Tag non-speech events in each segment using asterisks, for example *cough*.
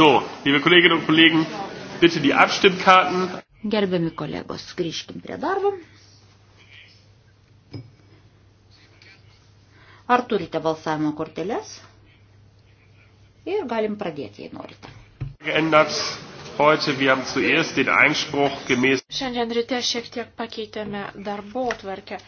So, liebe Kolleginnen und Kollegen, bitte die Abstimmkarten. Gerbiami kolegos, grįžkim prie darbo. Ar turite balsavimo korteles? Ir galim pradėti, jei norite. Geändert. Heute, wir haben zuerst den Einspruch gemäß. Šiandien ryte šiek tiek pakeitėme darbo tvarkę.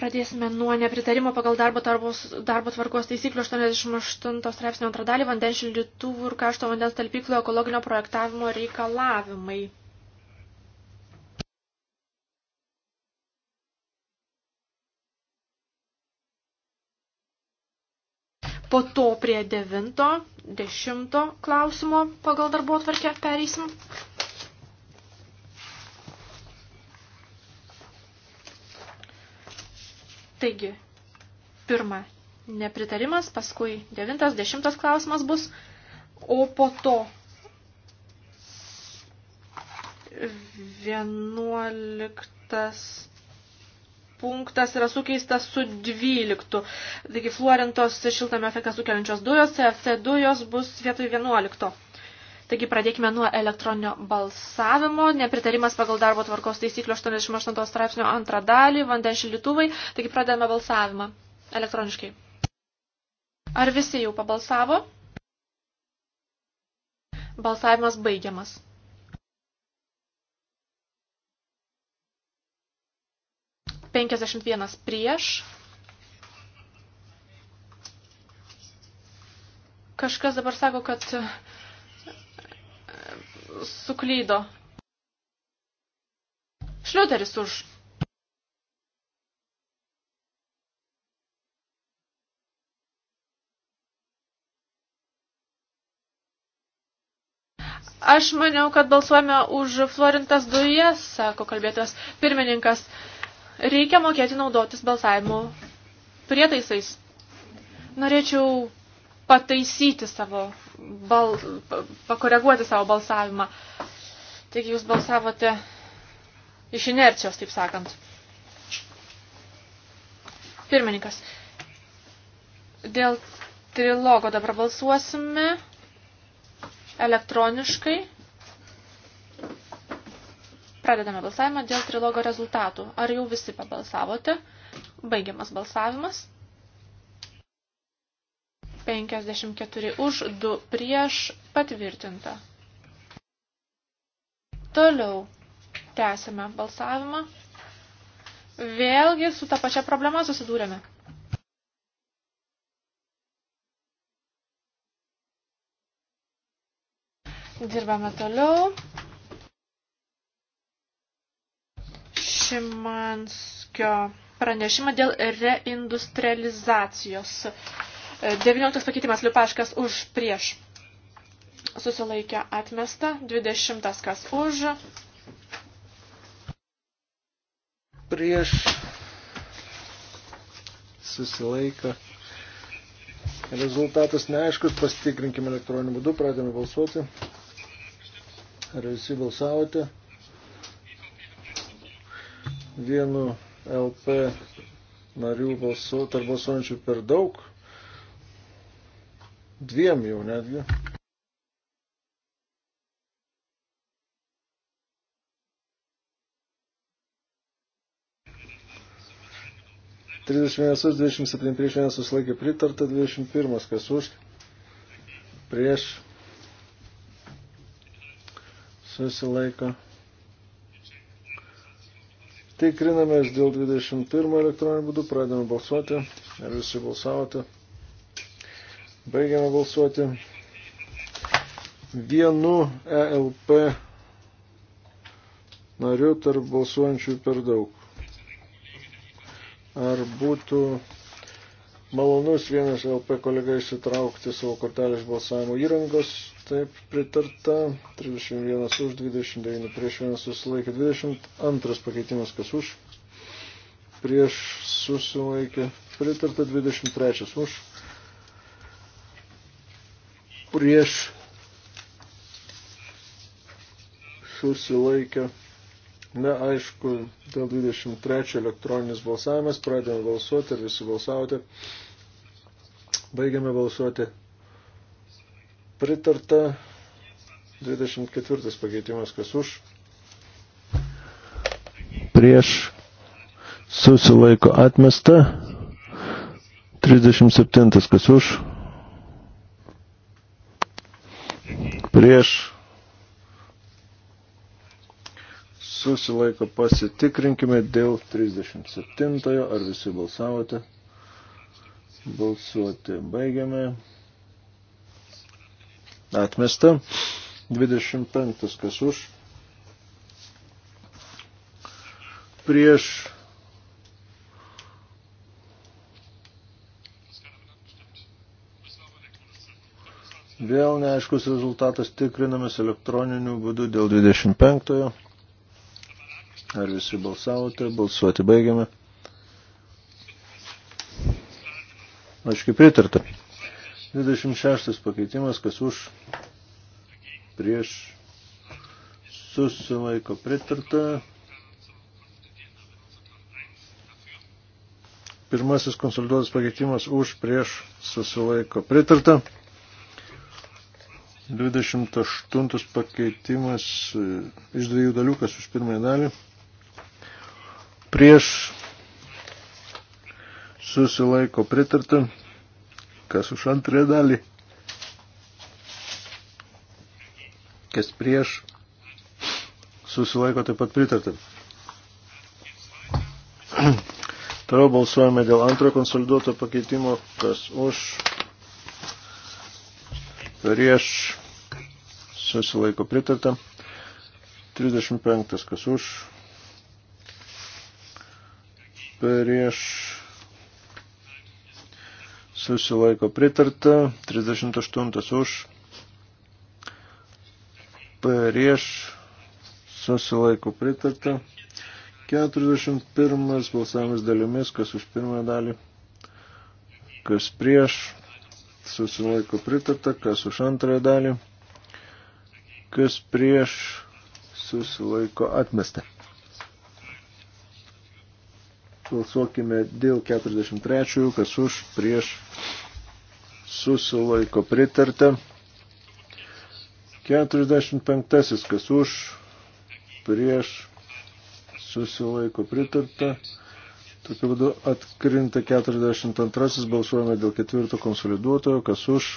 Pradėsime nuo nepritarimo pagal darbo, tarbos, darbo tvarkos taisyklių 88 straipsnio antrą dalį vandens šildytuvų ir karšto vandens talpyklų ekologinio projektavimo reikalavimai. Po to prie devinto, dešimto klausimo pagal darbo tvarkę pereisim. Taigi, pirma nepritarimas, paskui devintas, dešimtas klausimas bus, o po to vienuoliktas punktas yra sukeistas su 12. Taigi fluorintos šiltame efektą sukeliančios dujos, CFC dujos bus vietoj 11. Taigi pradėkime nuo elektroninio balsavimo. Nepritarimas pagal darbo tvarkos taisyklių 88 straipsnio antrą dalį, vandens šildytuvai. Taigi pradedame balsavimą elektroniškai. Ar visi jau pabalsavo? Balsavimas baigiamas. Penkiasdešimt vienas prieš, kažkas dabar sako, kad suklydo. Šliuteris už. Aš maniau, kad balsuojame už florintas dujas, sako kalbėtas pirmininkas. Reikia mokėti naudotis balsavimo prietaisais. Norėčiau pataisyti savo bal, pakoreguoti savo balsavimą. Taigi jūs balsavote iš inercijos, taip sakant. Pirmininkas. Dėl trilogo dabar balsuosime elektroniškai. Pradedame balsavimą dėl trilogo rezultatų. Ar jau visi pabalsavote? Baigiamas balsavimas. 54 už, 2 prieš patvirtinta. Toliau tęsime balsavimą. Vėlgi su ta pačia problema susidūrėme. Dirbame toliau. Šimanskio pranešimą dėl reindustrializacijos. 19 pakeitimas liupaškas už prieš susilaikė atmesta, 20 kas už. Prieš susilaiko. Rezultatas neaiškus, pasitikrinkime elektroniniu būdu, pradėme balsuoti. Ar visi balsavote? Vienu LP narių balsu, tarp balsuojančių per daug dviem jau netgi. Trisdešimt vienas už, dvidešimt septyni prieš vienas susilaikė pritarta, dvidešimt pirmas kas už, prieš susilaiko. Tikrinamės dėl 21 elektroninių būdų, pradėjome balsuoti, ar visi balsavote. Baigiame balsuoti. Vienu ELP nariu tarp balsuojančių per daug. Ar būtų malonus vienas e LP kolega išsitraukti savo kortelę iš balsavimo įrangos? Taip pritarta. 31 už, 29 prieš 1 susilaikė. 22 pakeitimas kas už? Prieš susilaikė. Pritarta 23 už prieš susilaikę. Na, aišku, dėl 23 elektroninis balsavimas, pradėjome balsuoti ir visi balsavote. Baigiame balsuoti. Pritarta 24 pakeitimas, kas už. Prieš susilaiko atmesta. 37 kas už prieš susilaiko pasitikrinkime dėl 37-ojo, ar visi balsavote. Balsuoti baigiame. Atmesta. 25 kas už. Prieš Vėl neaiškus rezultatas tikrinamas elektroniniu būdu dėl 25-ojo. Ar visi balsavote? Balsuoti baigiame. Aiškiai pritarta. 26 pakeitimas, kas už, prieš, susilaiko pritarta. Pirmasis konsultuotas pakeitimas už, prieš, susilaiko pritarta. 28 pakeitimas e, iš dviejų dalių, kas už pirmąją dalį. Prieš susilaiko pritarta, kas už antrąją dalį, kas prieš susilaiko taip pat pritarta. *clears throat* Toliau balsuojame dėl antrojo konsoliduoto pakeitimo, kas už prieš susilaiko pritarta. 35 kas už, prieš susilaiko pritarta, 38 už, prieš susilaiko pritarta, 41 balsavimas dalimis, kas už pirmąją dalį, kas prieš susilaiko pritarta, kas už antrąją dalį kas prieš susilaiko atmesta. Balsuokime dėl 43, kas už prieš susilaiko pritarta. 45, kas už prieš susilaiko pritarta. Tokiu būdu atkrinta 42, balsuojame dėl ketvirto konsoliduotojo, kas už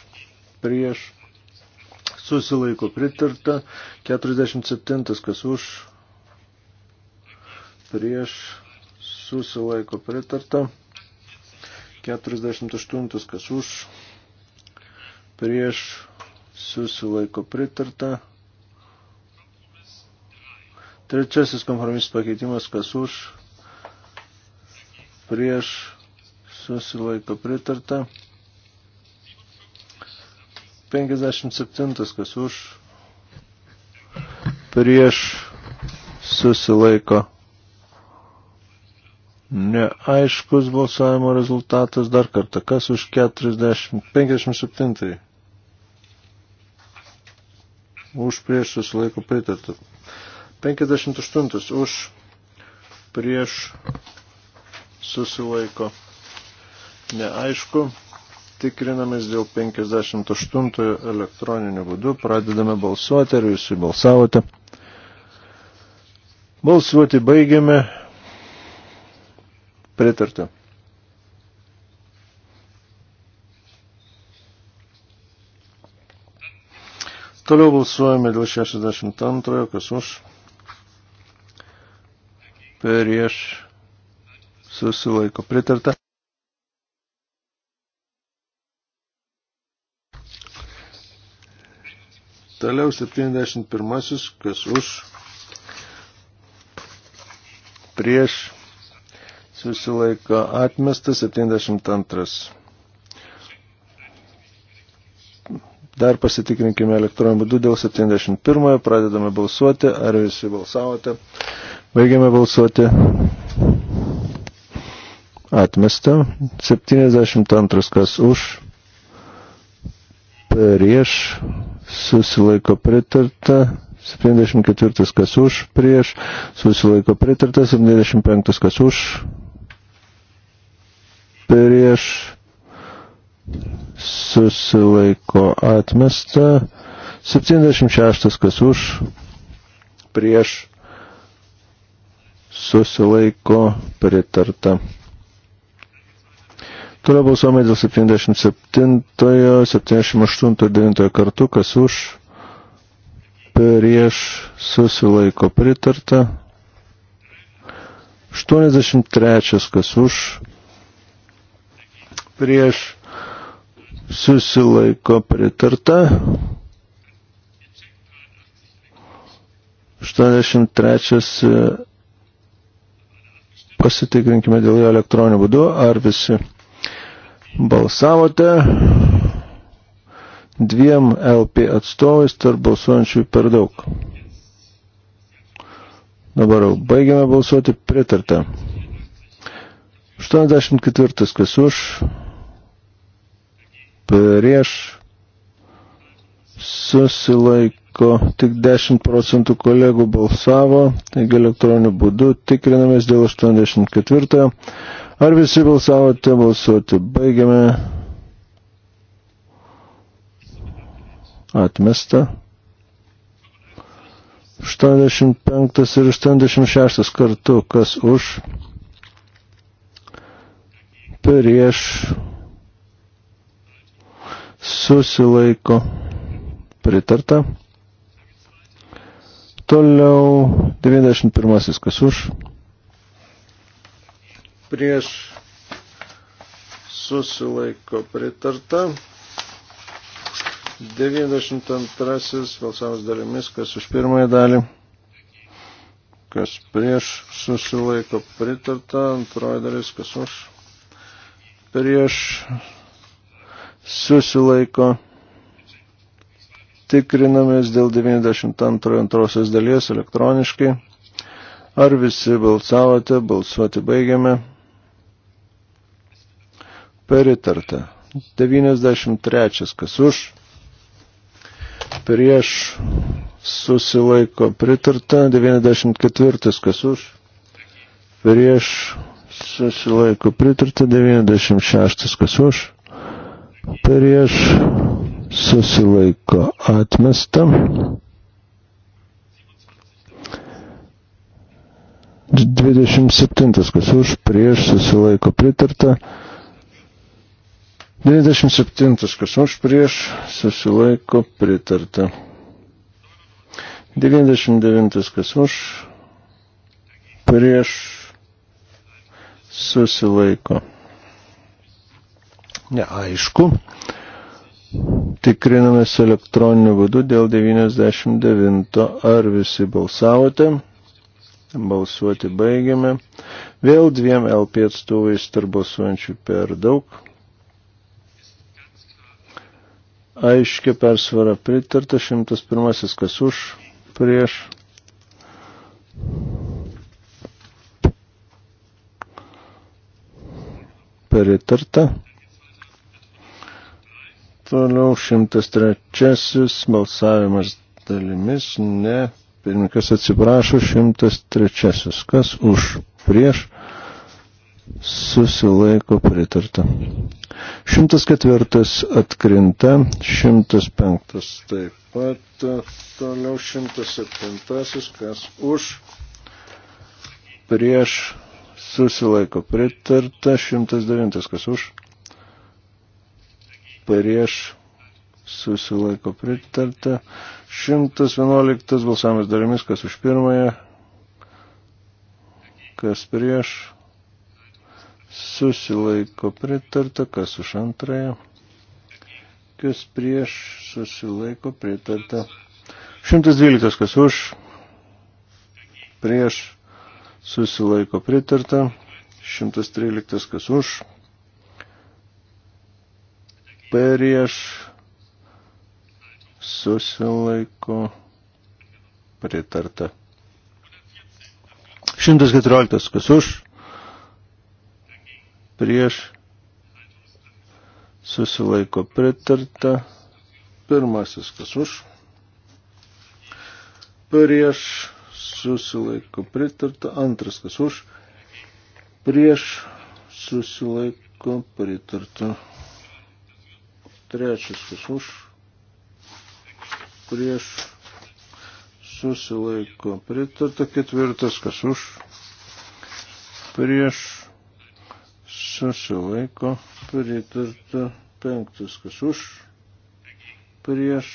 prieš susilaiko pritarta, 47 kas už, prieš susilaiko pritarta, 48 kas už, prieš susilaiko pritarta, trečiasis kompromisas pakeitimas kas už, prieš susilaiko pritarta. 57, kas už, prieš, susilaiko. Neaiškus balsavimo rezultatas dar kartą. Kas už 40, 57? Už prieš susilaiko pritartą. 58. Už prieš susilaiko. Neaišku tikrinamės dėl 58 elektroninių būdų. Pradedame balsuoti, ar visi balsavote. Balsuoti baigiame. Pritarta. Toliau balsuojame dėl 62, kas už. Prieš susilaiko pritarta. Toliau 71. Kas už? Prieš susilaiko atmestas 72. Dar pasitikrinkime elektroniniu būdu dėl 71. Pradedame balsuoti. Ar visi balsavote? Baigiame balsuoti. Atmesta. 72. Kas už? Prieš susilaiko pritarta, 74 kas už, prieš, susilaiko pritarta, 75 kas už, prieš, susilaiko atmesta, 76 kas už, prieš, susilaiko pritarta. Toliau balsuojame dėl 77, 78 ir 9 kartų, kas už, prieš, susilaiko pritarta. 83, kas už, prieš, susilaiko pritarta. 83 e, pasitikrinkime dėl jo elektroniniu būdu, ar visi balsavote dviem LP atstovais tarp balsuojančių per daug. Dabar jau baigiame balsuoti pritartą. 84. Kas už? Prieš susilaiko tik 10 procentų kolegų balsavo, taigi elektroniniu būdu tikrinamės dėl 84. Ar visi balsavote balsuoti? Baigiame. Atmesta. 85 ir 86 kartu, kas už, prieš, susilaiko, pritarta. Toliau 91 kas už prieš susilaiko pritarta. 92 balsavimas dalimis, kas už pirmąją dalį, kas prieš susilaiko pritarta, antroji dalis, kas už prieš susilaiko tikrinamės dėl 92 antrosios dalies elektroniškai. Ar visi balsavote, balsuoti baigiame. Peritarta. 93. Kas už? Prieš susilaiko pritarta. 94. Kas už? Prieš susilaiko pritarta. 96. Kas už? Prieš susilaiko atmesta. 27. Kas už? Prieš susilaiko pritarta. 97. Kas už prieš susilaiko pritarta. 99. Kas už prieš susilaiko. Neaišku. Tikrinamės elektroniniu būdu dėl 99. Ar visi balsavote? Balsuoti baigiame. Vėl dviem LP atstovais tarp balsuojančių per daug aiškia persvara pritarta, 101 kas už, prieš. Pritarta. Toliau 103 balsavimas dalimis, ne, pirmininkas atsiprašo, 103 kas už, prieš, susilaiko pritarta. 104 atkrinta, 105 taip pat, toliau 107, kas už, prieš susilaiko pritarta, 109 kas už, prieš susilaiko pritarta, 111 balsavimas darimis, kas už pirmąją, kas prieš susilaiko pritarta, kas už antrąją, kas prieš susilaiko pritarta. 112 kas už, prieš susilaiko pritarta, 113 kas už, prieš susilaiko pritarta. 114 kas už, prieš susilaiko pritarta. Pirmasis kas už. Prieš susilaiko pritarta. Antras kas už. Prieš susilaiko pritarta. Trečias kas už. Prieš susilaiko pritarta. Ketvirtas kas už. Prieš susilaiko pritarta penktas, kas už, prieš,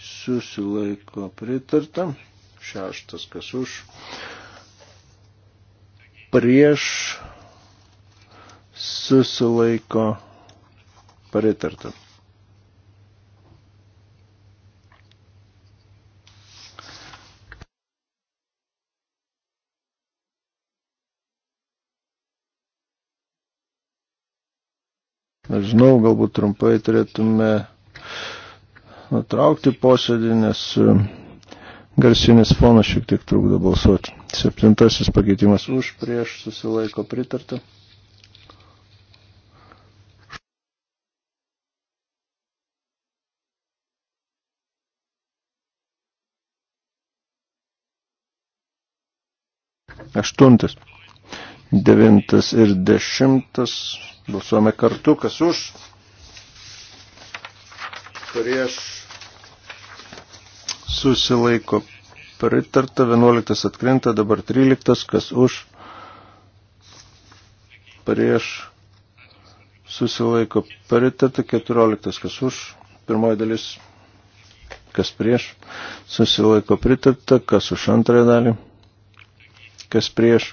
susilaiko pritarta, šeštas, kas už, prieš, susilaiko pritarta. Nežinau, galbūt trumpai turėtume nutraukti posėdį, nes e, garsinis fonas šiek tiek trukdo balsuoti. Septintasis pakeitimas už, prieš, susilaiko pritarta. Aštuntas. Devintas ir dešimtas. Balsuojame kartu, kas už. Prieš susilaiko pritarta, 11 atkrinta, dabar 13, kas už prieš susilaiko pritarta, 14, kas už, pirmoji dalis, kas prieš, susilaiko pritarta, kas už antrąją dalį, kas prieš,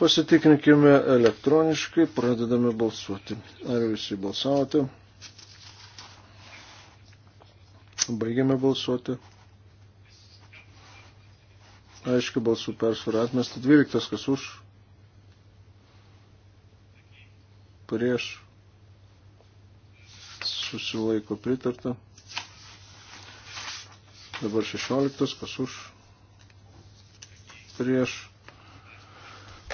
Pasitikrinkime elektroniškai, pradedame balsuoti. Ar visi balsavote? Baigiame balsuoti. Aiškiai balsų persvarą atmesta. 12 kas už. Prieš. Susilaiko pritarta. Dabar 16 kas už. Prieš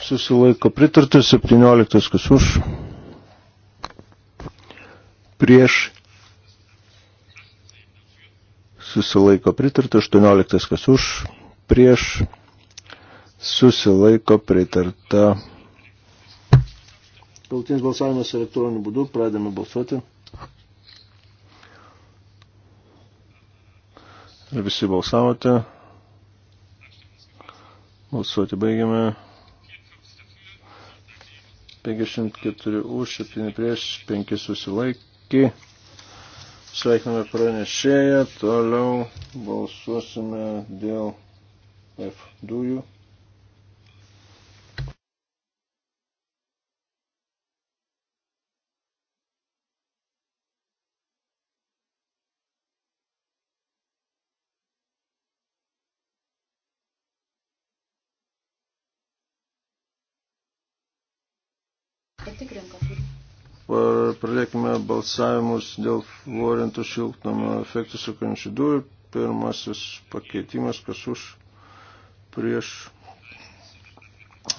susilaiko pritarta, 17 kas už, prieš susilaiko pritarta, 18 kas už, prieš susilaiko pritarta. Galtinis balsavimas elektroniniu būdu, pradėme balsuoti. Ar visi balsavote? Balsuoti baigiame. 54 už, 7 prieš, 5 susilaikė. Sveikiname pranešėją, toliau balsuosime dėl F dujų. Pradėkime balsavimus dėl fluorintų šiltnamio efektų sukančių dujų. Pirmasis pakeitimas, kas už, prieš,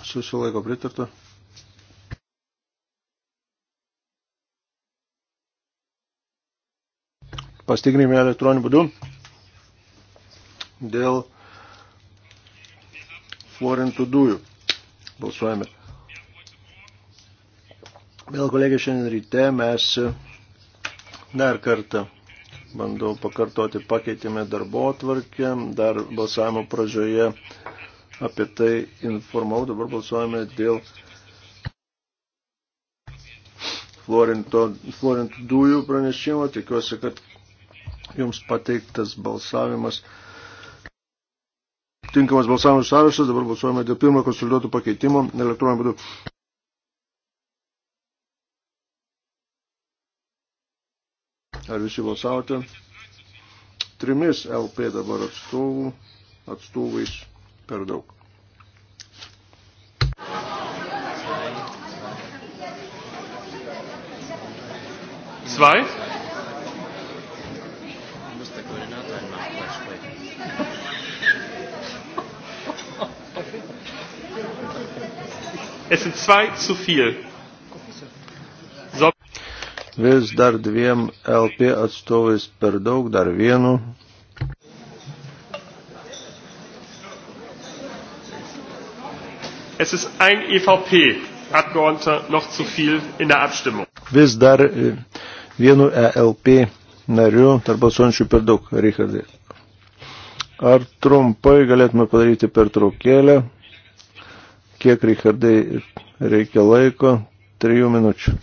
susilaiko pritarta. Pastikrinime elektroniniu būdu dėl fluorintų dujų. Balsuojame. Vėl kolegė šiandien ryte mes dar kartą bandau pakartoti, pakeitėme darbo atvarkę, dar balsavimo pradžioje apie tai informau, dabar balsuojame dėl Florinto, Florintų dujų pranešimo, tikiuosi, kad jums pateiktas balsavimas. Tinkamas balsavimo sąrašas, dabar balsuojame dėl pirmo konsoliduotų pakeitimo elektroniniu būdu. Ar visi balsavote? Trimis LP dabar atstovų, atstovais per daug. Zwei? Muss der Koordinator einmal gleich sprechen. Es sind zwei zu viel vis dar dviem LP atstovais per daug, dar vienu. Es ist ein EVP-Abgeordneter noch zu viel in der Abstimmung. Vis dar e, vienu ELP nariu tarp balsuojančių per daug, Richardai. Ar trumpai galėtume padaryti per traukėlę? Kiek, Richardai, reikia laiko? Trijų minučių.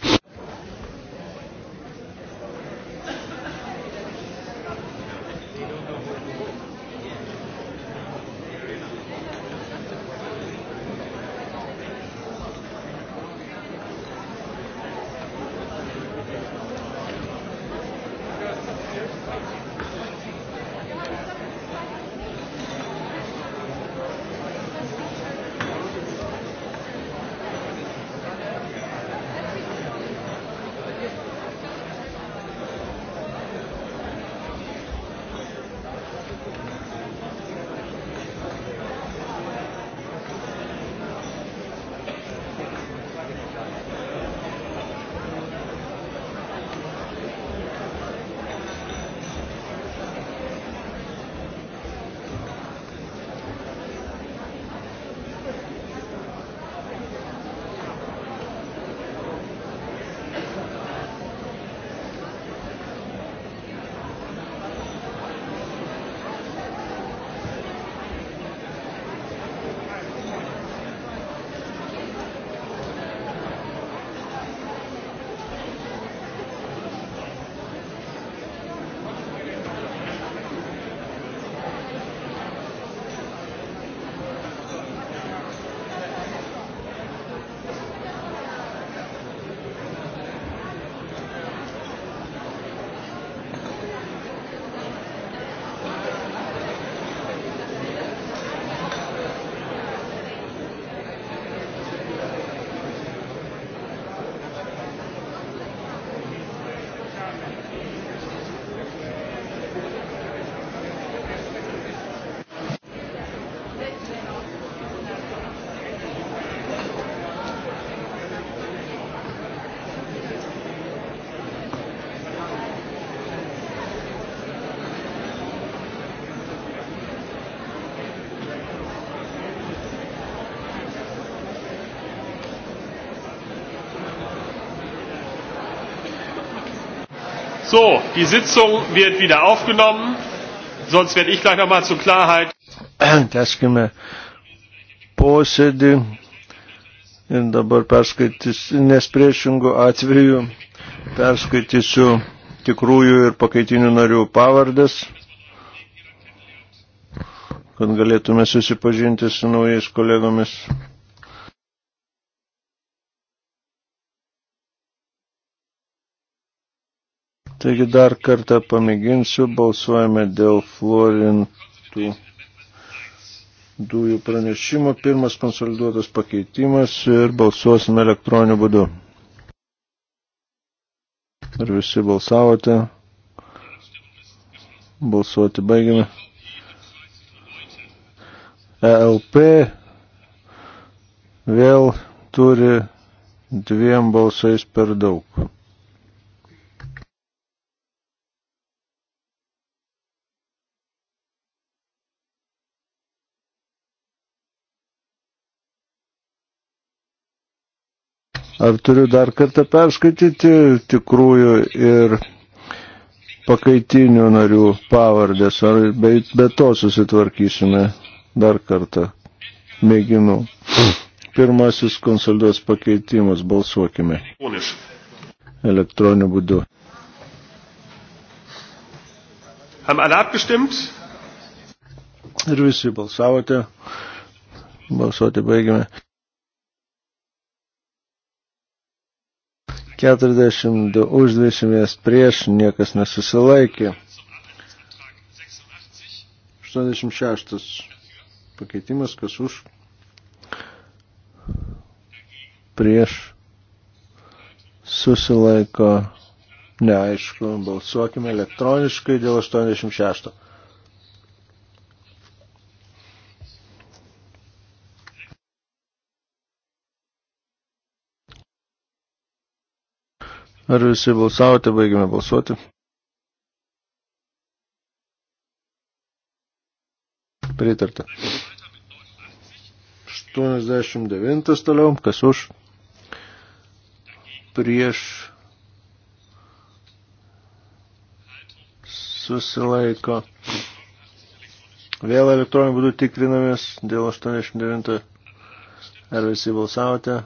Die Sitzung wird wieder aufgenommen. Sonst werde ich gleich nochmal zur Klarheit. Tęskime *clears throat* posėdį ir dabar perskaitys, nes priešingų atveju perskaitysiu tikrųjų ir pakaitinių narių pavardas, kad galėtume susipažinti su naujais kolegomis. Taigi dar kartą pamėginsiu, balsuojame dėl fluorintų dujų pranešimo. Pirmas konsoliduotas pakeitimas ir balsuosime elektroniniu būdu. Ar visi balsavote? Balsuoti baigiame. ELP vėl turi dviem balsais per daug. Ar turiu dar kartą perskaityti tikrųjų ir pakaitinių narių pavardės, ar be, be to susitvarkysime dar kartą. Mėginu. Pirmasis konsolidos pakeitimas, balsuokime. Elektroniniu būdu. Ir visi balsavote. Balsuoti baigime. 42 už 20 prieš niekas nesusilaikė. 86 pakeitimas, kas už prieš susilaiko neaišku. Balsuokime elektroniškai dėl 86. Ar visi balsavote, baigime balsuoti. Pritarta. 89 toliau, kas už? Prieš susilaiko. Vėl elektroniniu būdu tikrinamės dėl 89. Ar visi balsavote?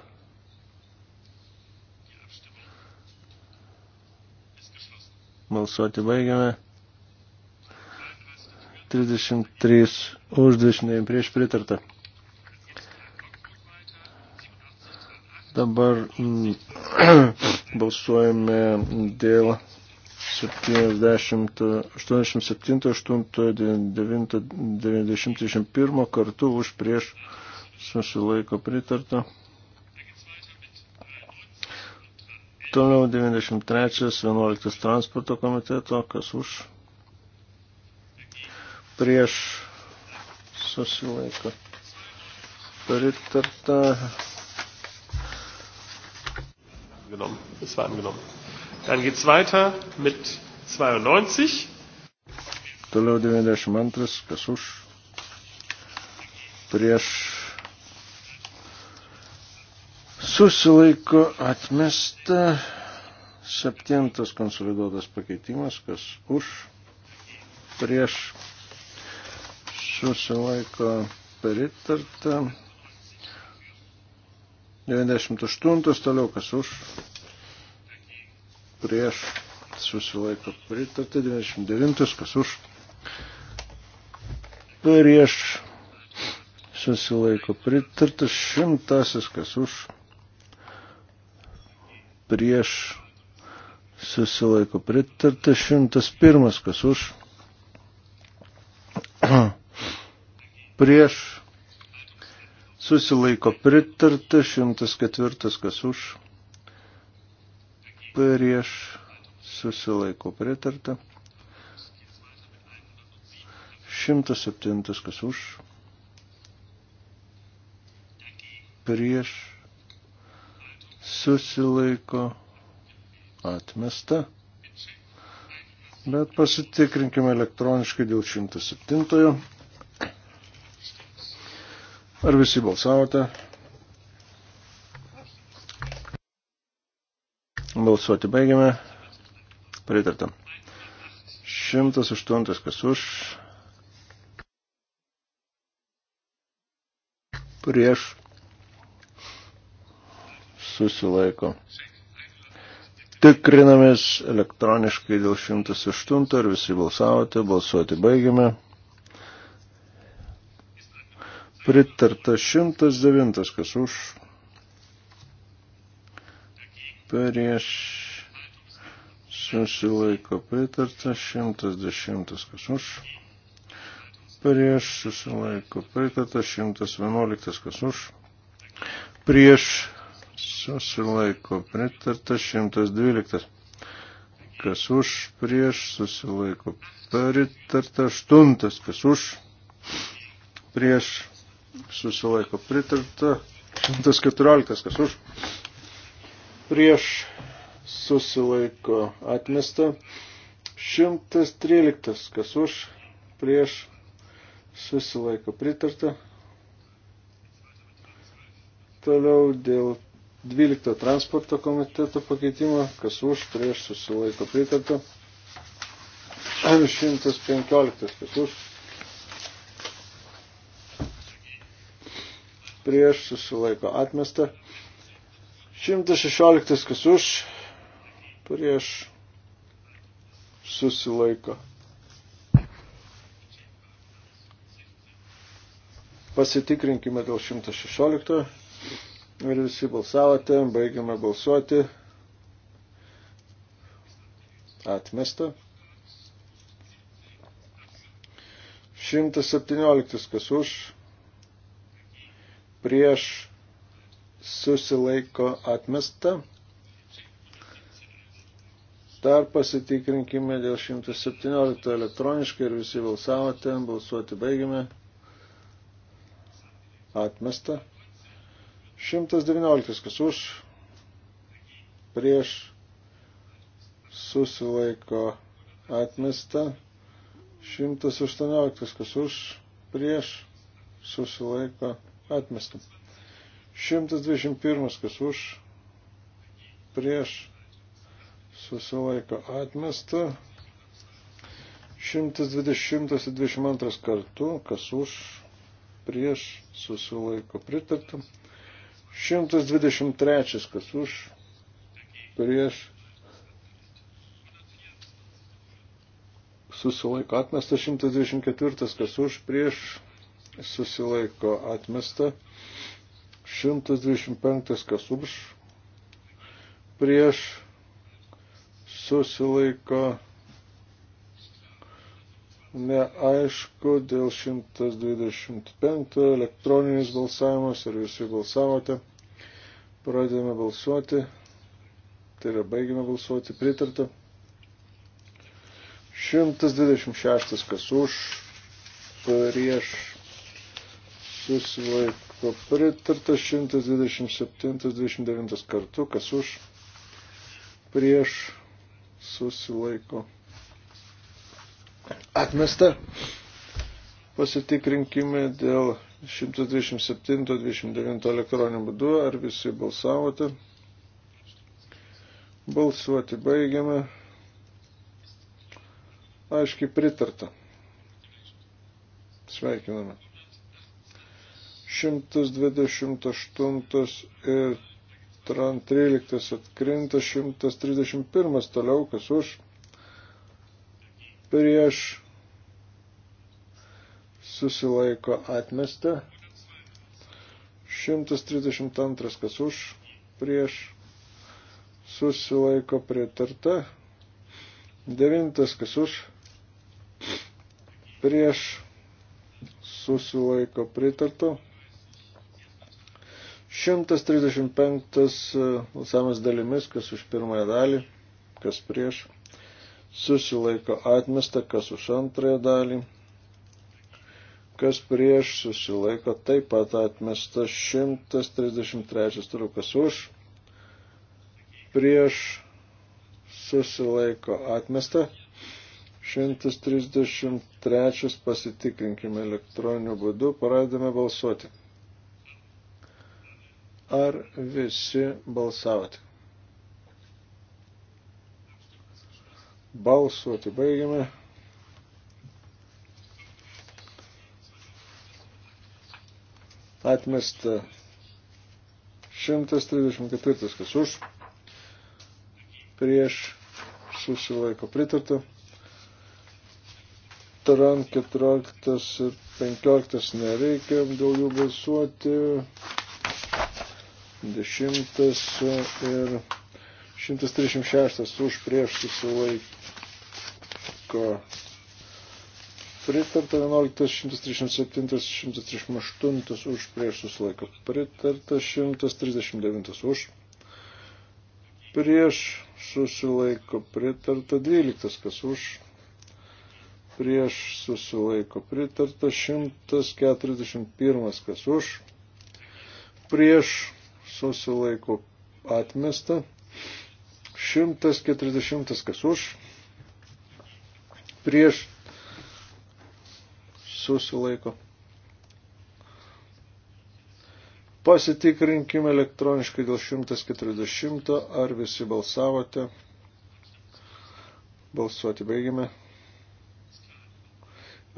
Balsuoti baigiame. 33 už 29 prieš pritartą. Dabar mm, *clears throat* balsuojame dėl 70, 87, 8, 9, 90, 91 kartu už prieš susilaiko pritartą. Toliau 93, 11 transporto komiteto, kas už prieš susilaiką. Pritarta. Genommen. Es war angenommen. Dann geht's weiter mit 92. Toliau 92, kas už prieš susilaiko atmesta. Septintas konsoliduotas pakeitimas, kas už, prieš, susilaiko pritarta. 98, toliau kas už, prieš, susilaiko pritarta. 99, kas už, prieš, susilaiko pritarta. Šimtasis, kas už prieš susilaiko. Pritarta 101, *clears throat* kas už. Prieš susilaiko. Pritarta 104, kas už. Prieš susilaiko. Pritarta. 107, kas už. Prieš susilaiko atmesta. Bet pasitikrinkime elektroniškai dėl 107. Ar visi balsavote? Balsuoti baigiame. Pritartam. 108 kas už. Prieš susilaiko. Tikrinamės elektroniškai dėl 108 ir visi balsavote, balsuoti baigiame. Pritarta 109, kas už. Prieš susilaiko pritarta 110, kas už prieš susilaiko pritarta 111 kas už, prieš susilaiko pritarta, 112. Kas už, prieš, susilaiko pritarta, 8. Kas už, prieš, susilaiko pritarta, 114. Kas už, prieš, susilaiko atmesta, 113. Kas už, prieš, susilaiko pritarta. Toliau dėl 12 transporto komiteto pakeitimo, kas už, prieš susilaiko pritarta. 115 kas už. Prieš susilaiko atmesta. 116 kas už. Prieš susilaiko. Pasitikrinkime dėl 116. Ar visi balsavote? Baigiame balsuoti. Atmesta. 117 kas už, prieš susilaiko atmesta. Dar pasitikrinkime dėl 117 elektroniškai ir visi balsavote, balsuoti baigime. Atmesta. 119 kas už, prieš, susilaiko atmesta. 118 kas už, prieš, susilaiko atmesta. 121 kas už, prieš, susilaiko atmesta. 120-22 kartu, kas už, prieš, susilaiko pritartą. 123, kas už, prieš, susilaiko atmesta, 124, kas už, prieš, susilaiko atmesta, 125, kas už, prieš, susilaiko atmesta neaišku, dėl 125 elektroninis balsavimas, ar visi balsavote. Pradedame balsuoti. Tai yra baigiame balsuoti. Pritarta. 126 kas už, prieš susilaiko pritarta 127-29 kartu, kas už, prieš susilaiko atmesta. Pasitikrinkime dėl 127-29 elektroniniu būdu. Ar visi balsavote? Balsuoti baigiame. Aiškiai pritarta. Sveikiname. 128 ir 13 atkrinta, 131 toliau, kas už, prieš susilaiko atmesta. 132 kas už, prieš susilaiko pritarta. 9 kas už, prieš susilaiko pritarta. 135 e, balsavimas dalimis, kas už pirmąją dalį, kas prieš, susilaiko atmesta, kas už antrąją dalį, kas prieš susilaiko, taip pat atmesta 133 trukas už, prieš susilaiko atmesta. 133 pasitikrinkime elektroniniu būdu, paradėme balsuoti. Ar visi balsavote? Balsuoti baigiame. atmesta 134, kas už, prieš susilaiko pritarta. Taran 14 ir 15 nereikia dėl jų balsuoti. 10 ir 136 už prieš susilaiko pritarta, 11, 137, 138 už prieš susilaiko pritarta, 139 už prieš susilaiko pritarta, 12 kas už prieš susilaiko pritarta, 141 kas už prieš susilaiko atmesta, 140 kas už prieš susilaiko. Pasitikrinkime elektroniškai dėl 140, ar visi balsavote. Balsuoti baigime.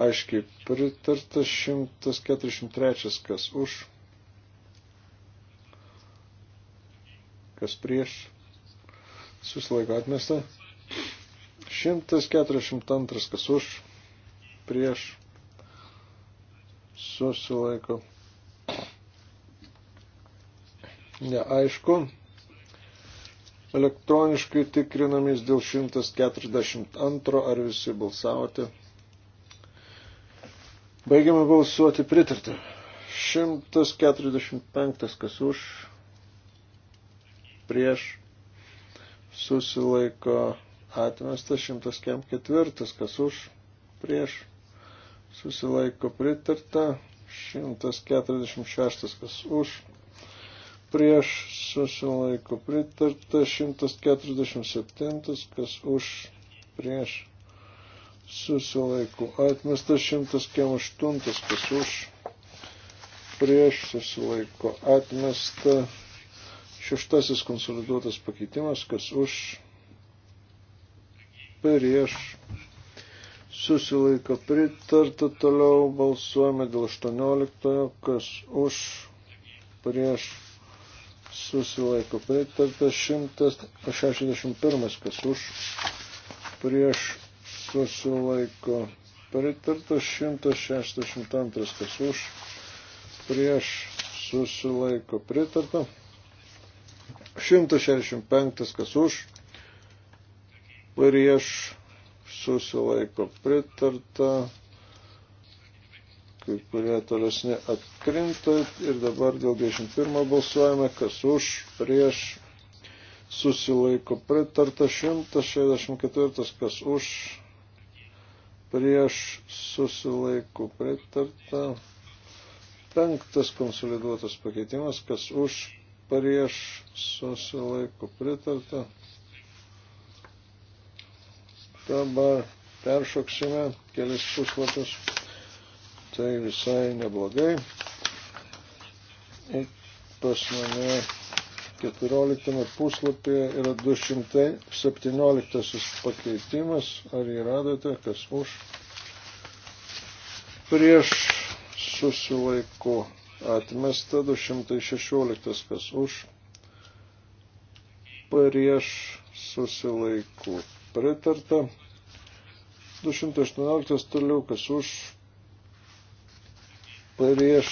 Aiškiai, pritartas 143, kas už, kas prieš, susilaiko atmesta. 142, kas už, prieš, susilaiko. Neaišku. Elektroniškai tikrinamis dėl 142, ar visi balsavote. Baigiame balsuoti pritartą. 145, kas už, prieš, susilaiko atmestas, 104, kas už, prieš, susilaiko pritarta, 146 kas už, prieš susilaiko pritarta, 147 kas už, prieš susilaiko atmestas, 108 kas už, prieš susilaiko atmesta, šeštasis konsoliduotas pakeitimas kas už, prieš susilaiko pritarta, toliau balsuojame dėl 18, kas už, prieš, susilaiko pritarta, 161, kas už, prieš, susilaiko pritarta, 162, kas už, prieš, susilaiko pritarta, 165, kas už, prieš, susilaiko pritarta, kai kurie tolesni atkrinta ir dabar dėl 21 balsuojame, kas už, prieš, susilaiko pritarta 164, kas už, prieš, susilaiko pritarta. Penktas konsoliduotas pakeitimas, kas už, prieš, susilaiko pritarta kalbą peršoksime kelis puslapius. Tai visai neblogai. Ir pas mane 14 puslapyje yra 217 pakeitimas. Ar jį radote, kas už? Prieš susilaiko atmesta 216, kas už? Prieš susilaiko pritarta 218 toliau, kas už prieš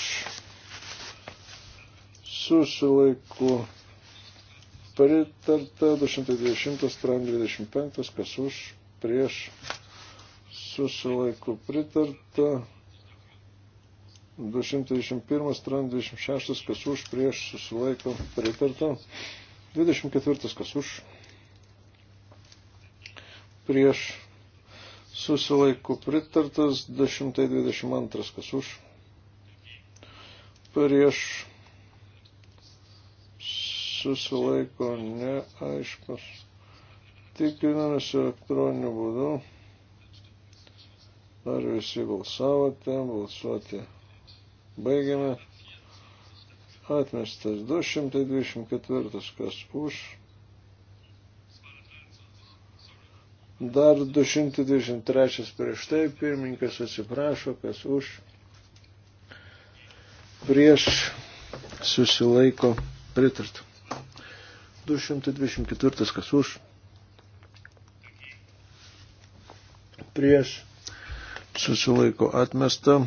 susilaikų pritarta 220 stran 25, kas už prieš susilaikų pritarta 221 stran 26, kas už prieš susilaiko pritarta 24, kas už prieš susilaikų pritartas 222, kas už, prieš susilaiko neaiškus. Tikrinamės elektroniniu būdu. Dar visi balsavote, balsuoti baigiame. Atmestas 224, kas už Dar 223 prieš tai pirmininkas atsiprašo, kas už prieš susilaiko pritartą. 224 kas už prieš susilaiko atmesta.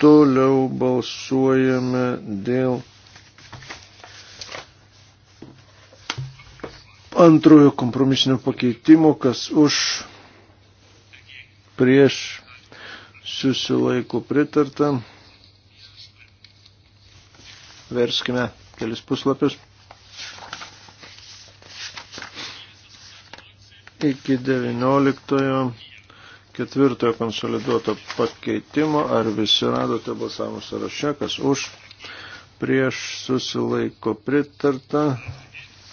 Toliau balsuojame dėl antrojo kompromisinio pakeitimo, kas už prieš susilaiko pritarta. Verskime kelis puslapius. Iki 19. ketvirtojo konsoliduoto pakeitimo. Ar visi radote balsavimo sąraše, kas už prieš susilaiko pritarta.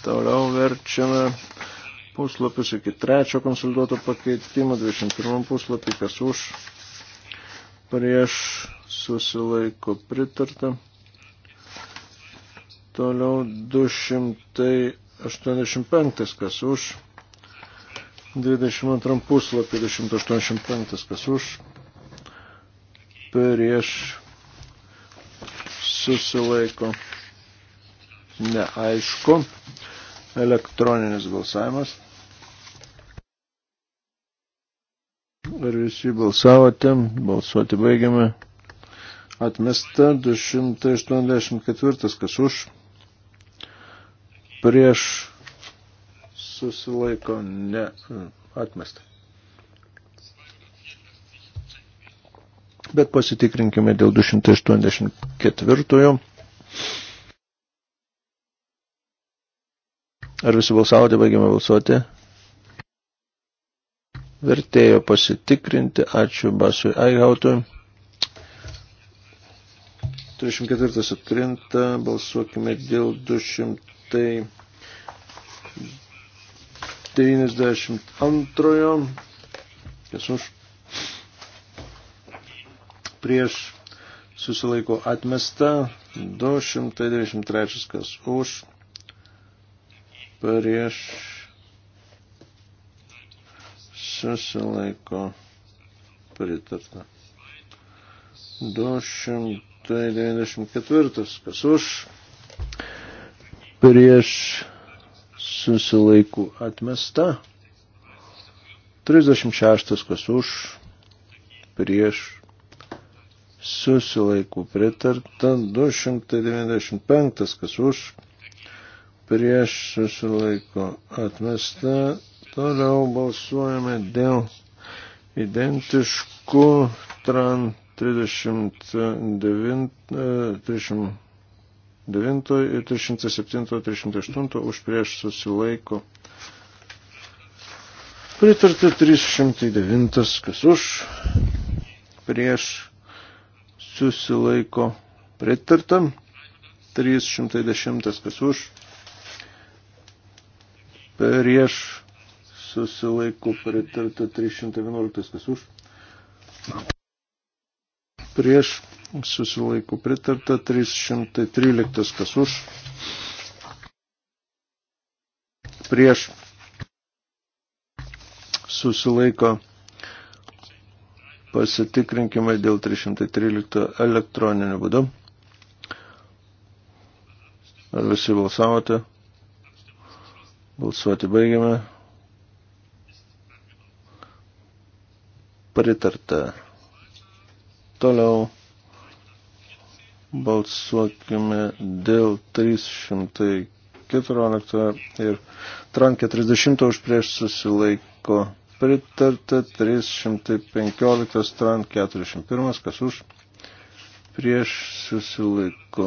Toliau verčiame puslapius iki trečio konsultuoto pakeitimo, 21 puslapį, kas už, prieš susilaiko pritarta. Toliau 285, kas už, 22 puslapį, 285, kas už, prieš susilaiko neaišku elektroninis balsavimas. Ar visi balsavote? Balsuoti baigiame. Atmesta 284, kas už. Prieš susilaiko ne atmesta. Bet pasitikrinkime dėl 284. Ar visi balsavote, baigėme balsuoti? Vertėjo pasitikrinti, ačiū Basui Aigautui. 34 atkrinta, balsuokime dėl 292. Kas už? Prieš susilaiko atmesta 293. Kas už? prieš susilaiko pritarta. 294. Kas už prieš susilaikų atmesta. 36. Kas už prieš susilaikų pritarta. 295. Kas už prieš susilaiko atmesta. Toliau balsuojame dėl identiškų tran 39, 39 e, ir 307, 308 už prieš susilaiko. Pritarta 309, kas už prieš susilaiko pritartam. 310, kas už prieš susilaiko pritarta 311, kas už. Prieš susilaiko pritarta 313, kas už. Prieš susilaiko pasitikrinkimai dėl 313 elektroninių būdų. Ar visi balsavote? Balsuoti baigiame. Pritarta. Toliau balsuokime dėl 314 ir tran 40 už prieš susilaiko pritarta 315 tran 41, kas už prieš susilaiko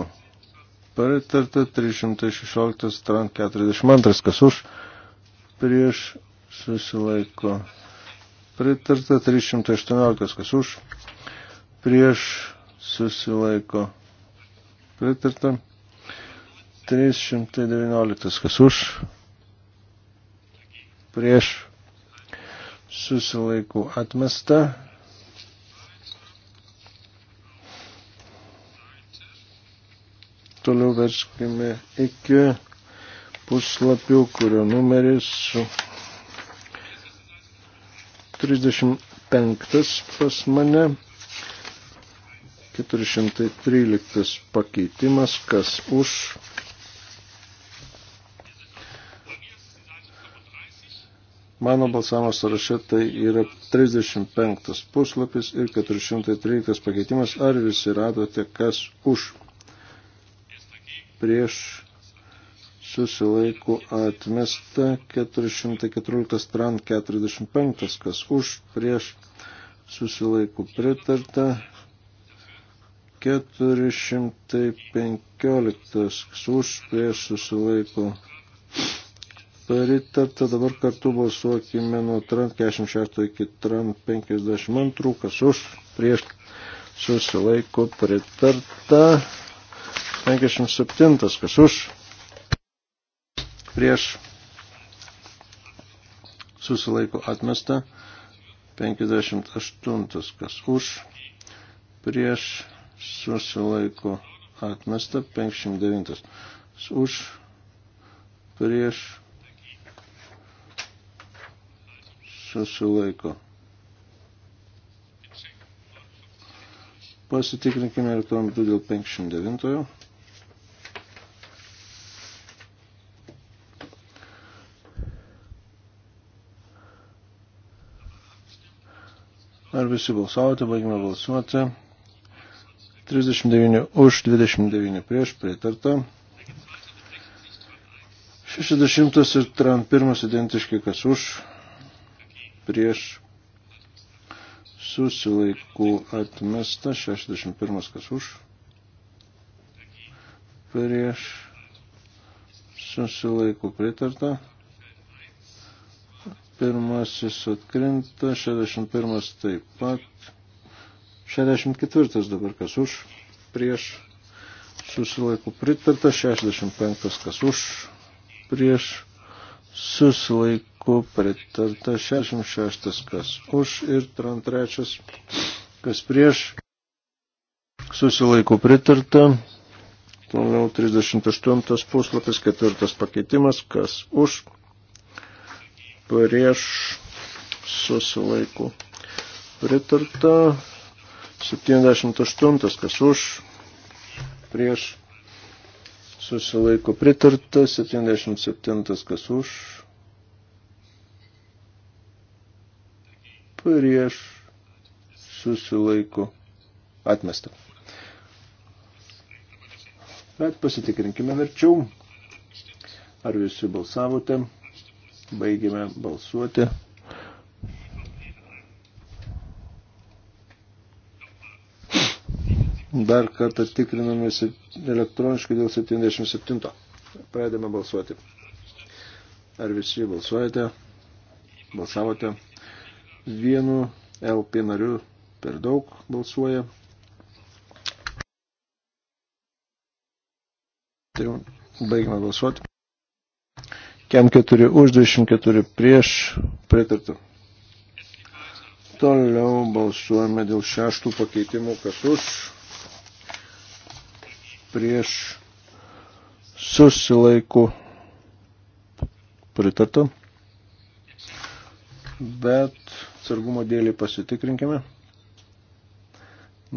Pritarta 316 trant 42, kas už, prieš susilaiko. Pritarta 318, kas už, prieš susilaiko. Pritarta 319, kas už, prieš susilaiko. Atmesta Toliau verskime iki puslapių, kurio numeris 35 pas mane. 413 pakeitimas, kas už. Mano balsavimo sąraše tai yra 35 puslapis ir 413 pakeitimas. Ar visi radote, kas už? prieš susilaiko atmesta 414 tran 45, kas už prieš susilaiko pritarta 415, kas už prieš susilaiko pritarta. Dabar kartu balsuokime nuo tran 46 iki tran 52, kas už prieš susilaiko pritarta. 57, kas už, prieš, susilaiko atmesta, 58, kas už, prieš, susilaiko atmesta, 59, kas už, prieš, susilaiko atmesta. Pasitikrinkime elektroniniu būdu dėl 59. Ar visi balsavote? Baigime balsuoti. 39 už, 29 prieš, pritarta. 60 ir tram pirmas identiškai kas už, prieš, susilaikų atmesta, 61 kas už, prieš, susilaikų pritarta. 61 atkrinta, 61 taip pat. 64 dabar kas už, prieš, susilaiko pritarta, 65 kas už, prieš, susilaiko pritarta, 66 kas už ir 33 kas prieš, susilaiko pritarta, Toliau 38 puslapis, ketvirtas pakeitimas, kas už, prieš susilaikų pritarta. 78, kas už, prieš susilaiko pritarta. 77, kas už, prieš susilaiko atmesta. Bet pasitikrinkime verčiau, ar visi balsavote. Baigėme balsuoti. Dar kartą tikriname elektroniškai dėl 77. Pradėme balsuoti. Ar visi balsuojate? Balsavote? Vienu LP nariu per daug balsuoja. Tai baigime balsuoti. Kem 4 už, 24 prieš, pritarta. Toliau balsuojame dėl šeštų pakeitimų, kas už, prieš, susilaiku, pritarta. Bet atsargumo dėlį pasitikrinkime.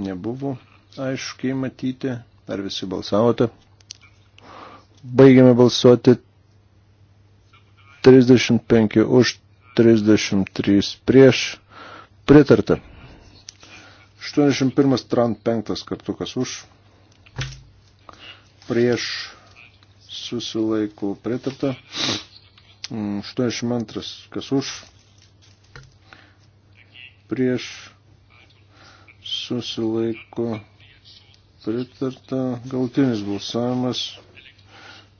Nebuvo aiškiai matyti, ar visi balsavote. Baigiame balsuoti 35 už, 33 prieš, pritarta. 81 tran 5 kartukas už, prieš, susilaiko pritarta. 82 mm, kas už, prieš, susilaiko pritarta. Galtinis balsavimas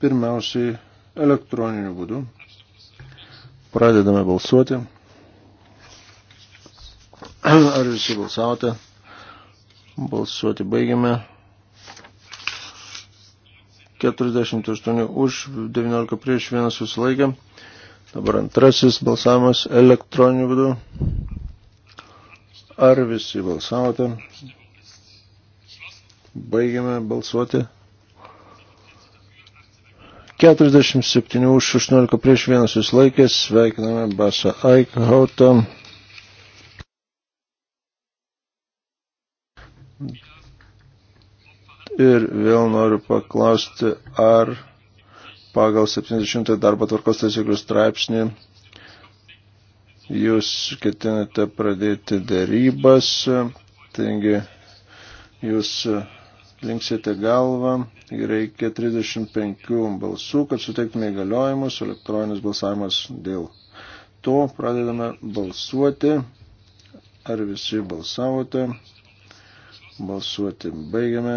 pirmiausiai elektroniniu būdu. Pradedame balsuoti. Ar visi balsavote? Balsuoti baigiame. 48 už, 19 prieš, 1 susilaikė. Dabar antrasis balsavimas elektroniniu būdu. Ar visi balsavote? Baigiame balsuoti. 47 už 16 prieš vienas jūs laikės. Sveikiname Basą Aikhautą. Ir vėl noriu paklausti, ar pagal 70 darbo tvarkos taisyklių straipsnį jūs ketinate pradėti darybas, taigi jūs linksite galvą, reikia 35 balsų, kad suteiktume įgaliojimus, elektroninis balsavimas dėl to. Pradedame balsuoti. Ar visi balsavote? Balsuoti baigiame.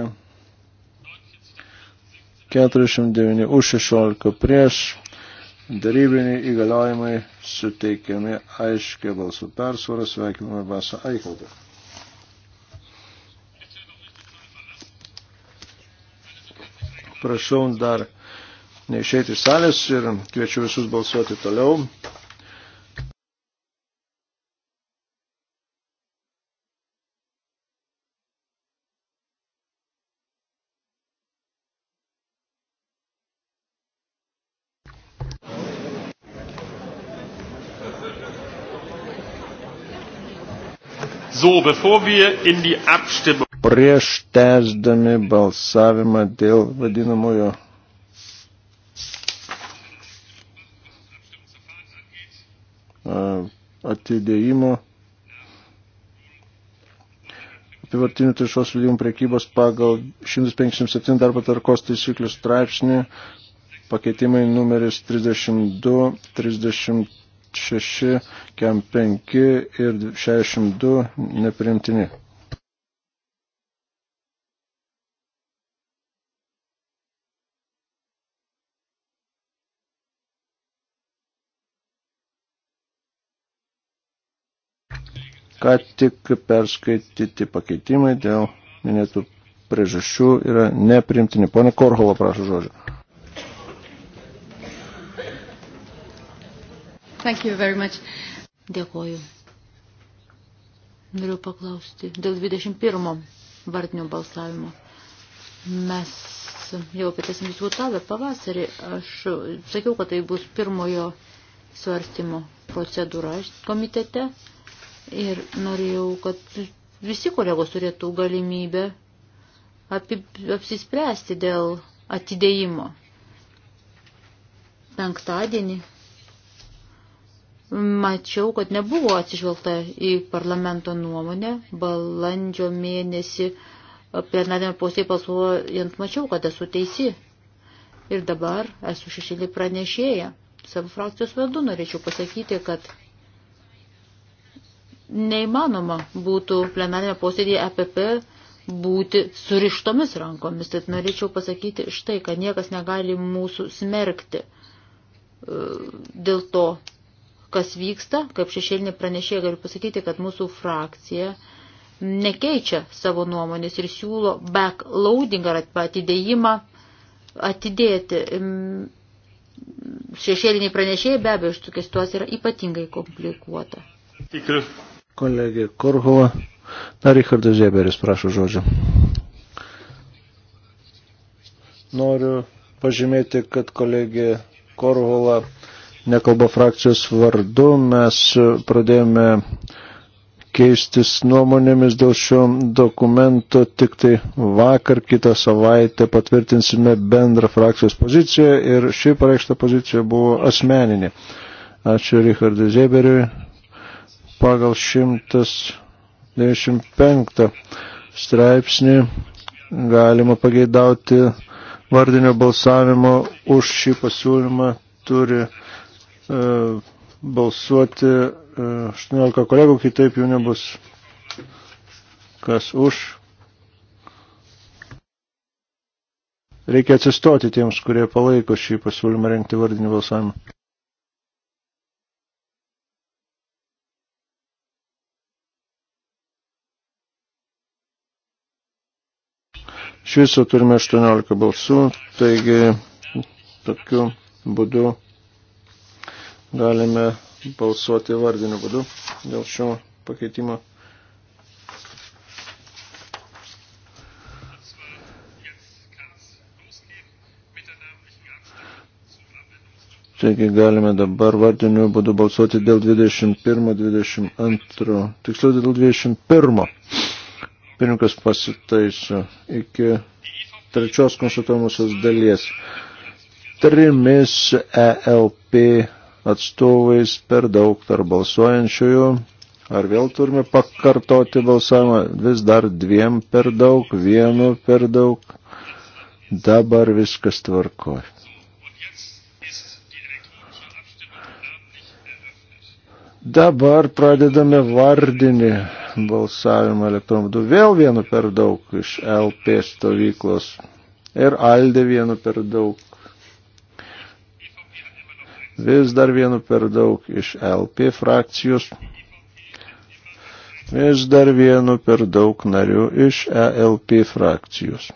49 už 16 prieš. Darybiniai įgaliojimai suteikiami aiškia balsų persvarą. Sveikiname Basą Aikvaldą. Prašau dar neišėti iš salės ir kviečiu visus balsuoti toliau. So, bevor wir in die Abstimmung prieš tęsdami balsavimą dėl vadinamojo atidėjimo apivartinių taršos leidimų prekybos pagal 157 darbo tarkos taisyklių straipsnį pakeitimai numeris 32, 36, 5 ir 62 neprimtini. Ką tik perskaityti pakeitimai dėl minėtų priežasčių yra neprimtini. Pone Korholo, prašau žodžio. Thank you very much. Dėkoju. Noriu paklausti dėl 21 vardinio balsavimo. Mes jau apie tai diskutavę pavasarį. Aš sakiau, kad tai bus pirmojo svarstymo procedūra komitete. Ir norėjau, kad visi kolegos turėtų galimybę api, apsispręsti dėl atidėjimo. Penktadienį mačiau, kad nebuvo atsižvelgta į parlamento nuomonę. Balandžio mėnesį plenarinė posėdė balsuojant mačiau, kad esu teisi. Ir dabar esu šešėlį pranešėję. Savo frakcijos vardu norėčiau pasakyti, kad neįmanoma būtų plenarinė posėdėje EPP būti surištomis rankomis. Tad norėčiau pasakyti štai, kad niekas negali mūsų smerkti e, dėl to, kas vyksta. Kaip šešėlinė pranešėja galiu pasakyti, kad mūsų frakcija nekeičia savo nuomonės ir siūlo backloading ar atidėjimą atidėti. Šešėliniai pranešėjai be abejo, šitokia situacija yra ypatingai komplikuota. Tikrai kolegė Korhova. Na, Richardas Žeberis, prašau žodžio. Noriu pažymėti, kad kolegė Korhola nekalba frakcijos vardu. Mes pradėjome keistis nuomonėmis dėl šio dokumento tik tai vakar, kitą savaitę patvirtinsime bendrą frakcijos poziciją ir ši pareikšta pozicija buvo asmeninė. Ačiū Richardui Zeberiui, pagal 195 straipsnį galima pageidauti vardinio balsavimo už šį pasiūlymą turi e, balsuoti e, 18 kolegų, kitaip jų nebus. Kas už? Reikia atsistoti tiems, kurie palaiko šį pasiūlymą rengti vardinį balsavimą. Iš viso turime 18 balsų, taigi tokiu būdu galime balsuoti vardiniu būdu dėl šio pakeitimo. Taigi galime dabar vardiniu būdu balsuoti dėl 21, 22, tiksliau dėl 21. Pirmininkas pasitaiso e, iki trečios konsultuomosios dalies. Trimis ELP atstovais per daug tarp balsuojančiųjų. Ar vėl turime pakartoti balsavimą? Vis dar dviem per daug, vienu per daug. Dabar viskas tvarkoja. Dabar pradedame vardinį balsavimą elektroniniu būdu. Vėl vienu per daug iš LP stovyklos ir Alde vienu per daug. Vis dar vienu per daug iš LP frakcijos. Vis dar vienu per daug narių iš ELP frakcijos.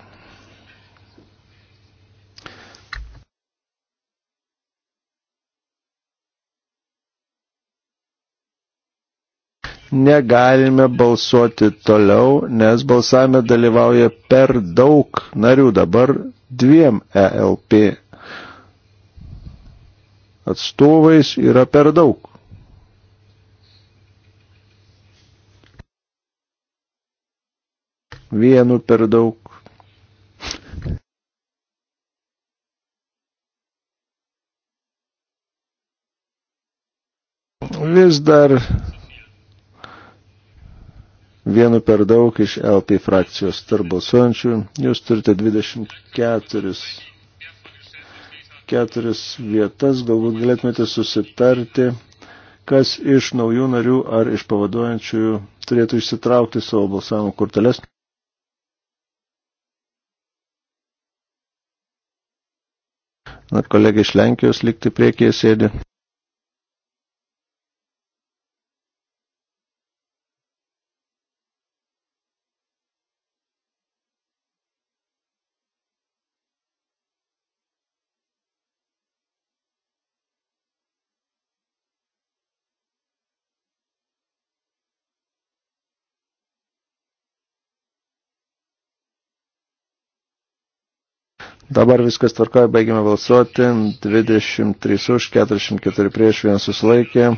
negalime balsuoti toliau, nes balsavime dalyvauja per daug narių, dabar dviem ELP atstovais yra per daug. Vienu per daug. Vis dar vienu per daug iš LP frakcijos tarp balsuojančių. Jūs turite 24 keturias vietas, galbūt galėtumėte susitarti, kas iš naujų narių ar iš pavaduojančiųjų turėtų išsitraukti savo balsavimo korteles. Na, kolegė iš Lenkijos likti priekyje sėdi. Dabar viskas tvarkoja, baigime balsuoti. 23 už, 44 prieš, vienas susilaikė.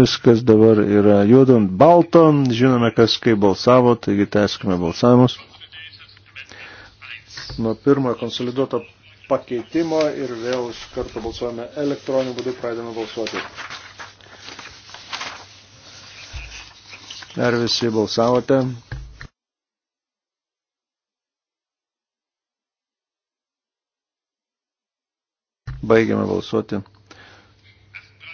Viskas dabar yra juodu ant balto, žinome, kas kaip balsavo, taigi tęskime balsavimus. Nuo pirmojo konsoliduoto pakeitimo ir vėl iš karto balsuojame elektroniniu būdu, pradėme balsuoti. Ar visi balsavote? Baigiame balsuoti.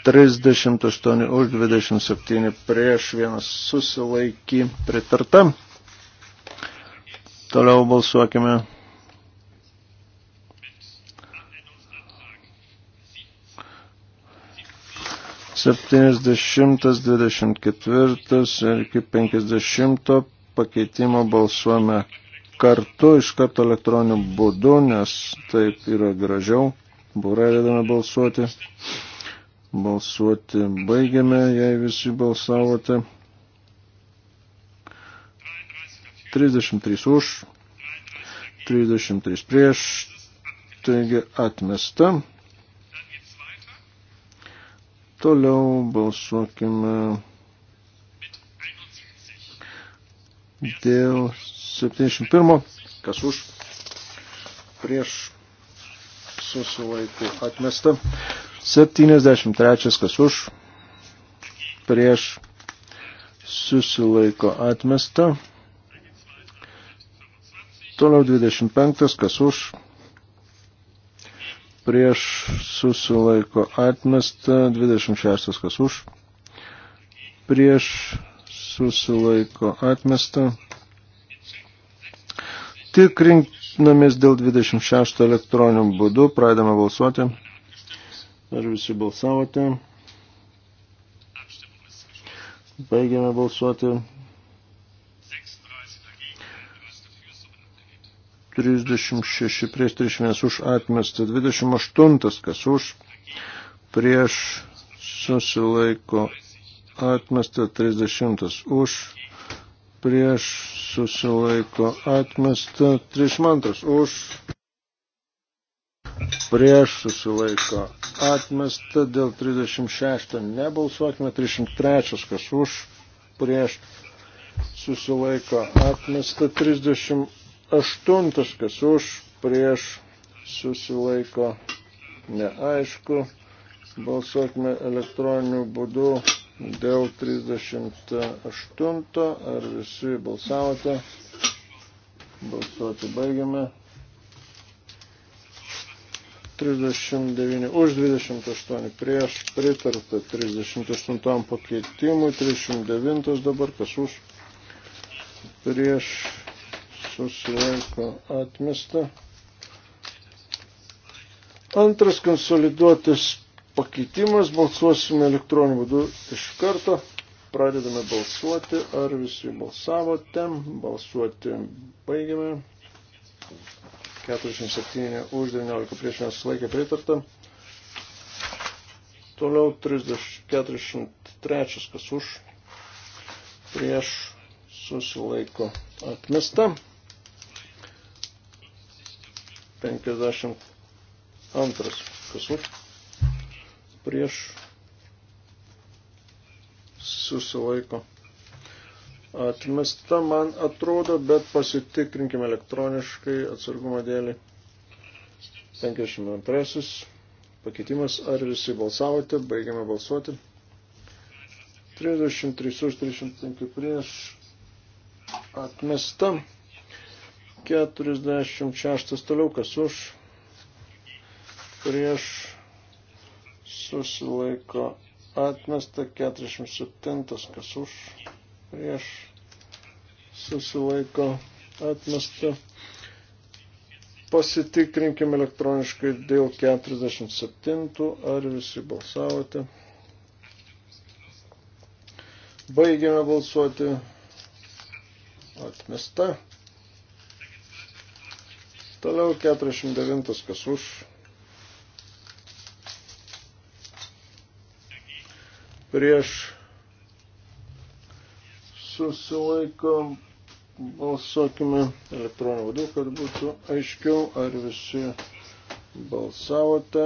38 už 27 prieš vienas susilaikį pritarta. Toliau balsuokime. Septynisdešimtas, dvidešimt ketvirtas ir iki penkisdešimto pakeitimo balsuojame kartu iš karto elektroniniu būdu, nes taip yra gražiau. Būrelėdame balsuoti. balsuoti. Balsuoti baigiame, jei visi balsavote. 33 už, 33 prieš, taigi atmesta. Toliau balsuokime dėl 71, kas už, prieš susilaikų atmesta. 73 kas už, prieš susilaiko atmesta. Toliau 25 kas už, prieš susilaiko atmesta. 26 kas už, prieš susilaiko atmesta. Tikrinkinamės dėl 26 elektroninių būdų, pradame balsuoti. Ar visi balsavote? Baigiame balsuoti. 36 prieš 31 už atmestą, 28 kas už, prieš susilaiko atmestą, 30 už, prieš susilaiko atmestą, 32 už prieš susilaiko atmesta, dėl 36 nebalsuokime, 33 kas už, prieš susilaiko atmesta, 38 kas už, prieš susilaiko neaišku, balsuokime elektroniniu būdu dėl 38, ar visi balsavote, balsuoti baigiame. 39 už 28 prieš pritarta 38 pakeitimui, 39 dabar kas už prieš susilaiko atmesta. Antras konsoliduotas pakeitimas, balsuosime elektroniniu būdu iš karto. Pradedame balsuoti, ar visi balsavote, balsuoti baigiame. 47 už 19 prieš vienas laikė pritarta. Toliau 30, 43, kas už, prieš susilaiko atmesta. 52, kas už, prieš susilaiko atmesta Atmesta man atrodo, bet pasitikrinkim elektroniškai atsargumo dėlį. 52 pakeitimas, ar visi balsavote, baigiame balsuoti. 33 už 35 prieš atmesta. 46 toliau, kas už prieš susilaiko atmesta. 47 kas už prieš susilaiko atmesta. Pasitikrinkim elektroniškai dėl 47, ar visi balsavote. Baigiame balsuoti. Atmesta. Toliau 49 kas už. Prieš susilaiko, balsuokime elektroniniu būdu, kad būtų aiškiau, ar visi balsavote.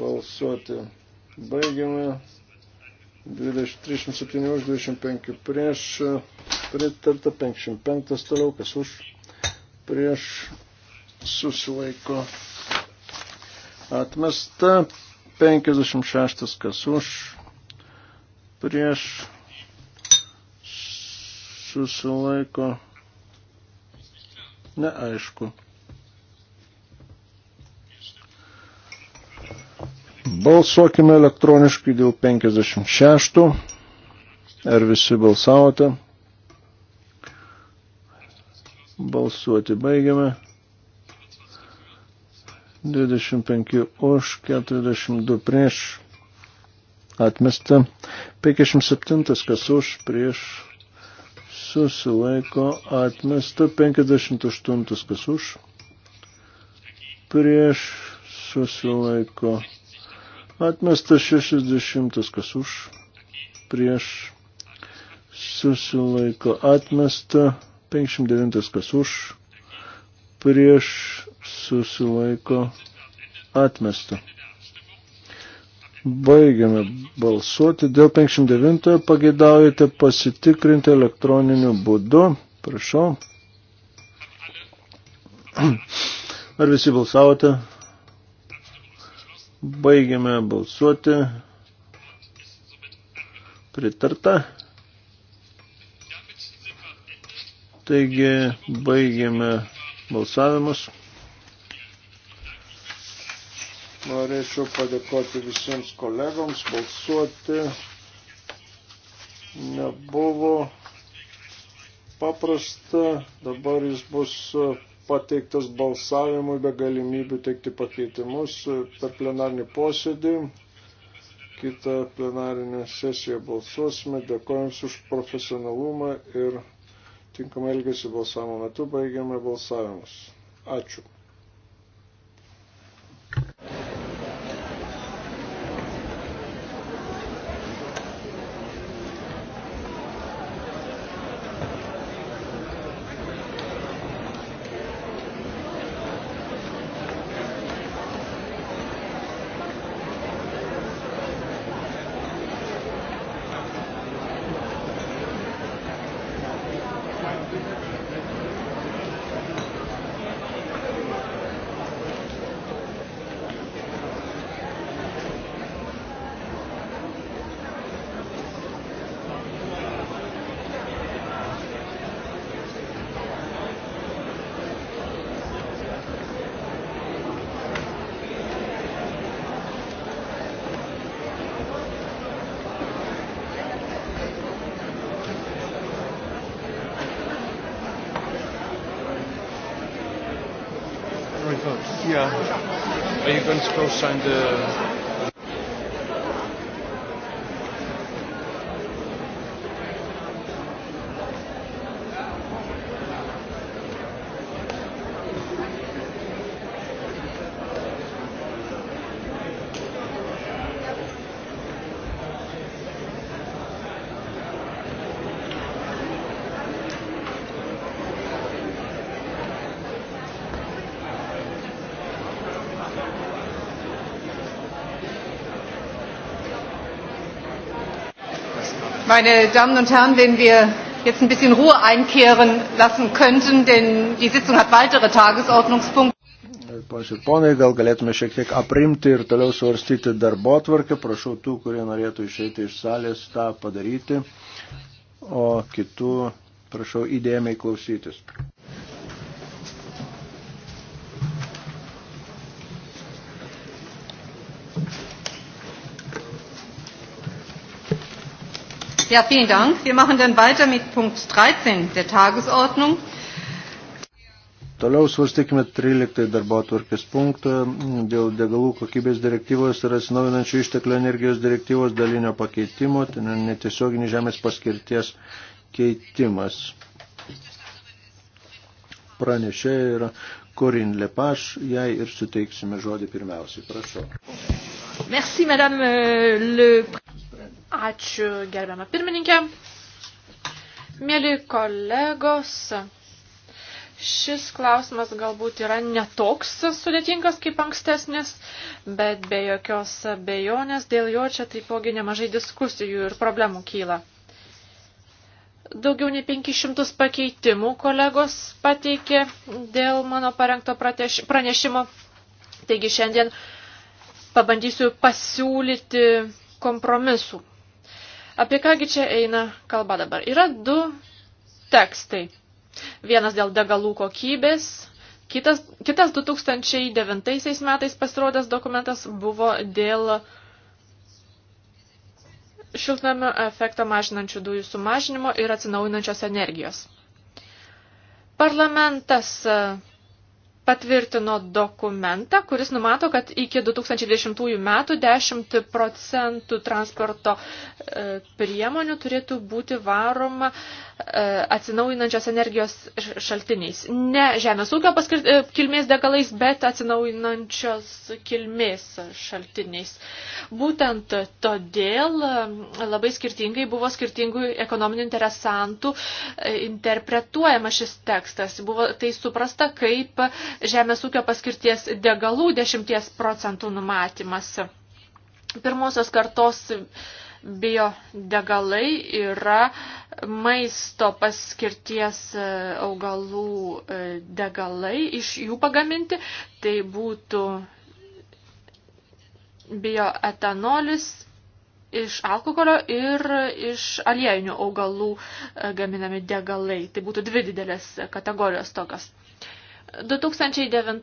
Balsuoti baigiame. 37 už, 25 prieš, pritarta 55 toliau, kas už, prieš susilaiko atmesta, 56 kas už, prieš susilaiko neaišku. Balsuokime elektroniškai dėl 56. Ar visi balsavote? Balsuoti baigiame. 25 už, 42 prieš atmesta. 57 kas už prieš susilaiko atmesta. 58 kas už prieš susilaiko atmesta. 60 kas už prieš susilaiko atmesta. 59 kas už prieš susilaiko atmesta. Baigiame balsuoti. Dėl 59 pageidaujate pasitikrinti elektroniniu būdu. Prašau. Ar visi balsavote? Baigiame balsuoti. Pritarta. Taigi baigiame balsavimus. Norėčiau padėkoti visiems kolegoms, balsuoti nebuvo paprasta, dabar jis bus pateiktas balsavimui be galimybių teikti pakeitimus per plenarinį posėdį. Kita plenarinė sesija balsuosime. Dėkoju Jums už profesionalumą ir tinkamą elgesį balsavimo metu baigiame balsavimus. Ačiū. co signed the Meine Damen und Herren, wenn wir jetzt ein bisschen Ruhe einkehren lassen könnten, denn die Sitzung hat weitere Tagesordnungspunkte. Pažiūrėjau, ponai, gal galėtume šiek tiek aprimti ir toliau svarstyti darbo tvarkę. Prašau tų, kurie norėtų išeiti iš salės, tą padaryti, o kitų prašau įdėmiai klausytis. Ja, vielen Dank. Wir machen dann weiter mit Punkt 13 der Tagesordnung. Toliau svarstykime 13 darbo atvarkės punktą dėl degalų kokybės direktyvos ir atsinaujinančių išteklių energijos direktyvos dalinio pakeitimo, tai netiesioginį žemės paskirties keitimas. Pranešė yra Corinne Lepage, jai ir suteiksime žodį pirmiausiai. Prašau. Merci, madame, euh, le... Ačiū gerbiamą pirmininkę. Mėly kolegos, šis klausimas galbūt yra netoks sudėtingas kaip ankstesnis, bet be jokios abejonės dėl jo čia taipogi nemažai diskusijų ir problemų kyla. Daugiau nei 500 pakeitimų kolegos pateikė dėl mano parengto pranešimo. Taigi šiandien pabandysiu pasiūlyti kompromisų. Apie kągi čia eina kalba dabar? Yra du tekstai. Vienas dėl degalų kokybės, kitas, kitas 2009 metais pasirodęs dokumentas buvo dėl šiltnamio efektą mažinančių dujų sumažinimo ir atsinaujinančios energijos. Parlamentas patvirtino dokumentą, kuris numato, kad iki 2010 metų 10 procentų transporto e, priemonių turėtų būti varoma e, atsinaujinančios energijos šaltiniais. Ne žemės ūkio paskir... E, kilmės degalais, bet atsinaujinančios kilmės šaltiniais. Būtent todėl labai skirtingai buvo skirtingų ekonominių interesantų interpretuojama šis tekstas. Buvo tai suprasta kaip žemės ūkio paskirties degalų 10 procentų numatymas. Pirmosios kartos biodegalai yra maisto paskirties e, augalų e, degalai iš jų pagaminti. Tai būtų bioetanolis iš alkoholio ir iš aliejinių augalų e, gaminami degalai. Tai būtų dvi didelės kategorijos tokios. 2009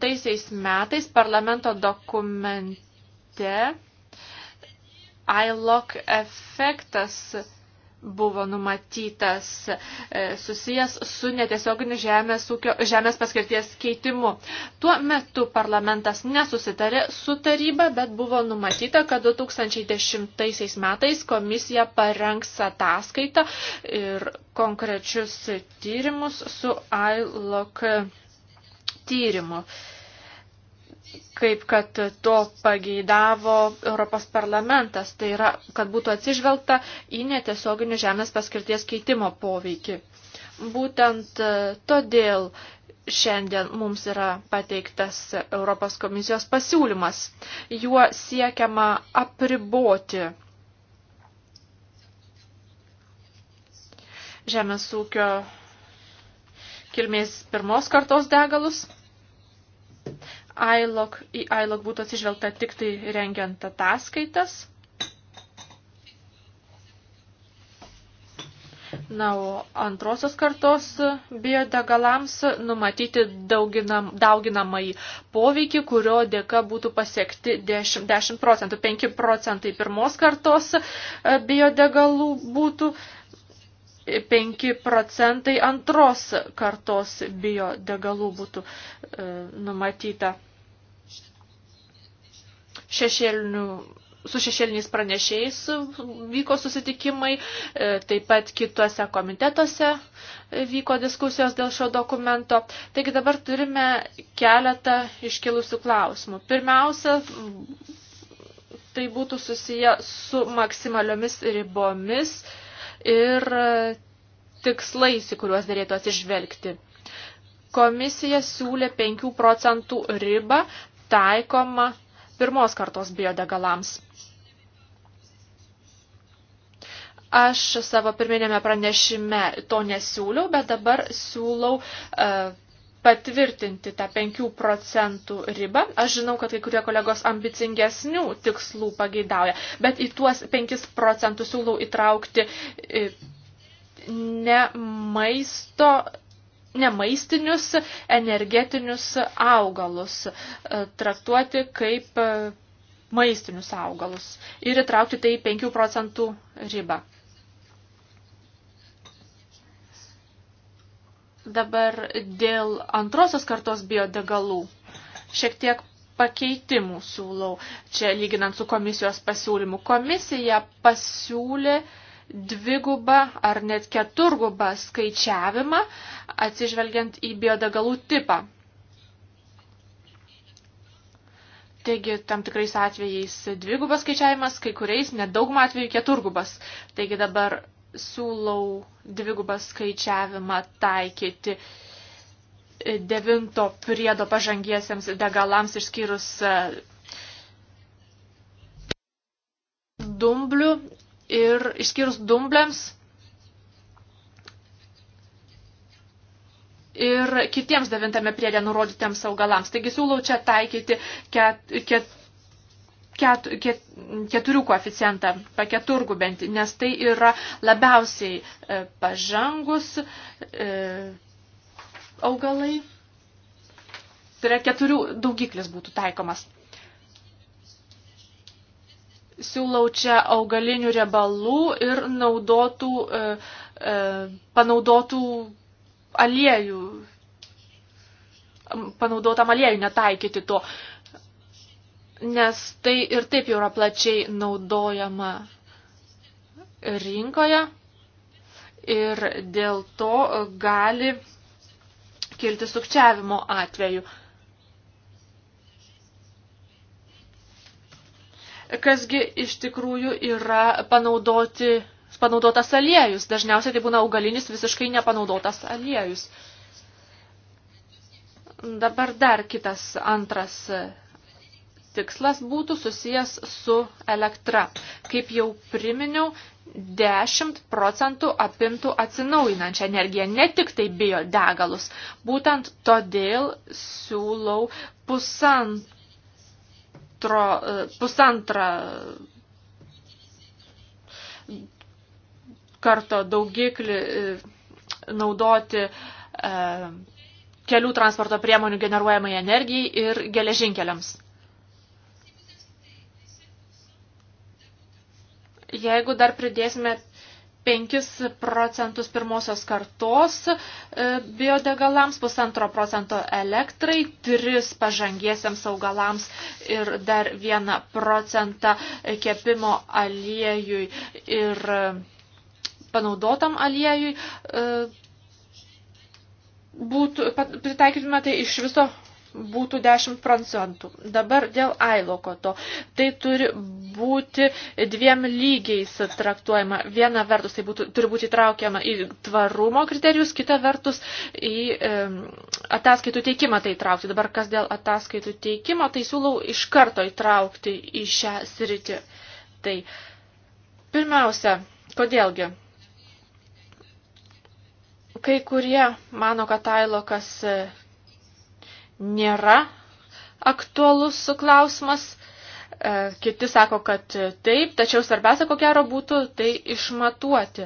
metais parlamento dokumente ILOC efektas buvo numatytas e, susijęs su netiesioginiu žemės, ūkio, žemės paskirties keitimu. Tuo metu parlamentas nesusitarė su taryba, bet buvo numatyta, kad 2010 metais komisija parengs ataskaitą ir konkrečius tyrimus su ILOC efektu tyrimų, kaip kad to pageidavo Europos parlamentas, tai yra, kad būtų atsižvelgta į netiesioginių žemės paskirties keitimo poveikį. Būtent e, todėl šiandien mums yra pateiktas Europos komisijos pasiūlymas. Juo siekiama apriboti žemės ūkio kilmės pirmos kartos degalus ILOC, į ILOC būtų atsižvelgta tik tai rengiant ataskaitas. Na, o antrosios kartos biodegalams numatyti dauginam, dauginamai poveikį, kurio dėka būtų pasiekti 10, 10 procentų. 5 procentai pirmos kartos biodegalų būtų, 5 procentai antros kartos biodegalų būtų e, numatyta šešėlinių su šešėliniais pranešėjais vyko susitikimai, e, taip pat kituose komitetuose vyko diskusijos dėl šio dokumento. Taigi dabar turime keletą iškilusių klausimų. Pirmiausia, tai būtų susiję su maksimaliomis ribomis ir tikslais, į kuriuos dėlėtų atsižvelgti. Komisija siūlė 5 procentų ribą taikoma pirmos kartos biodegalams. Aš savo pirminėme pranešime to nesiūliau, bet dabar siūlau uh, patvirtinti tą 5 procentų ribą. Aš žinau, kad kai kurie kolegos ambicingesnių tikslų pageidauja, bet į tuos 5 procentus siūlau įtraukti e, ne maisto nemaistinius energetinius augalus, e, traktuoti kaip e, maistinius augalus ir įtraukti tai 5 procentų ribą. Dabar dėl antrosios kartos biodegalų šiek tiek pakeitimų siūlau. Čia lyginant su komisijos pasiūlymu. Komisija pasiūlė dvigubą ar net keturgubą skaičiavimą atsižvelgiant į biodegalų tipą. Taigi tam tikrais atvejais dvigubas skaičiavimas, kai kuriais nedaugma atveju keturgubas. Taigi dabar siūlau dvigubą skaičiavimą taikyti devinto priedo pažangiesiems degalams išskyrus e, dumblių ir išskyrus dumbliams ir kitiems devintame priedė nurodytiems augalams. Taigi siūlau čia taikyti ket, ket, ket, ket, keturių koeficientą, paketurgubinti, nes tai yra labiausiai e, pažangus e, augalai. Tai yra keturių daugiklis būtų taikomas. Siūlau čia augalinių riebalų ir naudotų, e, panaudotų aliejų panaudotam aliejui netaikyti to nes tai ir taip jau yra plačiai naudojama rinkoje ir dėl to gali kilti sukčiavimo atveju. Kasgi iš tikrųjų yra panaudoti, panaudotas aliejus. Dažniausiai tai būna augalinis visiškai nepanaudotas aliejus. Dabar dar kitas antras tikslas būtų susijęs su elektra. Kaip jau priminiau, 10 procentų apimtų atsinaujinančią energiją, ne tik tai biodegalus. Būtent todėl siūlau pusantro, e, pusantrą karto daugiklį e, naudoti e, kelių transporto priemonių generuojamai energijai ir geležinkeliams. jeigu dar pridėsime 5 procentus pirmosios kartos e, biodegalams, pusantro procento elektrai, 3 pažangiesiams augalams ir dar 1 procentą kepimo aliejui ir e, panaudotam aliejui. E, būtų, pritaikytume tai iš viso būtų 10 procentų. Dabar dėl ailoko to. Tai turi būti dviem lygiais traktuojama. Viena vertus tai būtų, turi būti traukiama į tvarumo kriterijus, kita vertus į e, ataskaitų teikimą tai traukti. Dabar kas dėl ataskaitų teikimo, tai siūlau iš karto įtraukti į šią sritį. Tai pirmiausia, kodėlgi? Kai kurie mano, kad ailokas nėra aktualus klausimas. E, kiti sako, kad taip, tačiau svarbiausia, ko gero būtų tai išmatuoti.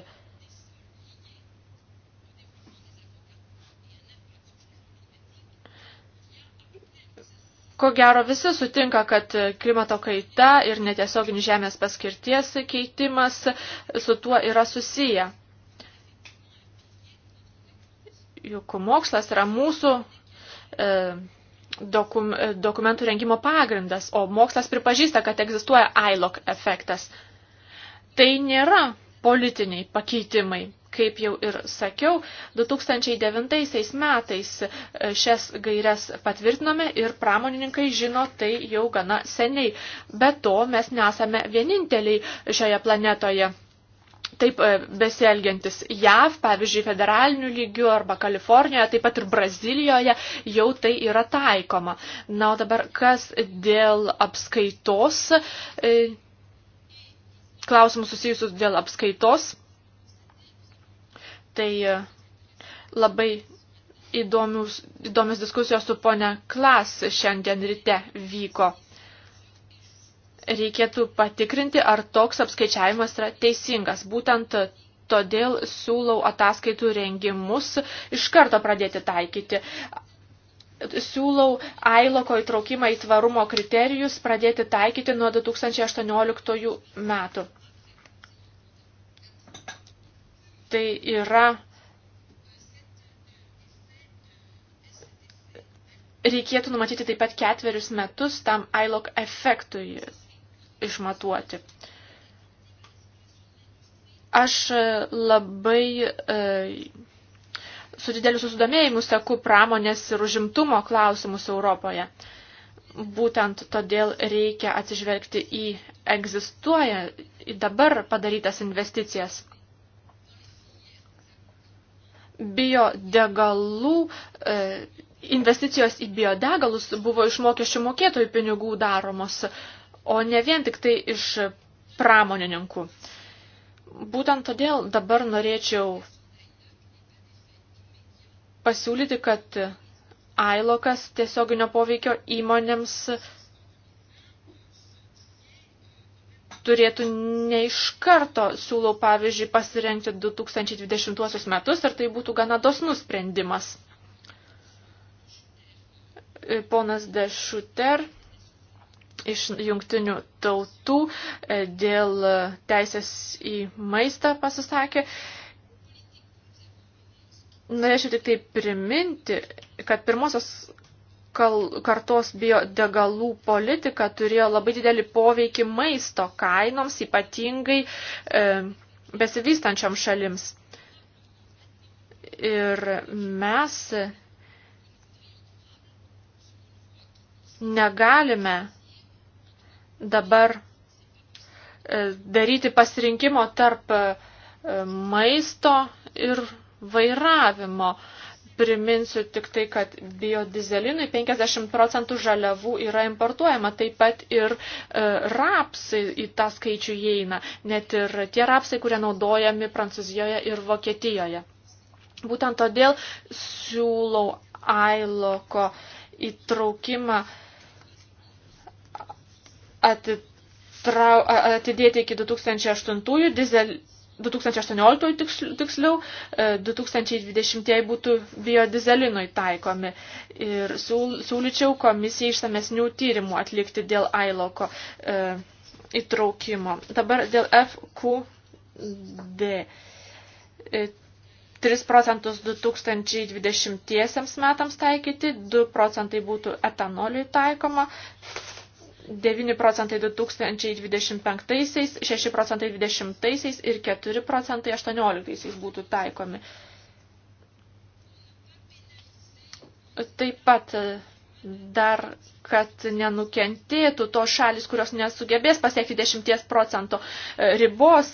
Ko gero visi sutinka, kad klimato kaita ir netiesioginis žemės paskirties keitimas su tuo yra susiję. Juk mokslas yra mūsų E, dokum, e, dokumentų rengimo pagrindas, o mokslas pripažįsta, kad egzistuoja ILOC efektas. Tai nėra politiniai pakeitimai. Kaip jau ir sakiau, 2009 metais e, šias gairias patvirtinome ir pramonininkai žino tai jau gana seniai. Be to mes nesame vieninteliai šioje planetoje taip e, besielgiantis JAV, pavyzdžiui, federaliniu lygiu arba Kalifornijoje, taip pat ir Brazilijoje jau tai yra taikoma. Na, o dabar kas dėl apskaitos, e, klausimų susijusius dėl apskaitos, tai e, labai įdomius, įdomios diskusijos su ponia Klas šiandien ryte vyko reikėtų patikrinti, ar toks apskaičiavimas yra teisingas. Būtent todėl siūlau ataskaitų rengimus iš karto pradėti taikyti. Siūlau ailoko įtraukimą į tvarumo kriterijus pradėti taikyti nuo 2018 metų. Tai yra reikėtų numatyti taip pat ketverius metus tam ILOC efektui, išmatuoti. Aš labai e, su dideliu susidomėjimu seku pramonės ir užimtumo klausimus Europoje. Būtent todėl reikia atsižvelgti į egzistuoja, į dabar padarytas investicijas. Biodegalų e, investicijos į biodegalus buvo iš mokesčių mokėtojų pinigų daromos. E, o ne vien tik tai iš pramonininkų. Būtent todėl dabar norėčiau pasiūlyti, kad ailokas tiesioginio poveikio įmonėms turėtų ne iš karto, siūlau pavyzdžiui, pasirengti 2020 metus ir tai būtų gana dosnus sprendimas. Ponas Dešuter iš jungtinių tautų e, dėl teisės į maistą pasisakė. Norėčiau tik tai priminti, kad pirmosios kartos biodegalų politika turėjo labai didelį poveikį maisto kainoms, ypatingai e, besivystančiam šalims. Ir mes negalime dabar e, daryti pasirinkimo tarp e, maisto ir vairavimo. Priminsiu tik tai, kad biodizelinui 50 procentų žaliavų yra importuojama, taip pat ir e, rapsai į tą skaičių įeina, net ir tie rapsai, kurie naudojami Prancūzijoje ir Vokietijoje. Būtent todėl siūlau Ailoko įtraukimą uh, atitrau, atidėti iki 2008, dizel, 2018 tiksliau, 2020 e, būtų biodizelinui taikomi. Ir siūlyčiau komisijai išsamesnių tyrimų atlikti dėl ailoko e, įtraukimo. Dabar dėl FQD. 3 e, procentus 2020 metams taikyti, 2 procentai būtų etanoliui taikoma, 9 procentai 2025-aisiais, 6 procentai 20-aisiais ir 4 procentai 18-aisiais būtų taikomi. Taip pat e, dar, kad nenukentėtų to šalis, kurios nesugebės pasiekti 10 procento e, ribos,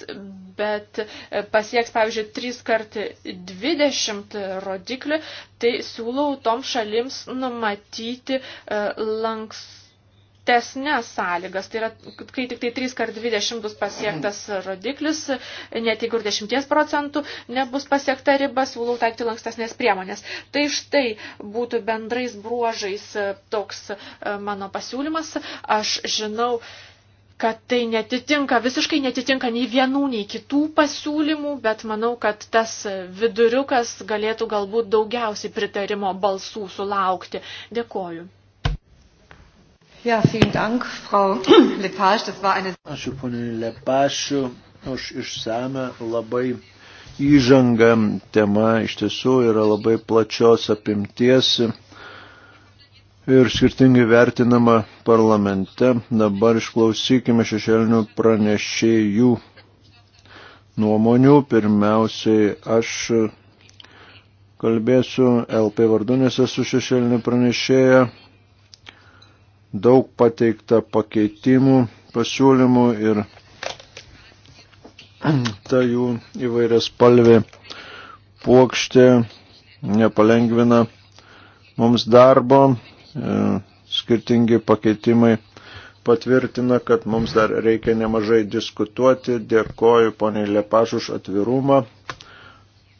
bet e, pasieks, pavyzdžiui, 3 kart 20 rodiklį, tai siūlau tom šalims numatyti lankstų griežtesnės sąlygas. Tai yra, kai tik tai 3x20 bus pasiektas rodiklis, net jeigu ir 10 procentų nebus pasiekta riba, siūlau taikyti lankstesnės priemonės. Tai štai būtų bendrais bruožais toks e, mano pasiūlymas. Aš žinau, kad tai netitinka, visiškai netitinka nei vienų, nei kitų pasiūlymų, bet manau, kad tas viduriukas galėtų galbūt daugiausiai pritarimo balsų sulaukti. Dėkoju. Ja, vielen Dank, Frau *clears throat* Lepage. Das war eine. Ačiū, ponė Lepage, už išsame labai įžangą. Tema iš tiesų yra labai plačios apimties ir skirtingai vertinama parlamente. Dabar išklausykime šešėlinių pranešėjų nuomonių. Pirmiausiai aš kalbėsiu LP vardu, nes esu šešėlinių pranešėja daug pateikta pakeitimų, pasiūlymų ir *clears throat* ta jų įvairias palvė puokštė nepalengvina mums darbo. E, skirtingi pakeitimai patvirtina, kad mums dar reikia nemažai diskutuoti. Dėkoju poniai Lepaš už atvirumą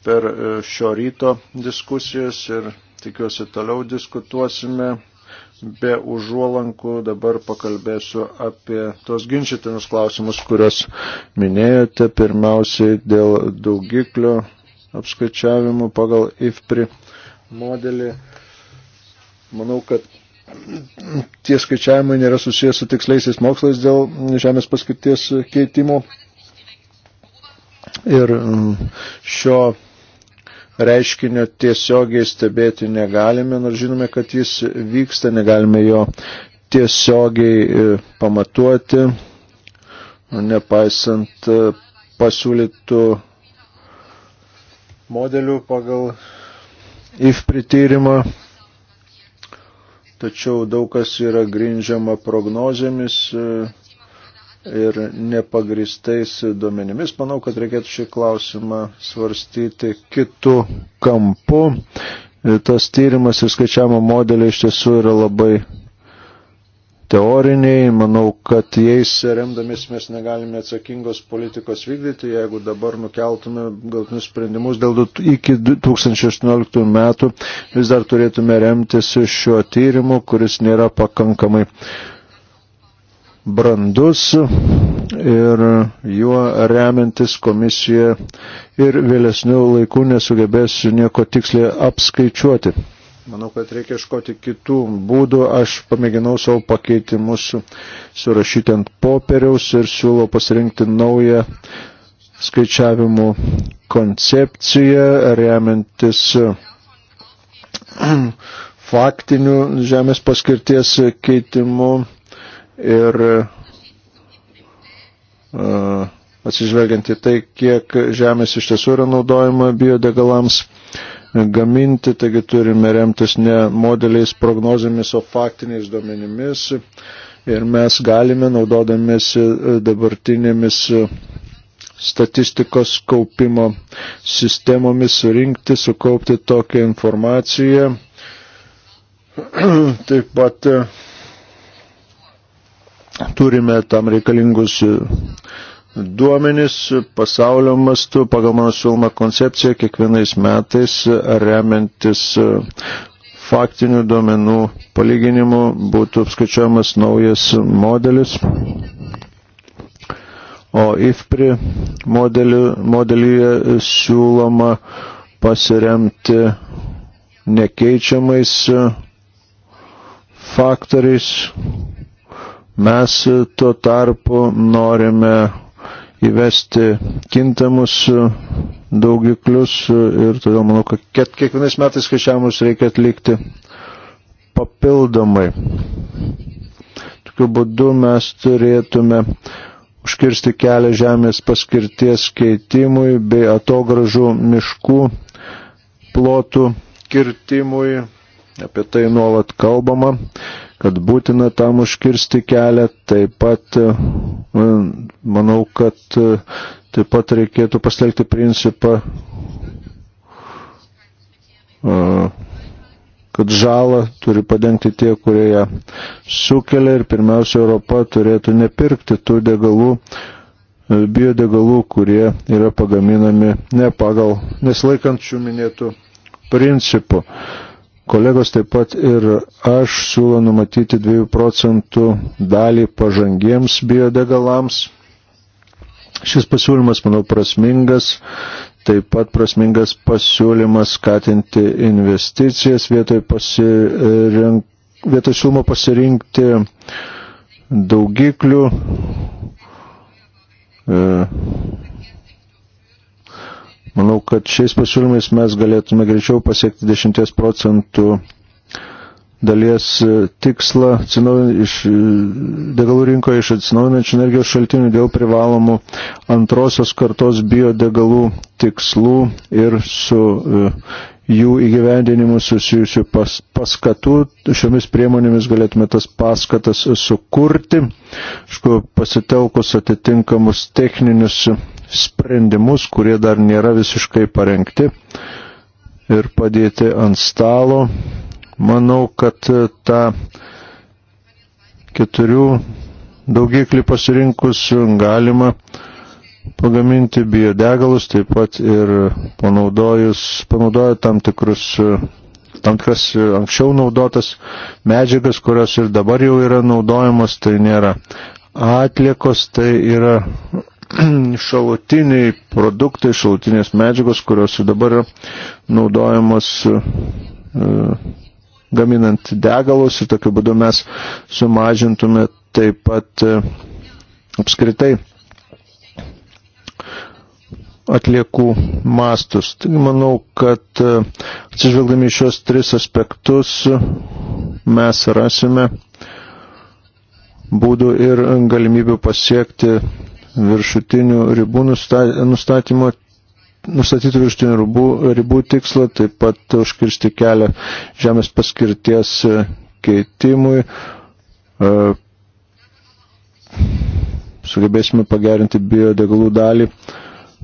per e, šio ryto diskusijas ir tikiuosi toliau diskutuosime be užuolankų dabar pakalbėsiu apie tos ginčytinus klausimus, kuriuos minėjote. Pirmiausiai dėl daugiklio apskaičiavimų pagal IFPRI modelį. Manau, kad tie skaičiavimai nėra susijęs su tiksliaisiais mokslais dėl žemės paskirties keitimo. Ir mm, šio reiškinio tiesiogiai stebėti negalime, nors žinome, kad jis vyksta, negalime jo tiesiogiai e, pamatuoti, nepaisant e, pasiūlytų modelių pagal IF prityrimą, tačiau daug kas yra grindžiama prognozėmis, e, ir nepagristais duomenimis. Manau, kad reikėtų šį klausimą svarstyti kitų kampų. Tas tyrimas ir skaičiavimo modeliai iš tiesų yra labai teoriniai. Manau, kad jais remdamis mes negalime atsakingos politikos vykdyti. Jeigu dabar nukeltume galtinius sprendimus dėl iki 2018 metų, vis dar turėtume remtis šiuo tyrimu, kuris nėra pakankamai brandus ir juo remiantis komisija ir vėlesnių laikų nesugebės nieko tiksliai apskaičiuoti. Manau, kad reikia iškoti kitų būdų. Aš pamėginau savo pakeitimus surašyti ant popieriaus ir siūlau pasirinkti naują skaičiavimų koncepciją, remiantis *clears throat* faktinių žemės paskirties keitimu ir e, atsižvelgiant į tai, kiek žemės iš tiesų yra naudojama biodegalams gaminti, taigi turime remtis ne modeliais, prognozėmis, o faktiniais duomenimis ir mes galime, naudodamėsi dabartinėmis statistikos kaupimo sistemomis, surinkti, sukaupti tokią informaciją. *clears throat* Taip pat turime tam reikalingus e, duomenis pasaulio mastu pagal mano siūlomą koncepciją kiekvienais metais remiantis e, faktinių duomenų palyginimų būtų apskaičiuojamas naujas modelis. O IFPRI modelį, modelyje siūloma pasiremti nekeičiamais e, faktoriais, Mes e, tuo tarpu norime įvesti kintamus e, daugiklius e, ir todėl manau, kad kiekvienais metais skaičiavimus reikia atlikti papildomai. Tokiu būdu mes turėtume užkirsti kelią žemės paskirties keitimui bei atogražų miškų plotų kirtimui. Apie tai nuolat kalbama kad būtina tam užkirsti kelią. Taip pat e, manau, kad e, taip pat reikėtų pastelgti principą, e, kad žalą turi padengti tie, kurie ją sukelia ir pirmiausia Europa turėtų nepirkti tų degalų, biodegalų, kurie yra pagaminami ne pagal neslaikant šių minėtų principų. Uh, Kolegos taip pat ir aš siūlo numatyti 2 procentų dalį pažangiems biodegalams. Šis pasiūlymas, manau, prasmingas, taip pat prasmingas pasiūlymas skatinti investicijas vietoj, pasirink, vietoj siūlymo pasirinkti daugiklių. E, Manau, kad šiais pasiūlymais mes galėtume greičiau pasiekti 10 procentų dalies e, tikslą iš e, degalų rinkoje iš atsinaujinančių energijos šaltinių dėl privalomų antrosios kartos biodegalų tikslų ir su e, jų įgyvendinimu susijusių pas, paskatų. Šiomis priemonėmis galėtume tas paskatas sukurti, aišku, pasitelkus atitinkamus techninius sprendimus, kurie dar nėra visiškai parengti ir padėti ant stalo. Manau, kad e, tą keturių daugiklį pasirinkus galima pagaminti biodegalus, taip pat ir panaudojus, panaudoja tam tikrus e, tam tikras e, anksčiau naudotas medžiagas, kurios ir dabar jau yra naudojamos, tai nėra atliekos, tai yra *clears throat* šalutiniai produktai, šalutinės medžiagos, kurios dabar yra naudojamos e, gaminant degalus ir tokiu būdu mes sumažintume taip pat e, apskritai atliekų mastus. Taigi manau, kad e, atsižvelgdami šios tris aspektus mes rasime būdų ir galimybių pasiekti viršutinių ribų nustatymo, nustatytų viršutinių ribų, ribų tikslą, taip pat užkirsti kelią žemės paskirties e, keitimui. E, sugebėsime pagerinti biodegalų dalį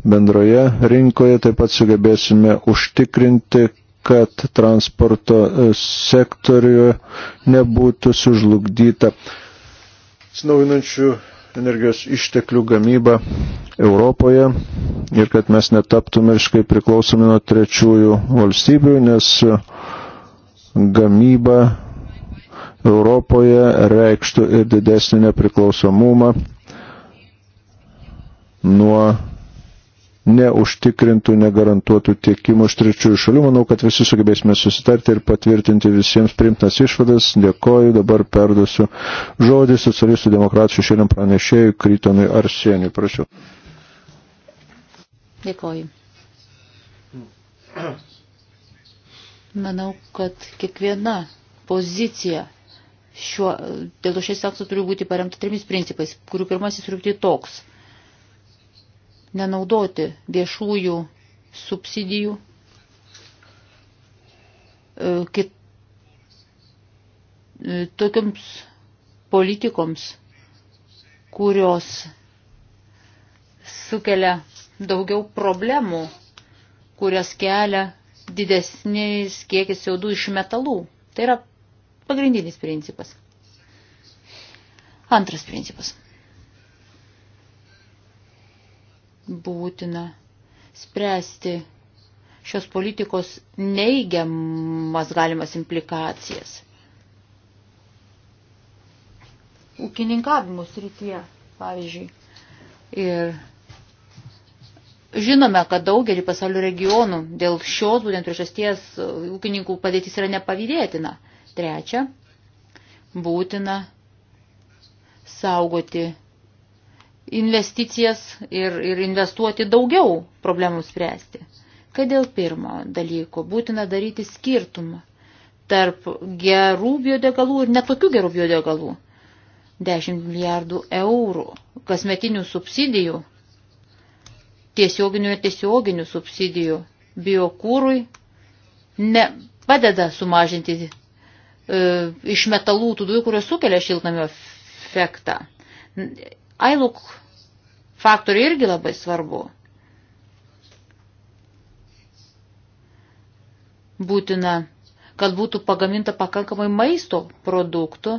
bendroje rinkoje, taip pat sugebėsime užtikrinti, kad transporto e, sektoriuje nebūtų sužlugdyta atsinaujinančių energijos išteklių gamybą Europoje ir kad mes netaptume iškai priklausomi nuo trečiųjų valstybių, nes gamyba Europoje reikštų ir didesnį nepriklausomumą nuo neužtikrintų, negarantuotų tiekimo iš trečiųjų šalių. Manau, kad visi sugebėsime susitarti ir patvirtinti visiems primtas išvadas. Dėkoju, dabar perduosiu žodį socialistų demokratų šiandien pranešėjui Krytonui Arsieniui. Prašau. Dėkoju. Manau, kad kiekviena pozicija šiuo, dėl to šiais aktų turi būti paremta trimis principais, kurių pirmasis turi būti toks – nenaudoti viešųjų subsidijų e, kit, e, tokiams politikoms, kurios sukelia daugiau problemų, kurias kelia didesnis kiekis CO2 iš metalų. Tai yra pagrindinis principas. Antras principas. būtina spręsti šios politikos neigiamas galimas implikacijas. Ūkininkavimo srityje, pavyzdžiui. Ir Žinome, kad daugelį pasaulio regionų dėl šios būtent priežasties ūkininkų padėtis yra nepavydėtina. Trečia, būtina saugoti investicijas ir, ir investuoti daugiau problemų spręsti. Kad dėl pirmo dalyko būtina daryti skirtumą tarp gerų biodegalų ir netokių gerų biodegalų. 10 milijardų eurų kasmetinių subsidijų, tiesioginių ir tiesioginių subsidijų biokūrui ne, padeda sumažinti e, iš metalų tų dujų, kurios sukelia šiltnamio efektą iLook faktorių irgi labai svarbu. Būtina, kad būtų pagaminta pakankamai maisto produktų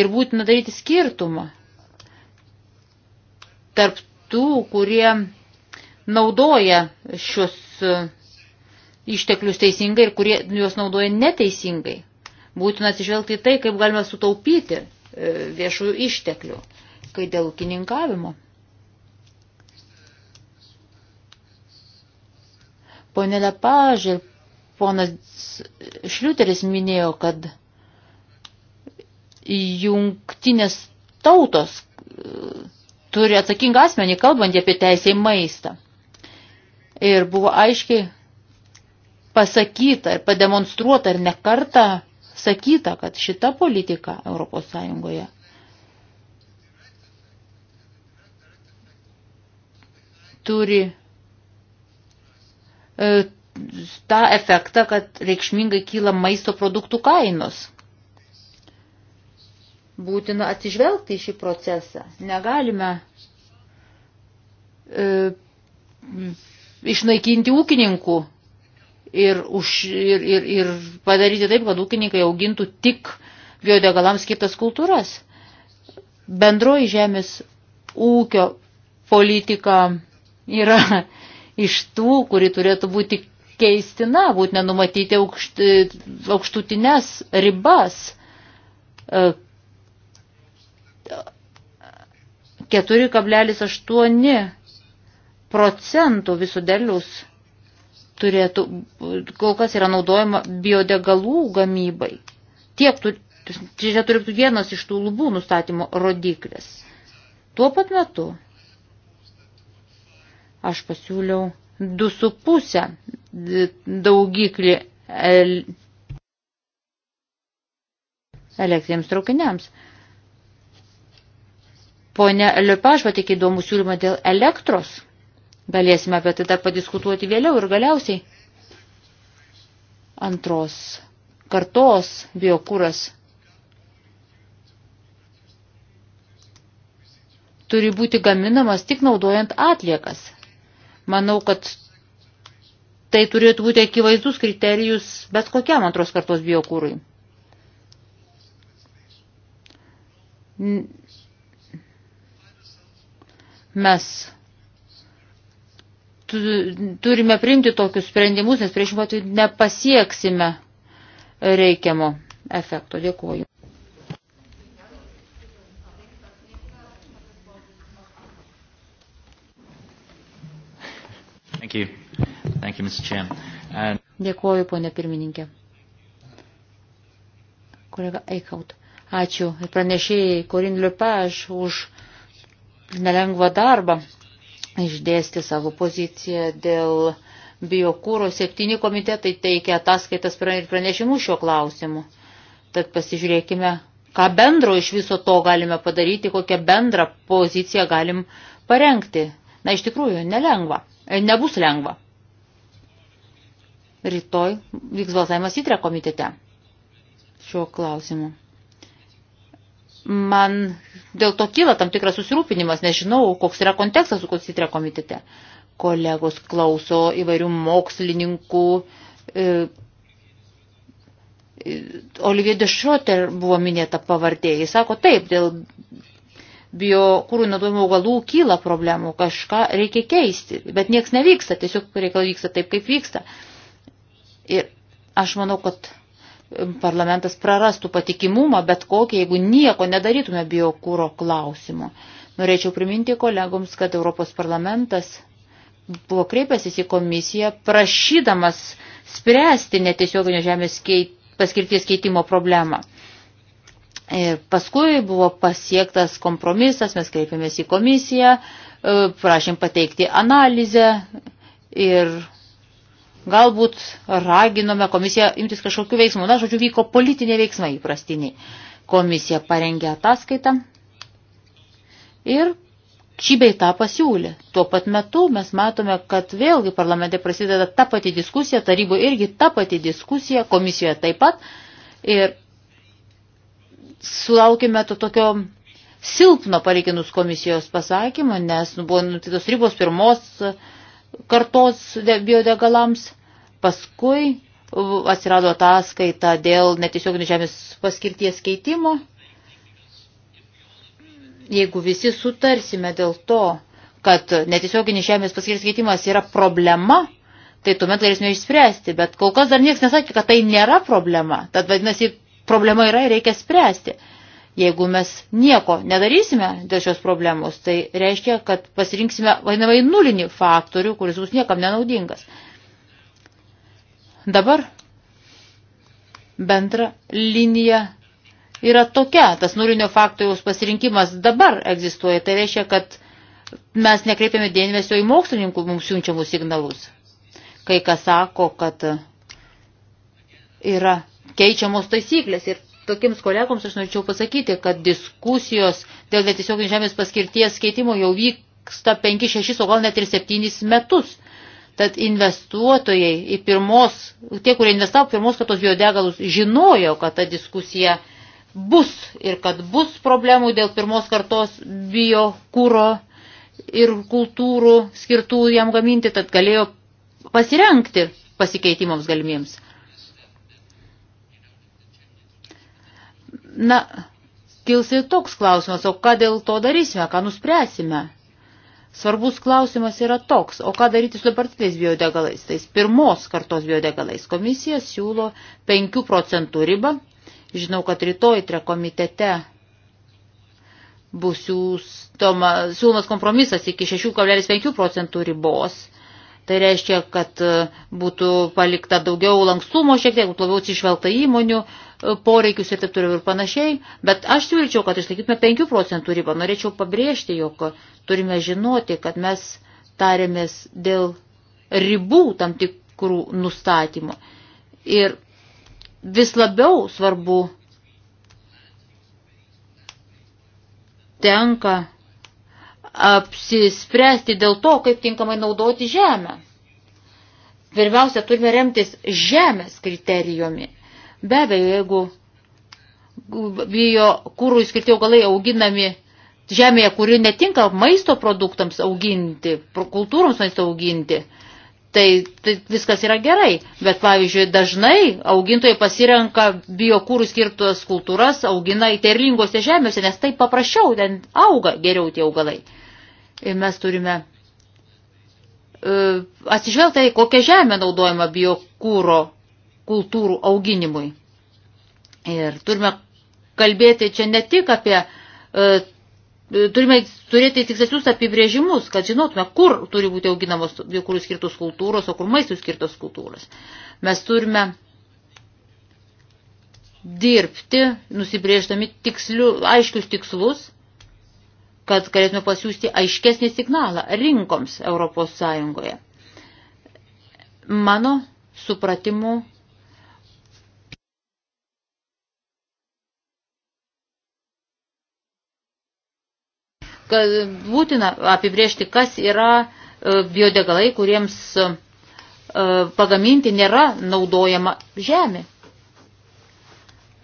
ir būtina daryti skirtumą tarp tų, kurie naudoja šios e, išteklius teisingai ir kurie juos naudoja neteisingai. Būtina atsižvelgti į tai, kaip galime sutaupyti e, viešųjų išteklių kai dėl ūkininkavimo. Pone Lepaž ir ponas Šliuteris minėjo, kad jungtinės tautos e, turi atsakingą asmenį, kalbant apie teisę į maistą. Ir buvo aiškiai pasakyta ir pademonstruota ir nekarta sakyta, kad šita politika Europos Sąjungoje turi e, tą efektą, kad reikšmingai kyla maisto produktų kainos. Būtina atsižvelgti į šį procesą. Negalime e, išnaikinti ūkininkų ir, už, ir, ir, ir padaryti taip, kad ūkininkai augintų tik biodegalams skirtas kultūras. Bendroji žemės ūkio politika yra *laughs* iš tų, kuri turėtų būti keistina, būtent nenumatyti aukšt, aukštutines ribas. 4,8 e, procentų visų derlius turėtų, kol kas yra naudojama biodegalų gamybai. Tiek tu, čia turėtų vienas iš tų lubų nustatymo rodiklės. Tuo pat metu Aš pasiūliau 2,5 daugiklį elektriniams traukiniams. Pone Liupaš patikė įdomų siūlymą dėl elektros. Galėsime apie tai dar padiskutuoti vėliau ir galiausiai antros kartos biokūras turi būti gaminamas tik naudojant atliekas. Manau, kad tai turėtų būti akivaizdus kriterijus bet kokiam antros kartos biokūrui. Mes turime priimti tokius sprendimus, nes priešingai nepasieksime reikiamo efekto. Dėkuoju. Thank you. Thank you, Mr. Chair. And... Dėkuoju, ponė pirmininkė. Kolega Eikaut. Ačiū ir pranešėjai Korin Liupaž už nelengvą darbą išdėsti savo poziciją dėl biokūro. Septyni komitetai teikia ataskaitas ir pranešimus šiuo klausimu. Tad pasižiūrėkime, ką bendro iš viso to galime padaryti, kokią bendrą poziciją galim parengti. Na, iš tikrųjų, nelengva. E, nebus lengva. Rytoj vyks balsavimas įtrė komitete šiuo klausimu. Man dėl to kyla tam tikras susirūpinimas, nežinau, koks yra kontekstas su įtrė komitete. Kolegos klauso įvairių mokslininkų. E, e Olivier de Schroeter buvo minėta pavardė. Jis sako, taip, dėl biokūrų naudojimo augalų kyla problemų, kažką reikia keisti, bet nieks nevyksta, tiesiog reikalai vyksta taip, kaip vyksta. Ir aš manau, kad parlamentas prarastų patikimumą, bet kokį, jeigu nieko nedarytume biokūro klausimu. Norėčiau priminti kolegoms, kad Europos parlamentas buvo kreipęsis į komisiją, prašydamas spręsti netiesioginio žemės keit, paskirties keitimo problemą. Ir paskui buvo pasiektas kompromisas, mes kreipėmės į komisiją, e, prašėm pateikti analizę ir galbūt raginome komisiją imtis kažkokių veiksmų. Na, žodžiu, vyko politiniai veiksmai įprastiniai. Komisija parengė ataskaitą ir šį beitą pasiūlė. Tuo pat metu mes matome, kad vėlgi parlamente prasideda ta pati diskusija, taryboje irgi ta pati diskusija, komisijoje taip pat. Ir sulaukime to tokio silpno palyginus komisijos pasakymą, nes nu, buvo nutytos ribos pirmos kartos biodegalams, paskui atsirado ataskaita dėl netiesioginės žemės paskirties keitimo. Jeigu visi sutarsime dėl to, kad netiesioginis žemės paskirties keitimas yra problema, tai tuomet galėsime išspręsti, bet kol kas dar niekas nesakė, kad tai nėra problema. Tad vadinasi, problema yra ir reikia spręsti. Jeigu mes nieko nedarysime dėl šios problemos, tai reiškia, kad pasirinksime vadinamai nulinį faktorių, kuris bus niekam nenaudingas. Dabar bendra linija yra tokia, tas nulinio faktoriaus pasirinkimas dabar egzistuoja, tai reiškia, kad mes nekreipiame dėmesio į mokslininkų mums siunčiamus signalus. Kai kas sako, kad yra keičiamos taisyklės. Ir tokiems kolegoms aš norėčiau pasakyti, kad diskusijos dėl netiesioginės žemės paskirties keitimo jau vyksta 5-6, o gal net ir 7 metus. Tad investuotojai į pirmos, tie, kurie investavo pirmos kartos biodegalus, žinojo, kad ta diskusija bus ir kad bus problemų dėl pirmos kartos biokūro ir kultūrų skirtų jam gaminti, tad galėjo pasirenkti pasikeitimams galimiems. Na, kils ir toks klausimas, o ką dėl to darysime, ką nuspręsime? Svarbus klausimas yra toks, o ką daryti su dabartiniais biodegalais, tais pirmos kartos biodegalais. Komisija siūlo 5 procentų ribą. Žinau, kad rytoj tre komitete bus siūlomas kompromisas iki 6,5 procentų ribos. Tai reiškia, kad būtų palikta daugiau lankstumo, šiek tiek būtų labiau atsižvelgta įmonių poreikius ir taip toliau ir panašiai, bet aš siūlyčiau, kad išlaikytume 5 procentų ribą. Norėčiau pabrėžti, jog turime žinoti, kad mes tarėmės dėl ribų tam tikrų nustatymų. Ir vis labiau svarbu tenka apsispręsti dėl to, kaip tinkamai naudoti žemę. Pirmiausia, turime remtis žemės kriterijumi Be abejo, jeigu bijo kūrų skirti augalai auginami žemėje, kuri netinka maisto produktams auginti, kultūroms maisto auginti, tai, tai viskas yra gerai. Bet, pavyzdžiui, dažnai augintojai pasirenka biokūrų skirtas kultūras, augina įterlingose žemėse, nes tai paprasčiau, ten auga geriau tie augalai. Ir mes turime uh, atsižvelgti, kokią žemę naudojama biokūro kultūrų auginimui. Ir turime kalbėti čia ne tik apie, e, turime turėti tikslesnius apibrėžimus, kad žinotume, kur turi būti auginamos biokūrų skirtos kultūros, o kur maistų skirtos kultūros. Mes turime dirbti, nusibrėždami tiksliu, aiškius tikslus, kad galėtume pasiūsti aiškesnį signalą rinkoms Europos Sąjungoje. Mano supratimu, kad būtina apibriežti, kas yra e, biodegalai, kuriems e, e, pagaminti nėra naudojama žemė.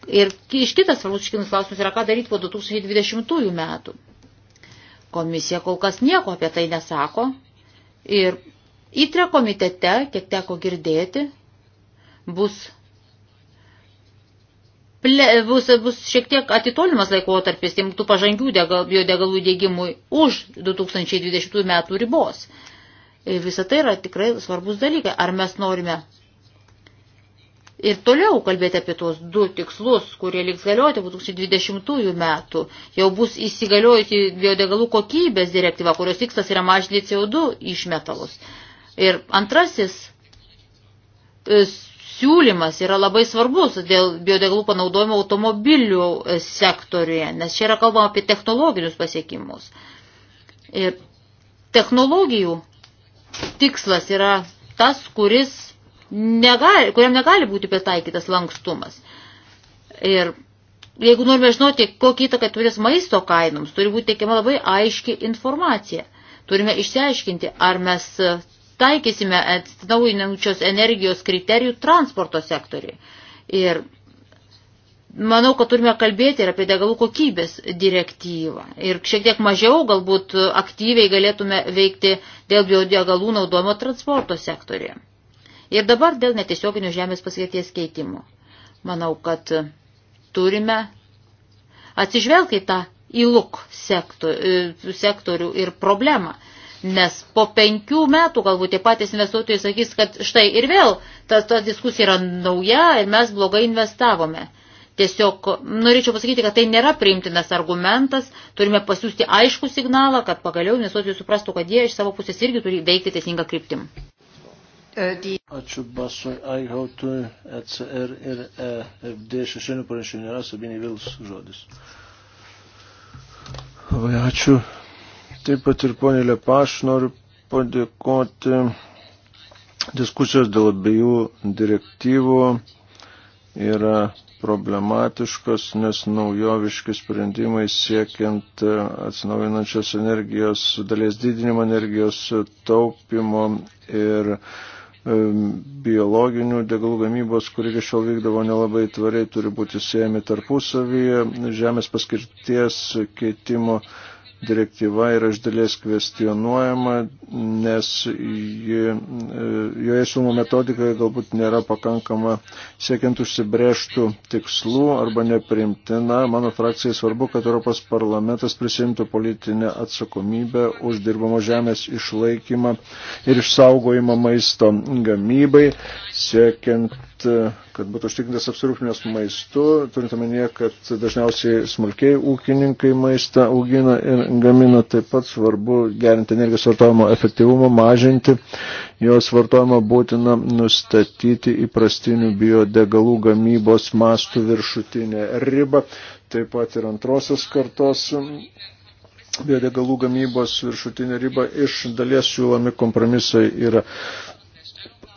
Ir iš kitas svarbus iškinas klausimas yra, ką daryti po 2020 metų. Komisija kol kas nieko apie tai nesako. Ir įtre komitete, kiek teko girdėti, bus bus, bus šiek tiek atitolimas laikotarpis tai tų pažangių degal, biodegalų dėgymui už 2020 metų ribos. Ir visa tai yra tikrai svarbus dalykai. Ar mes norime ir toliau kalbėti apie tos du tikslus, kurie liks galioti 2020 metų, jau bus įsigaliojusi biodegalų kokybės direktyva, kurios tikslas yra mažinti CO2 išmetalus. Ir antrasis e, siūlymas yra labai svarbus dėl biodegalų panaudojimo automobilių e, sektoriuje, nes čia yra kalbama apie technologinius pasiekimus. Ir technologijų tikslas yra tas, kuris negali, kuriam negali būti pritaikytas lankstumas. Ir jeigu norime žinoti, kokį įtaką turės maisto kainoms, turi būti teikiama labai aiški informacija. Turime išsiaiškinti, ar mes taikysime atstaujinančios energijos kriterijų transporto sektoriui. Ir manau, kad turime kalbėti ir apie degalų kokybės direktyvą. Ir šiek tiek mažiau galbūt aktyviai galėtume veikti dėl biodegalų naudojimo transporto sektorėje. Ir dabar dėl netiesioginių žemės paskirties keitimų. Manau, kad turime atsižvelgti tą įluk e, sektorių ir problemą. Nes po penkių metų galbūt tie patys investuotojai sakys, kad štai ir vėl ta, ta diskusija yra nauja ir mes blogai investavome. Tiesiog norėčiau pasakyti, kad tai nėra priimtinas argumentas, turime pasiūsti aišku signalą, kad pagaliau investuotojai suprastų, kad jie iš savo pusės irgi turi veikti teisingą kryptim. Ačiū Basui Aigautui, ECR ir EFD šešėlių pranešimų nėra, Sabinė Vils žodis. Labai ačiū. Taip pat ir ponė Lepaš noriu padėkoti diskusijos dėl abiejų direktyvų yra problematiškos, nes naujoviški sprendimai siekiant atsinaujinančios energijos, dalies didinimo energijos taupimo ir biologinių degalų gamybos, kuri iki šiol vykdavo nelabai tvariai, turi būti siejami tarpusavyje, žemės paskirties keitimo direktyva yra iš dalies kvestionuojama, nes ji, e, joje siūloma metodika galbūt nėra pakankama siekiant užsibrėžtų tikslų arba neprimtina. Mano frakcijai svarbu, kad Europos parlamentas prisimtų politinę atsakomybę už dirbamo žemės išlaikymą ir išsaugojimą maisto gamybai, siekiant kad būtų užtikrintas apsirūpinimas maistu, turint omenyje, kad dažniausiai smulkiai ūkininkai maistą augina ir gamina, taip pat svarbu gerinti energijos vartojimo efektyvumą, mažinti jos vartojimą būtina nustatyti įprastinių biodegalų gamybos mastų viršutinę ribą, taip pat ir antrosios kartos biodegalų gamybos viršutinė riba iš dalies siūlomi kompromisai yra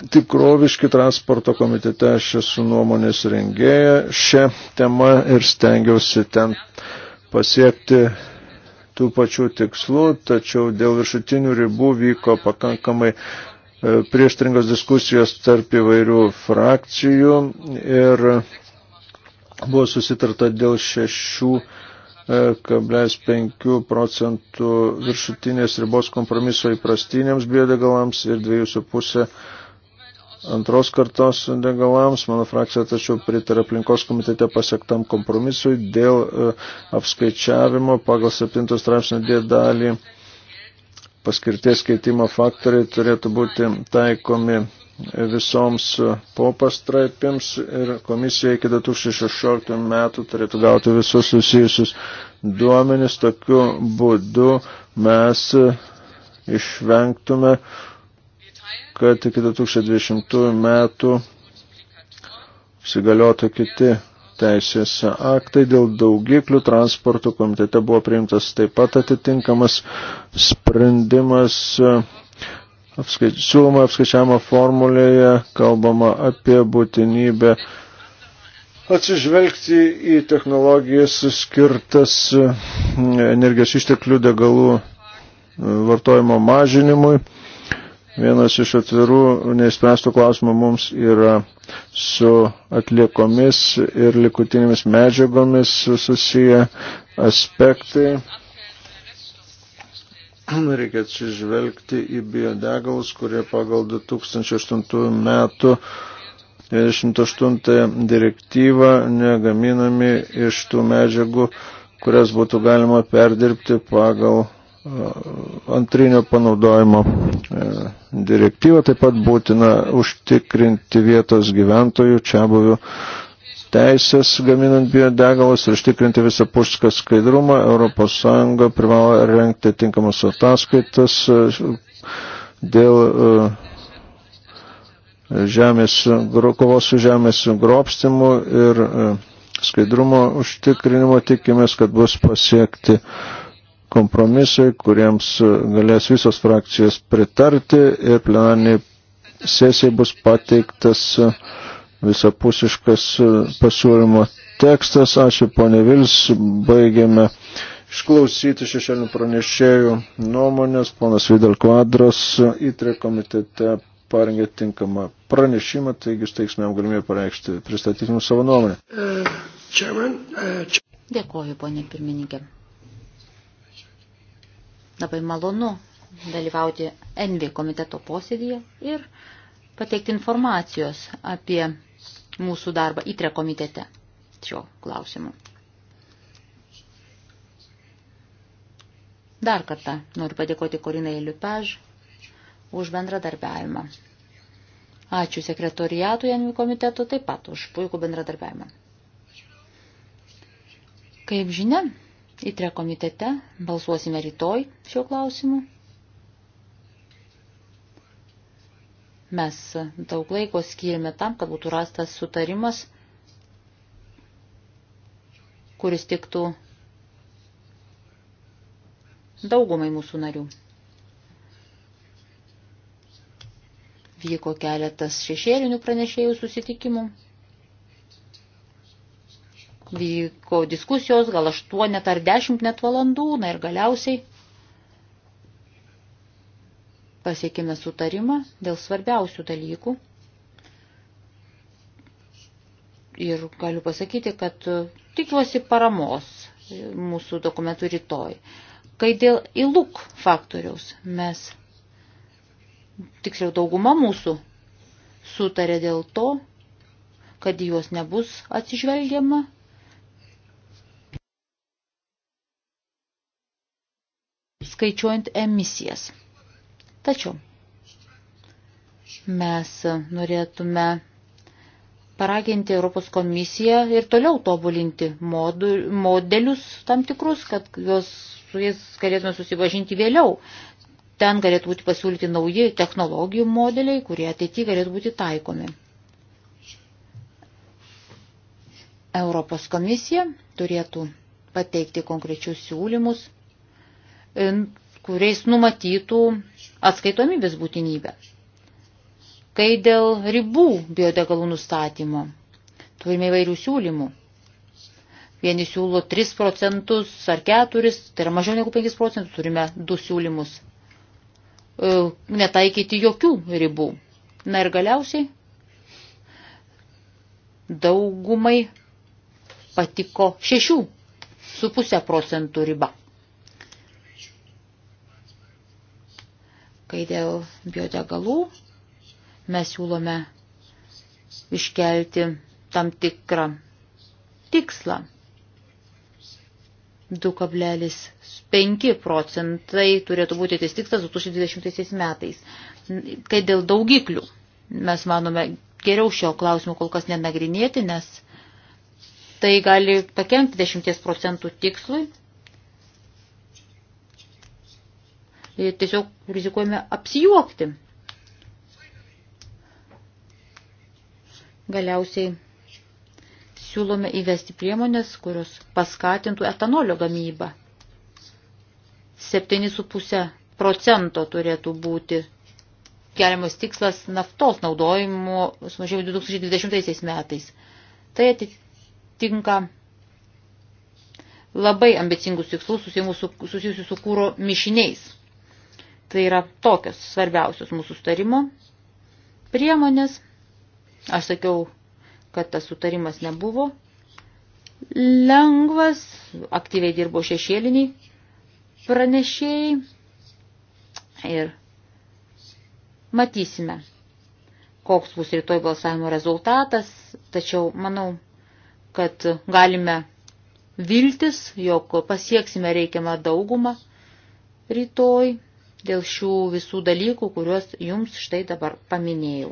tikroviški transporto komitete, aš esu nuomonės rengėja šią temą ir stengiausi ten pasiekti tų pačių tikslų, tačiau dėl viršutinių ribų vyko pakankamai e, prieštringos diskusijos tarp įvairių frakcijų ir buvo susitarta dėl 6,5 e, procentų viršutinės ribos kompromiso įprastiniams biodegalams ir 2,5 procentų antros kartos degalams. Mano frakcija tačiau pritarė aplinkos komitete pasiektam kompromisui dėl e, apskaičiavimo pagal 7 straipsnio D dalį paskirties keitimo faktoriai turėtų būti taikomi visoms e, popastraipims ir komisija iki 2016 metų turėtų gauti visus susijusius duomenis. Tokiu būdu mes e, išvengtume uh, kad iki 2020 metų įsigaliotų kiti teisės aktai dėl daugiklių transporto komitete buvo priimtas taip pat atitinkamas sprendimas apskai, siūloma apskaičiavimo formulėje kalbama apie būtinybę atsižvelgti į technologijas skirtas energijos išteklių degalų vartojimo mažinimui. Vienas iš atvirų neįspręstų klausimų mums yra su atliekomis ir likutinėmis medžiagomis susiję aspektai. Reikia atsižvelgti į biodegalus, kurie pagal 2008 metų 28 direktyvą negaminami iš tų medžiagų, kurias būtų galima perdirbti pagal antrinio panaudojimo e, direktyvą, taip pat būtina užtikrinti vietos gyventojų čia buvių teisės gaminant biodegalus ir užtikrinti visą pušką skaidrumą. ES privalo renkti tinkamas ataskaitas e, dėl e, žemės, kovos su žemės grobstimu ir skaidrumo užtikrinimo tikimės, kad bus pasiekti uh, kompromisai, kuriems e, galės visos frakcijos pritarti ir plenarniai sesijai bus pateiktas e, visapusiškas e, pasiūlymo tekstas. Ačiū ponė Vils, baigėme išklausyti šešėlinių pranešėjų nuomonės. Ponas Vidal Kvadras įtrė komitete parengė tinkamą pranešimą, taigi steiksime jam galimybę pareikšti, pristatyti mums savo nuomonę. Uh, uh, Dėkuoju, ponė pirmininkė. Labai malonu dalyvauti NV komiteto posėdėje ir pateikti informacijos apie mūsų darbą ITRE komitete šio klausimu. Dar kartą noriu padėkoti Korinai Liupež už bendradarbiavimą. Ačiū sekretoriatui NV komiteto taip pat už puikų bendradarbiavimą. Kaip žinia, Įtre komitete balsuosime rytoj šiuo klausimu. Mes daug laiko skirime tam, kad būtų rastas sutarimas, kuris tiktų daugumai mūsų narių. Vyko keletas šešėlinių pranešėjų susitikimų vyko diskusijos, gal 8 ar 10 net valandų, na ir galiausiai pasiekime sutarimą dėl svarbiausių dalykų. Ir galiu pasakyti, kad tikiuosi paramos mūsų dokumentų rytoj. Kai dėl iluk faktoriaus mes, tiksliau dauguma mūsų, sutarė dėl to, kad juos nebus atsižvelgiama skaičiuojant emisijas. Tačiau mes norėtume paraginti Europos komisiją ir toliau tobulinti modelius tam tikrus, kad juos su jais galėtume susipažinti vėliau. Ten galėtų būti pasiūlyti nauji technologijų modeliai, kurie ateityje galėtų būti taikomi. Europos komisija turėtų pateikti konkrečius siūlymus kuriais numatytų atskaitomybės būtinybę. Kai dėl ribų biodegalų nustatymo turime įvairių siūlymų. Vieni siūlo 3 procentus ar 4, tai yra mažiau negu 5 procentus, turime du siūlymus. E, netaikyti jokių ribų. Na ir galiausiai daugumai patiko 6,5 procentų riba. kai dėl biodegalų mes siūlome iškelti tam tikrą tikslą. 2,5 procentai turėtų būti tas tikslas 2020 metais. Kai dėl daugiklių, mes manome, geriau šio klausimo kol kas nenagrinėti, nes tai gali pakengti 10 procentų tikslui E, tiesiog rizikuojame apsijuokti. Galiausiai siūlome įvesti priemonės, kurios paskatintų etanolio gamybą. 7,5 procento turėtų būti keliamas tikslas naftos naudojimo sumažėjimo 2020 metais. Tai atitinka labai ambicingus tikslus susijusius su kūro mišiniais. Tai yra tokios svarbiausios mūsų sutarimo priemonės. Aš sakiau, kad tas sutarimas nebuvo lengvas, aktyviai dirbo šešėliniai pranešėjai ir matysime, koks bus rytoj balsavimo rezultatas, tačiau manau, kad galime viltis, jog pasieksime reikiamą daugumą rytoj dėl šių visų dalykų, kuriuos jums štai dabar paminėjau.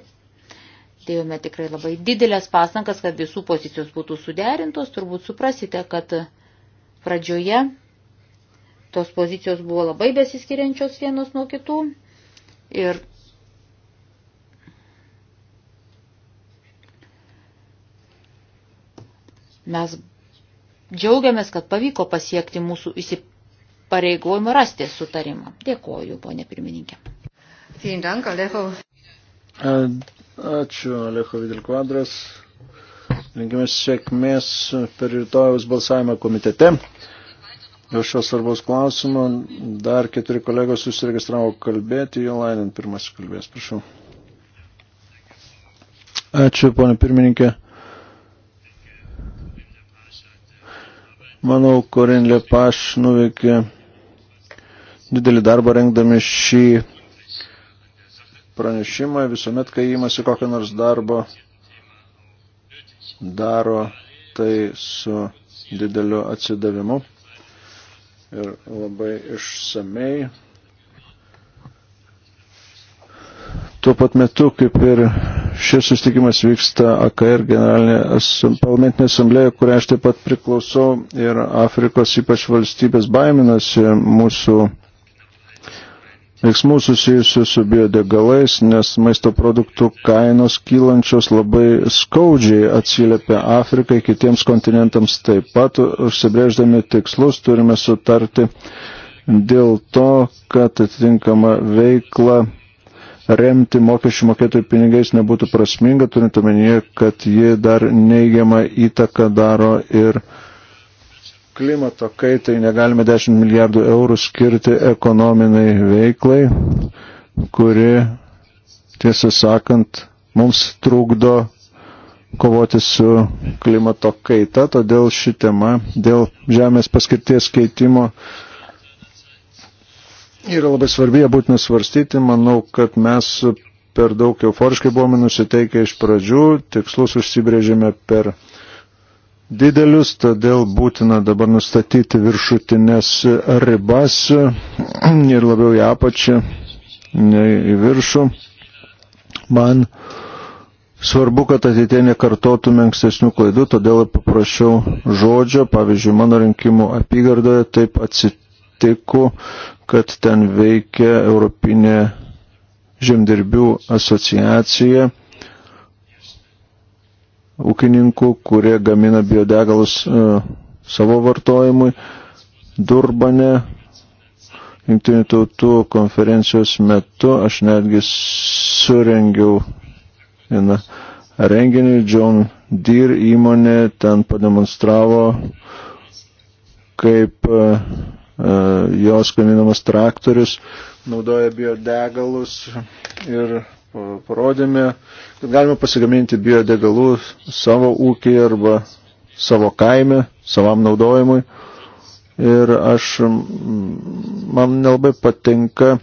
Dėjome tikrai labai didelės pastangas, kad visų pozicijos būtų suderintos. Turbūt suprasite, kad pradžioje tos pozicijos buvo labai besiskiriančios vienos nuo kitų. Ir mes džiaugiamės, kad pavyko pasiekti mūsų įsipareigojimą pareigojimą rasti sutarimą. Dėkoju, ponė pirmininkė. Ačiū, Alecho Vidilkvadras. Linkime sėkmės per rytojus balsavimą komitete. Dėl šios svarbos klausimo dar keturi kolegos susiregistravo kalbėti, jo lainin pirmasis kalbės, prašau. Ačiū, ponė pirmininkė. Manau, Korin Lepaš nuveikė didelį darbą rengdami šį pranešimą. Visuomet, kai įmasi kokią nors darbą, daro tai su dideliu atsidavimu ir labai išsamei. Tuo pat metu, kaip ir šis sustikimas vyksta AKR generalinė parlamentinė asamblėja, kurią aš taip pat priklausau ir Afrikos ypač valstybės baiminasi mūsų veiksmų susijusių su biodegalais, nes maisto produktų kainos kylančios labai skaudžiai atsiliepia Afrikai, kitiems kontinentams taip pat. Užsibrėždami tikslus turime sutarti dėl to, kad atitinkama veikla remti mokesčių mokėtojų pinigais nebūtų prasminga, turint omenyje, kad ji dar neigiamą įtaką daro ir klimato kaitai negalime 10 milijardų eurų skirti ekonominiai veiklai, kuri, tiesą sakant, mums trukdo kovoti su klimato kaita, todėl ši tema dėl žemės paskirties keitimo yra labai svarbi, ją būtina svarstyti. Manau, kad mes per daug euforiškai buvome nusiteikę iš pradžių, tikslus užsibrėžėme per didelius, todėl būtina dabar nustatyti viršutinės ribas *clears throat* ir labiau į apačią, nei į viršų. Man Svarbu, kad ateitie nekartotume ankstesnių klaidų, todėl paprašiau žodžio. Pavyzdžiui, mano rinkimų apygardoje taip atsitiko, kad ten veikia Europinė žemdirbių asociacija ūkininkų, kurie gamina biodegalus e, savo vartojimui. Durbane, jungtinių tautų konferencijos metu, aš netgi surengiau vieną renginį, John Deere įmonė ten pademonstravo, kaip e, e, jos gaminamas traktorius naudoja biodegalus ir parodėme, kad galima pasigaminti biodegalų savo ūkį arba savo kaime, savam naudojimui. Ir aš, man nelabai patinka,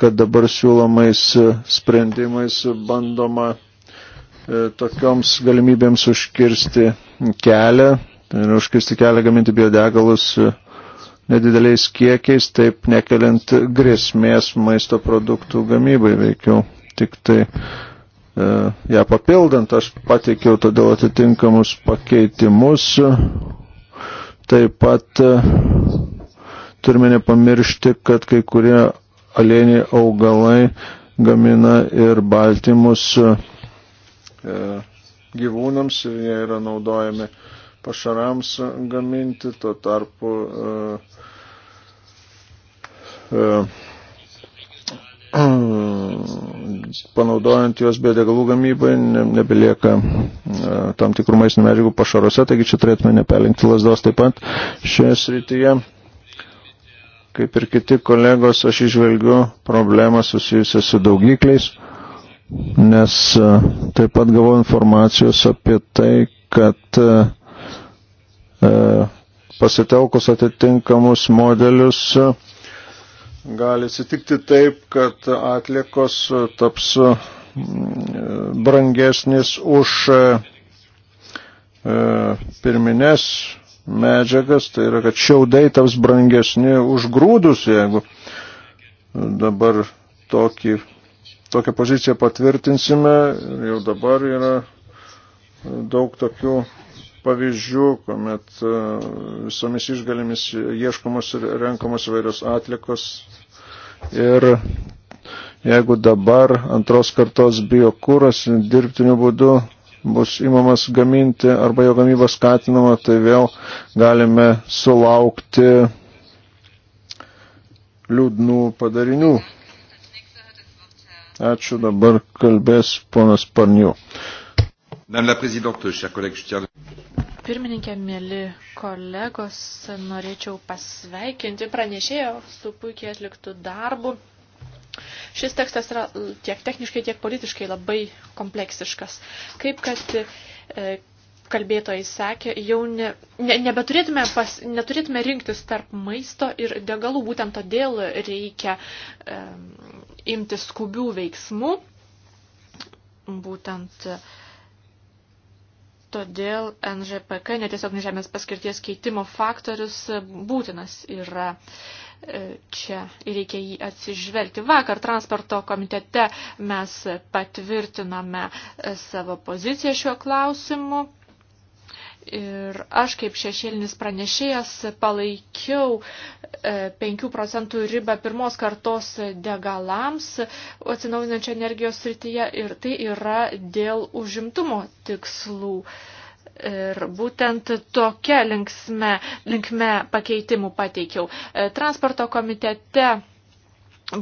kad dabar siūlomais sprendimais bandoma e, tokioms galimybėms užkirsti kelią, ir tai užkirsti kelią gaminti biodegalus e, nedideliais kiekiais, taip nekeliant grėsmės maisto produktų gamybai veikiau tik tai e, ją papildant aš pateikiau todėl atitinkamus pakeitimus. Taip pat e, turime nepamiršti, kad kai kurie alieniai augalai gamina ir baltymus e, gyvūnams ir jie yra naudojami pašarams gaminti, tuo tarpu e, e, *clears throat* panaudojant juos biodegalų gamybai, nebelieka tam tikrų maistinių medžiagų pašaruose, taigi čia turėtume nepelinkti lasdos taip pat šioje srityje. Kaip ir kiti kolegos, aš išvelgiu problemą susijusią su daugikliais, nes taip pat gavau informacijos apie tai, kad pasitelkus atitinkamus modelius gali atsitikti taip, kad atlikos taps mm, brangesnis už e, pirminės medžiagas, tai yra, kad šiaudai taps brangesni už grūdus, jeigu dabar tokį, tokią poziciją patvirtinsime, jau dabar yra daug tokių pavyzdžių, kuomet e, visomis išgalėmis ieškomos ir renkamos įvairios atlikos. Ir jeigu dabar antros kartos biokūras dirbtiniu būdu bus įmamas gaminti arba jo gamyba skatinama, tai vėl galime sulaukti liūdnų padarinių. Ačiū, dabar kalbės ponas Parniu. Madame la Présidente, chers collègues, je tiens Pirmininkė, mėly kolegos, norėčiau pasveikinti pranešėjo su puikiai atliktų darbų. Šis tekstas yra tiek techniškai, tiek politiškai labai kompleksiškas. Kaip kad e, kalbėtojai sakė, jau ne, ne, nebeturėtume pas, neturėtume rinktis tarp maisto ir degalų, būtent todėl reikia e, imti skubių veiksmų, būtent e, Todėl NŽPK netiesiog žemės paskirties keitimo faktorius e, būtinas yra e, čia ir reikia jį atsižvelgti. Vakar transporto komitete mes patvirtiname e, savo poziciją šiuo klausimu. Ir aš kaip šešėlinis pranešėjas palaikiau 5 e, procentų ribą pirmos kartos degalams atsinaujinančio energijos srityje ir tai yra dėl užimtumo tikslų. Ir būtent tokia linksme, linkme pakeitimų pateikiau. E, transporto komitete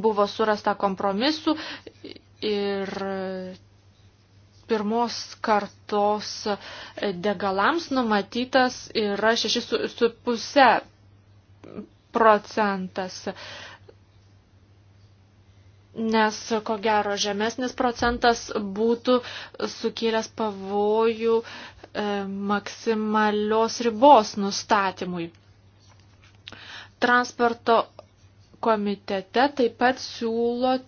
buvo surasta kompromisu ir pirmos kartos degalams numatytas yra 6,5 procentas. Nes, ko gero, žemesnis procentas būtų sukėlęs pavojų e, maksimalios ribos nustatymui. Transporto komitete taip pat siūlo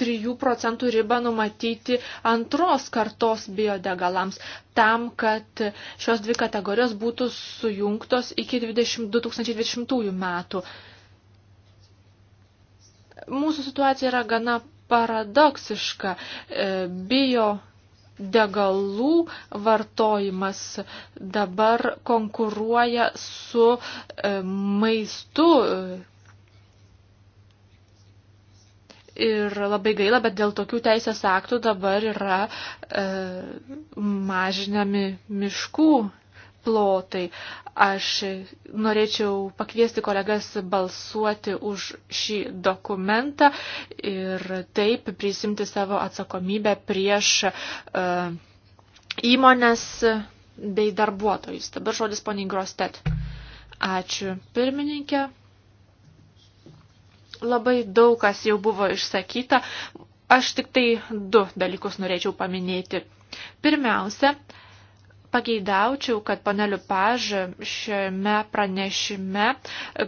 3 procentų ribą numatyti antros kartos biodegalams, tam, kad šios dvi kategorijos būtų sujungtos iki 20, 2020 metų. Mūsų situacija yra gana paradoksiška. E, Bio degalų vartojimas dabar konkuruoja su e, maistu Ir labai gaila, bet dėl tokių teisės aktų dabar yra e, mažinami miškų plotai. Aš norėčiau pakviesti kolegas balsuoti už šį dokumentą ir taip prisimti savo atsakomybę prieš uh, įmonės bei darbuotojus. Dabar žodis poniai Grostet. Ačiū pirmininkė. Labai daug kas jau buvo išsakyta. Aš tik tai du dalykus norėčiau paminėti. Pirmiausia, pageidaučiau, kad panelių paž šiame pranešime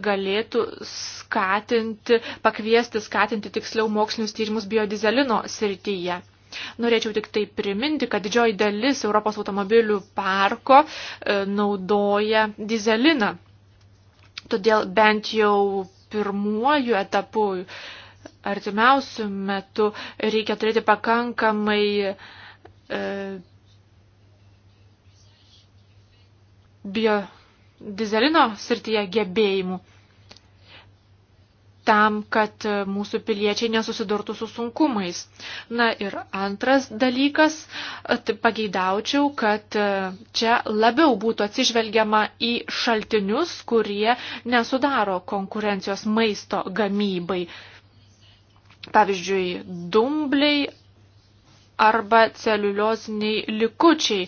galėtų skatinti, pakviesti skatinti tiksliau mokslinius tyrimus biodizelino srityje. Norėčiau tik tai priminti, kad didžioji dalis Europos automobilių parko e, naudoja dizeliną. Todėl bent jau pirmuoju etapu, artimiausių metų, reikia turėti pakankamai e, biodizelino srityje gebėjimų tam, kad mūsų piliečiai nesusidurtų su sunkumais. Na ir antras dalykas, pageidaučiau, kad čia labiau būtų atsižvelgiama į šaltinius, kurie nesudaro konkurencijos maisto gamybai. Pavyzdžiui, dumbliai arba celiulioziniai likučiai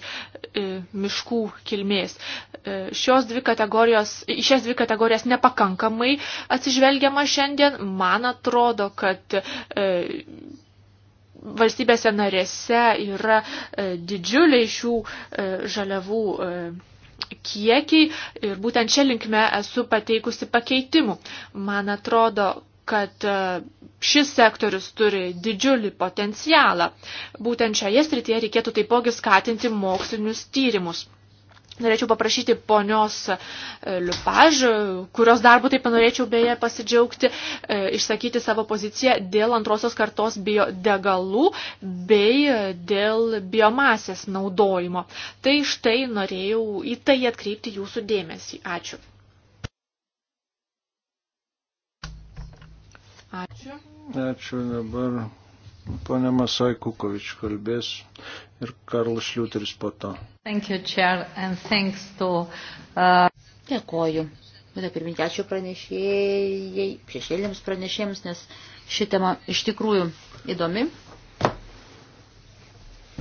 e, miškų kilmės. E, šios dvi kategorijos, į šias dvi kategorijas nepakankamai atsižvelgiama šiandien. Man atrodo, kad e, valstybėse narėse yra didžiuliai šių žaliavų kiekiai ir būtent čia linkme esu pateikusi pakeitimų. Man atrodo, kad e, šis sektorius turi didžiulį potencialą. Būtent šioje srityje reikėtų taipogi skatinti mokslinius tyrimus. Norėčiau paprašyti ponios e, Liupaž, kurios darbų taip norėčiau beje pasidžiaugti, e, išsakyti savo poziciją dėl antrosios kartos biodegalų bei dėl biomasės naudojimo. Tai štai norėjau į tai atkreipti jūsų dėmesį. Ačiū. Ačiū. Ačiū dabar. Pone Masai Kukovič kalbės ir Karlas Šliuteris po to. Thank you, Chair, and thanks to... Uh... Dėkoju. Bet pirmininkė, ačiū pranešėjai, šešėlėms pranešėjams, nes ši tema iš tikrųjų įdomi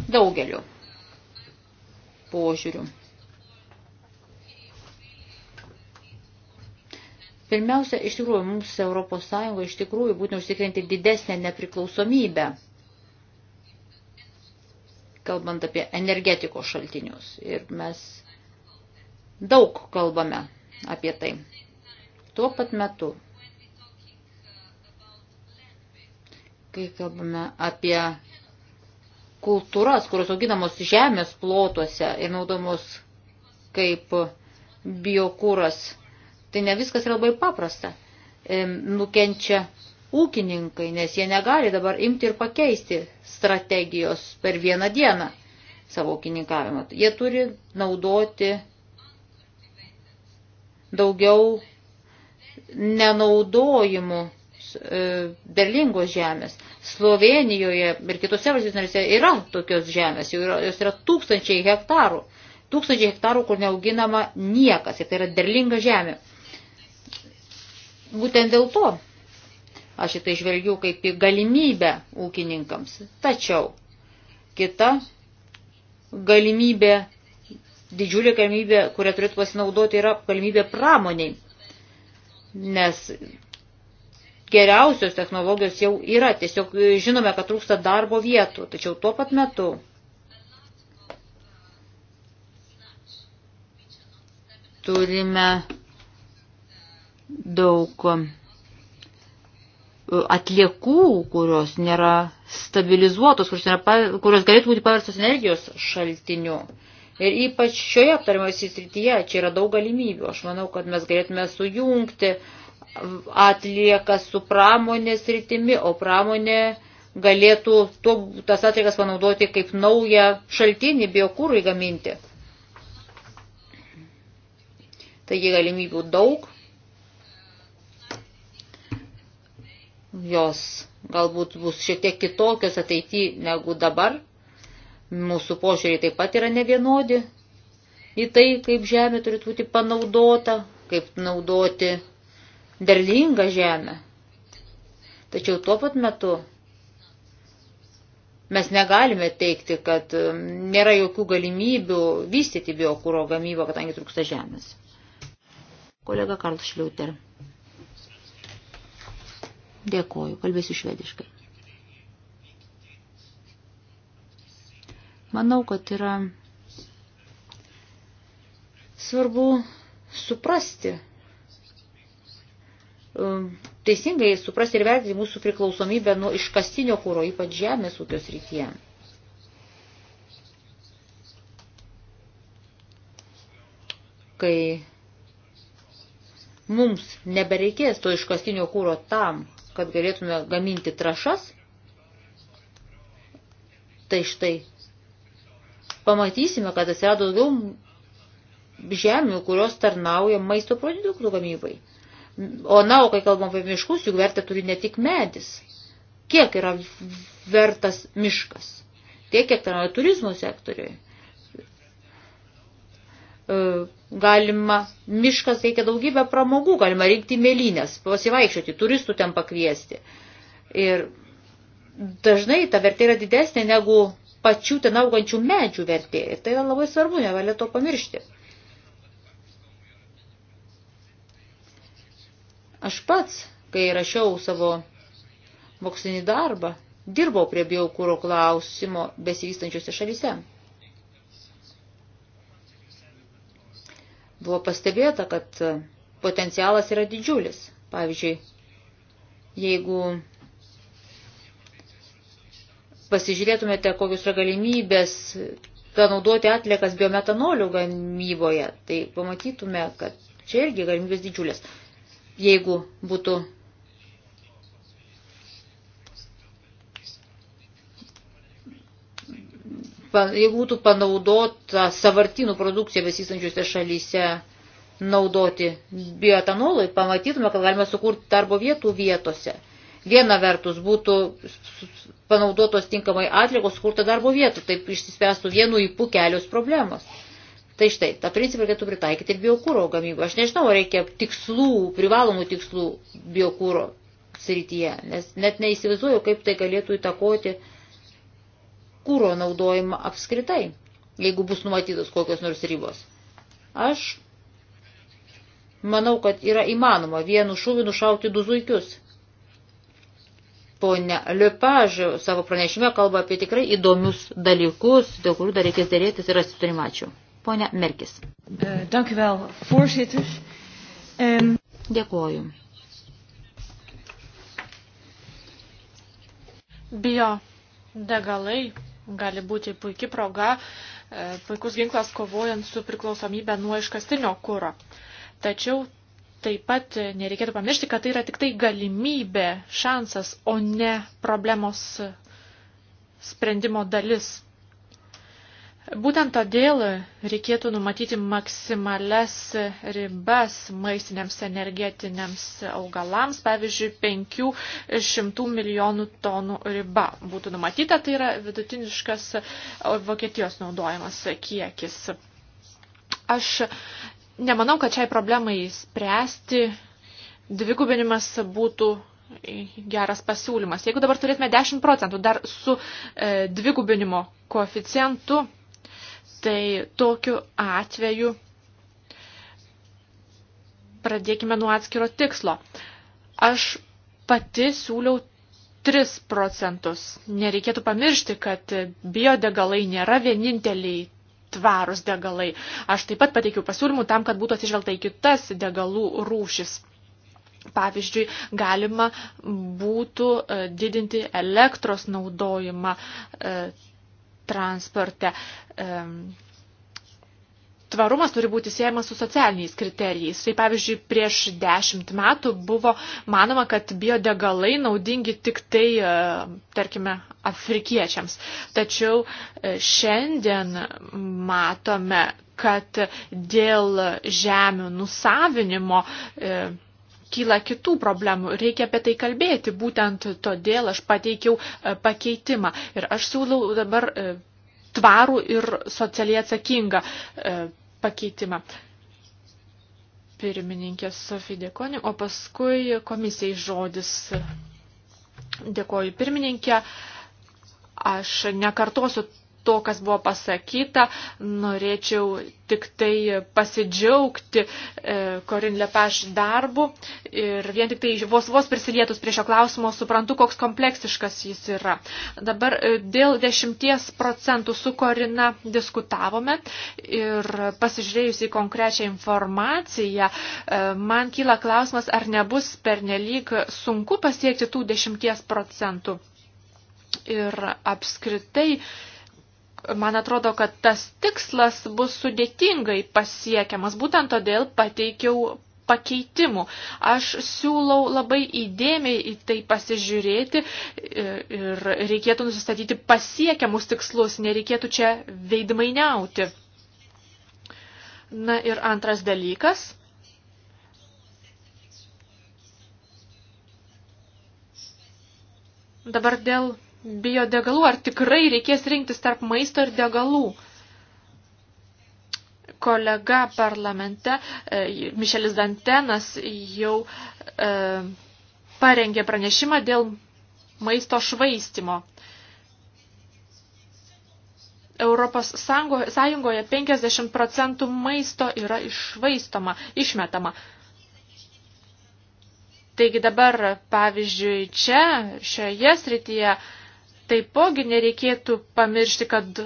daugeliu požiūrių. Pirmiausia, iš tikrųjų, mums Europos Sąjungo iš tikrųjų būtina užtikrinti didesnę nepriklausomybę, kalbant apie energetikos šaltinius. Ir mes daug kalbame apie tai. Tuo pat metu, kai kalbame apie kultūras, kurios auginamos žemės plotuose ir naudomos kaip biokūras Tai ne viskas yra labai paprasta. E, nukenčia ūkininkai, nes jie negali dabar imti ir pakeisti strategijos per vieną dieną savo ūkininkavimą. Jie turi naudoti daugiau nenaudojimų e, derlingos žemės. Slovenijoje ir kitose valstybės narėse yra tokios žemės, yra, jos yra tūkstančiai hektarų. Tūkstančiai hektarų, kur neauginama niekas, ir tai yra derlinga žemė. Būtent dėl to aš į tai žvelgiu kaip į galimybę ūkininkams. Tačiau kita galimybė, didžiulė galimybė, kurią turėtų pasinaudoti, yra galimybė pramoniai. Nes geriausios technologijos jau yra, tiesiog žinome, kad trūksta darbo vietų, tačiau tuo pat metu turime daug e, atliekų, kurios nėra stabilizuotos, kurios, nėra, kurios galėtų būti paverstos energijos šaltiniu. Ir ypač šioje aptariamoje srityje čia yra daug galimybių. Aš manau, kad mes galėtume sujungti atlieką su pramonės rytimi, o pramonė galėtų tuo, tas atliekas panaudoti kaip naują šaltinį biokūrui gaminti. Taigi galimybių daug Jos galbūt bus šiek tiek kitokios ateityje negu dabar. Mūsų požiūriai taip pat yra nevienodi į tai, kaip žemė turi būti panaudota, kaip naudoti derlingą žemę. Tačiau tuo pat metu mes negalime teikti, kad um, nėra jokių galimybių vystyti biokūro gamybą, kadangi trūksta žemės. Kolega Karl Šliuter. Dėkoju, kalbėsiu švediškai. Manau, kad yra svarbu suprasti, um, teisingai suprasti ir vertinti mūsų priklausomybę nuo iškastinio kūro, ypač žemės ūkio srityje. Kai mums nebereikės to iškastinio kūro tam, kad galėtume gaminti trašas, tai štai pamatysime, kad atsirado daugiau žemių, kurios tarnauja maisto produktų gamybai. O na, o kai kalbam apie miškus, juk vertę turi ne tik medis. Kiek yra vertas miškas? Tiek, kiek tarnauja turizmo sektoriui. E, galima, miškas teikia daugybę pramogų, galima rinkti mėlynės, pasivaikščioti, turistų ten pakviesti. Ir dažnai ta vertė yra didesnė negu pačių ten augančių medžių vertė. Ir tai yra labai svarbu, nevalia to pamiršti. Aš pats, kai rašiau savo mokslinį darbą, dirbau prie biokūro klausimo besivystančiose šalyse. Buvo pastebėta, kad potencialas yra didžiulis. Pavyzdžiui, jeigu pasižiūrėtumėte, kokius yra galimybės panaudoti atliekas biometanolių gamyboje, tai pamatytume, kad čia irgi galimybės didžiulės. Jeigu būtų jeigu būtų panaudota savartinų produkcija besistančiuose šalyse naudoti bioetanolui, pamatytume, kad galime sukurti darbo vietų vietose. Viena vertus būtų panaudotos tinkamai atlikos sukurta darbo vietų, taip išsispręstų vienu įpų kelios problemos. Tai štai, tą principą reikėtų pritaikyti ir biokūro gamybą. Aš nežinau, reikia tikslų, privalomų tikslų biokūro srityje, nes net neįsivaizduoju, kaip tai galėtų įtakoti uh, kūro naudojimą apskritai, jeigu bus numatytos kokios nors ribos. Aš manau, kad yra įmanoma vienu šūviu nušauti du zuikius. Pone Liupaž savo pranešime kalba apie tikrai įdomius dalykus, dėl kurių dar reikės dėrėtis ir asiturimačių. Pone Merkis. Eh, dank u wel, voorzitter. Ehm, Dėkuoju. Bio degalai gali būti puikia proga, e, puikus ginklas kovojant su priklausomybė nuo iškastinio kūro. Tačiau taip pat nereikėtų pamiršti, kad tai yra tik tai galimybė, šansas, o ne problemos sprendimo dalis. Būtent todėl reikėtų numatyti maksimales ribas maistiniams energetiniams augalams, pavyzdžiui, 500 milijonų tonų riba būtų numatyta, tai yra vidutiniškas Vokietijos naudojamas kiekis. Aš nemanau, kad šiai problemai spręsti dvigubinimas būtų geras pasiūlymas. Jeigu dabar turėtume 10 procentų dar su e, dvigubinimo koeficientu, tai tokiu atveju pradėkime nuo atskiro tikslo. Aš pati siūliau 3 procentus. Nereikėtų pamiršti, kad biodegalai nėra vieninteliai tvarus degalai. Aš taip pat pateikiau pasiūlymų tam, kad būtų atsižvelgta į kitas degalų rūšis. Pavyzdžiui, galima būtų e, didinti elektros naudojimą e, transporte. Tvarumas turi būti siejamas su socialiniais kriterijais. Tai pavyzdžiui, prieš dešimt metų buvo manoma, kad biodegalai naudingi tik tai, e, tarkime, afrikiečiams. Tačiau e, šiandien matome, kad dėl žemių nusavinimo e, kyla kitų problemų. Reikia apie tai kalbėti. Būtent todėl aš pateikiau e, pakeitimą. Ir aš siūlau dabar e, tvarų ir socialiai atsakingą e, pakeitimą. Pirmininkė Sofija Dėkoni, o paskui komisijai žodis. Dėkoju pirmininkė. Aš nekartosiu to, kas buvo pasakyta, norėčiau tik tai pasidžiaugti Korin e, Lepeš darbu ir vien tik tai vos vos prisilietus prie šio klausimo suprantu, koks kompleksiškas jis yra. Dabar e, dėl 10 procentų su Korina diskutavome ir pasižiūrėjus į konkrečią informaciją, e, man kyla klausimas, ar nebus pernelyg sunku pasiekti tų 10 procentų. Ir apskritai man atrodo, kad tas tikslas bus sudėtingai pasiekiamas. Būtent todėl pateikiau pakeitimų. Aš siūlau labai įdėmiai į tai pasižiūrėti e, ir reikėtų nusistatyti pasiekiamus tikslus, nereikėtų čia veidmainiauti. Na ir antras dalykas. Dabar dėl biodegalų, ar tikrai reikės rinktis tarp maisto ir degalų. Kolega parlamente, e, Mišelis Dantenas, jau e, parengė pranešimą dėl maisto švaistimo. Europos Sąjungoje 50 procentų maisto yra išvaistoma, išmetama. Taigi dabar, pavyzdžiui, čia, šioje srityje, Taipogi nereikėtų pamiršti, kad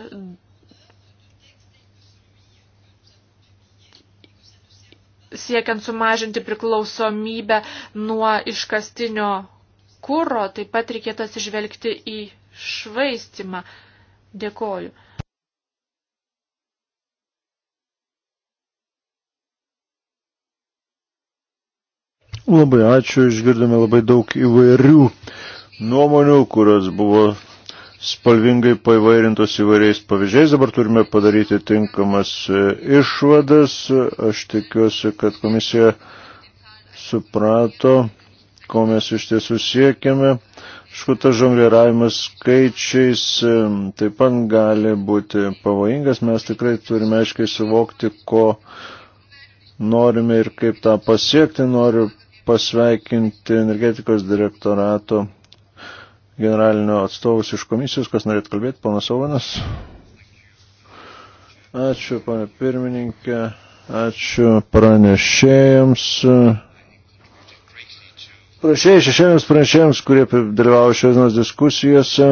siekiant sumažinti priklausomybę nuo iškastinio kūro, taip pat reikėtų atsižvelgti į švaistimą. Dėkoju. Labai ačiū, išgirdome labai daug įvairių nuomonių, kurios buvo spalvingai paivairintos įvairiais pavyzdžiais. Dabar turime padaryti tinkamas e, išvadas. Aš tikiuosi, kad komisija suprato, ko mes iš tiesų siekiame. Šku, tas žongliravimas skaičiais e, taip pat gali būti pavojingas. Mes tikrai turime aiškiai suvokti, ko norime ir kaip tą pasiekti. Noriu pasveikinti energetikos direktorato generalinio atstovus iš komisijos, kas norėtų kalbėti, ponas Auvanas. Ačiū, ponė pirmininkė, ačiū pranešėjams. Prašėjai šešėjams pranešėjams, kurie dalyvavo šios dienos diskusijose,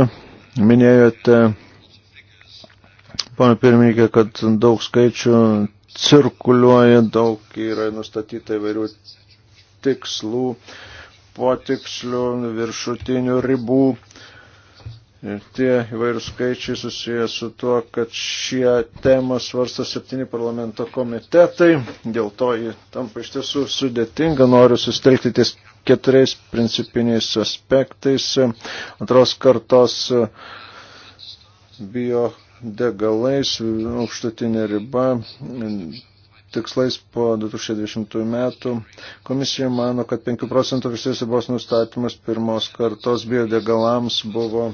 minėjote, ponė pirmininkė, kad daug skaičių cirkuliuoja, daug yra nustatyta įvairių tikslų potikslių, viršutinių ribų. Ir tie įvairių skaičiai susiję su tuo, kad šie temą svarsto septyni parlamento komitetai, dėl to jį tampa iš tiesų sudėtinga, noriu sustelkti ties keturiais principiniais aspektais. Antros kartos bio degalais, aukštutinė riba, tikslais po 2020 metų. Komisija mano, kad 5 procentų visais ribos nustatymas pirmos kartos biodegalams buvo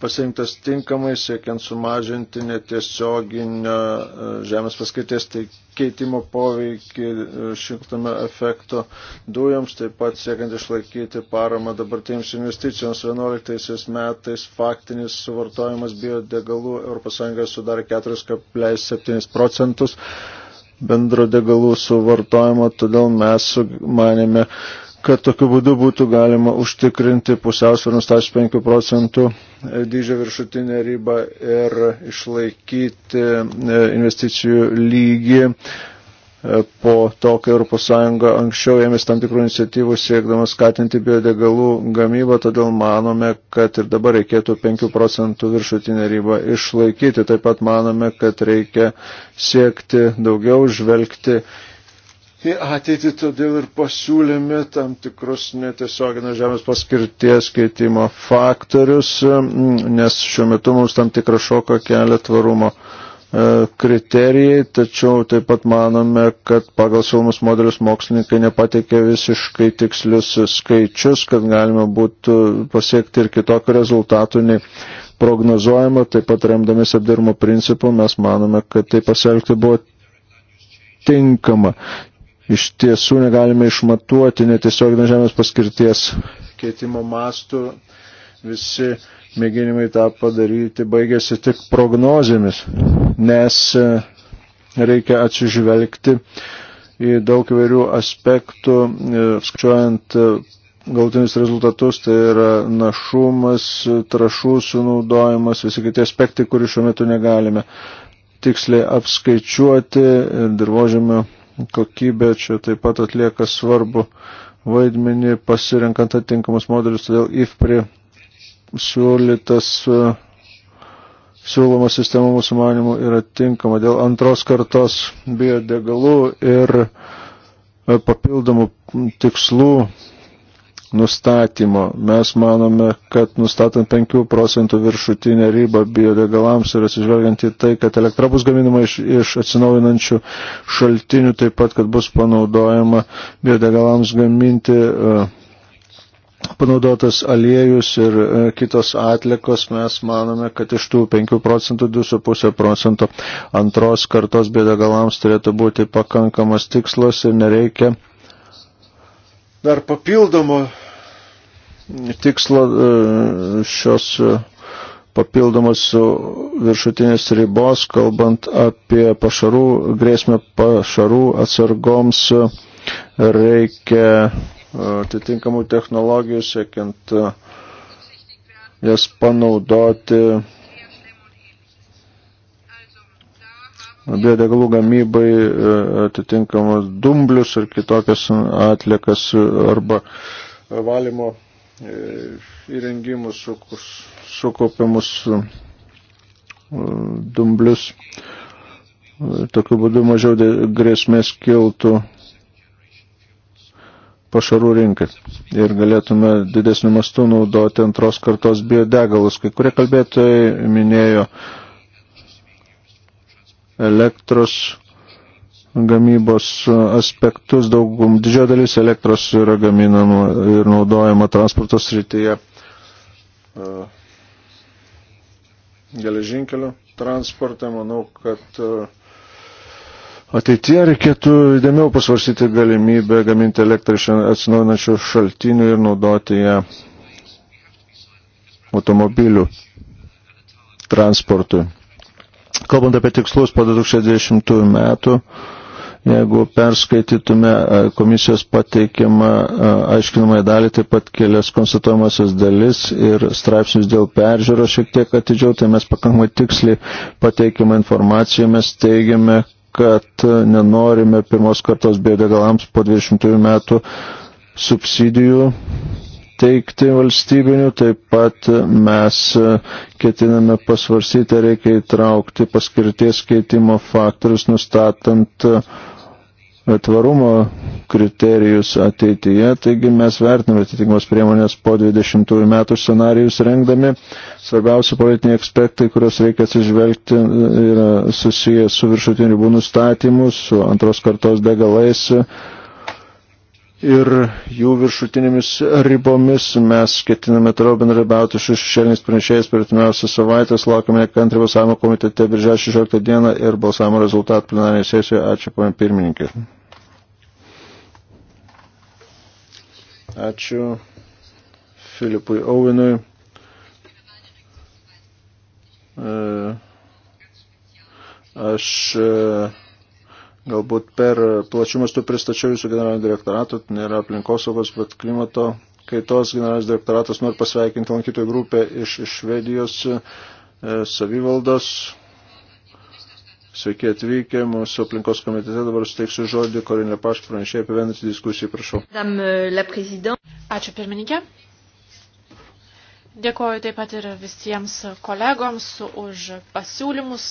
pasirinktas tinkamai, siekiant sumažinti netiesioginio e, žemės paskirties tai keitimo poveikį e, šiltame efekto dujoms, taip pat siekiant išlaikyti paramą dabartėms investicijoms. 11 metais faktinis suvartojimas biodegalų ES sudarė 4,7 procentus bendro degalų suvartojimo, todėl mes manėme, kad tokiu būdu būtų galima užtikrinti pusiausvyrą nustačius 5 procentų e, dydžio viršutinę ribą ir išlaikyti e, investicijų lygį e, po to, kai ES anksčiau ėmės tam tikrų iniciatyvų siekdamas skatinti biodegalų gamybą, todėl manome, kad ir dabar reikėtų 5 procentų viršutinę ribą išlaikyti. Taip pat manome, kad reikia siekti daugiau, žvelgti į ateitį, todėl ir pasiūlėme tam tikrus netiesioginės žemės paskirties keitimo faktorius, nes šiuo metu mums tam tikrą šoką kelia tvarumo e, kriterijai, tačiau taip pat manome, kad pagal siūlomus modelius mokslininkai nepateikė visiškai tikslius skaičius, kad galima būtų pasiekti ir kitokių rezultatų nei prognozuojama, taip pat remdamis apdirmo principų mes manome, kad tai pasielgti buvo tinkama iš tiesų negalime išmatuoti netiesioginio žemės paskirties keitimo mastų. Visi mėginimai tą padaryti baigėsi tik prognozėmis, nes e, reikia atsižvelgti į daug įvairių aspektų, e, skaičiuojant e, galtinius rezultatus, tai yra našumas, trašų sunaudojimas, visi kiti aspektai, kurių šiuo metu negalime tiksliai apskaičiuoti ir dirbožėmio kokybė čia taip pat atlieka svarbu vaidmenį pasirinkant atinkamus modelius, todėl IFPRI siūlytas e, siūloma sistema mūsų manimų yra tinkama dėl antros kartos biodegalų ir e, papildomų tikslų nustatymo. Mes manome, kad nustatant 5 procentų viršutinę ribą biodegalams ir atsižvelgiant į tai, kad elektra bus gaminama iš, iš atsinaujinančių šaltinių, taip pat, kad bus panaudojama biodegalams gaminti e, panaudotas aliejus ir e, kitos atlikos, mes manome, kad iš tų 5 procentų 2,5 procento antros kartos biodegalams turėtų būti pakankamas tikslas ir nereikia dar papildomo tikslo e, šios e, papildomos viršutinės ribos, kalbant apie pašarų, grėsmę pašarų atsargoms, e, reikia atitinkamų technologijų, siekiant jas panaudoti biodegalų gamybai e, atitinkamas dumblius ar kitokias atlikas arba valymo e, įrengimus sukaupiamus e, dumblius. Tokiu būdu mažiau grėsmės kiltų pašarų rinkai ir galėtume didesnių mastų naudoti antros kartos biodegalus. Kai kurie kalbėtojai minėjo uh, elektros gamybos aspektus. Daugum didžioji dalis elektros yra gaminama ir naudojama transporto srityje e, geležinkelio transporte. Manau, kad e, ateitie reikėtų įdėmiau pasvarsyti galimybę gaminti elektrą iš atsinaujinančių šaltinių ir naudoti ją automobilių transportui. Kalbant apie tikslus po 2020 metų, jeigu perskaitytume komisijos pateikiamą aiškinamąją dalį, taip pat kelias konstatuojamasias dalis ir straipsnius dėl peržiūro šiek tiek atidžiau, tai mes pakankamai tiksliai pateikiamą informaciją, mes teigiame, kad nenorime pirmos kartos biodegalams po 20 metų subsidijų teikti valstybinių, taip pat mes e, ketiname pasvarsyti, reikia įtraukti paskirties keitimo faktorius, nustatant e, tvarumo kriterijus ateityje, taigi mes vertiname atitikimos priemonės po 20 metų scenarijus rengdami. Svarbiausi politiniai aspektai, kuriuos reikia atsižvelgti, yra susijęs su viršutinių ribų nustatymu, su antros kartos degalais, ir jų viršutinėmis ribomis mes ketiname toliau bendrabiauti su šešėliniais pranešėjais per atimiausias savaitės. Laukime nekantrį balsavimo komitete birželio 16 dieną ir balsavimo rezultatų plenarinėje sesijoje. Ačiū, ponė pirmininkė. Ačiū Filipui Ovinui. E, aš e, Galbūt per plačių mastų pristačiau jūsų generalinio direktorato, tai nėra aplinkosaugos, bet klimato kaitos generalinis direktoratas nori pasveikinti lankytojų grupę iš Švedijos e, savivaldos. Sveiki atvykę, mūsų aplinkos komitete dabar suteiksiu žodį Korinė Paš pranešė apie vieną diskusiją, prašau. Euh, Ačiū pirmininkė. Dėkoju taip pat ir visiems kolegoms už pasiūlymus.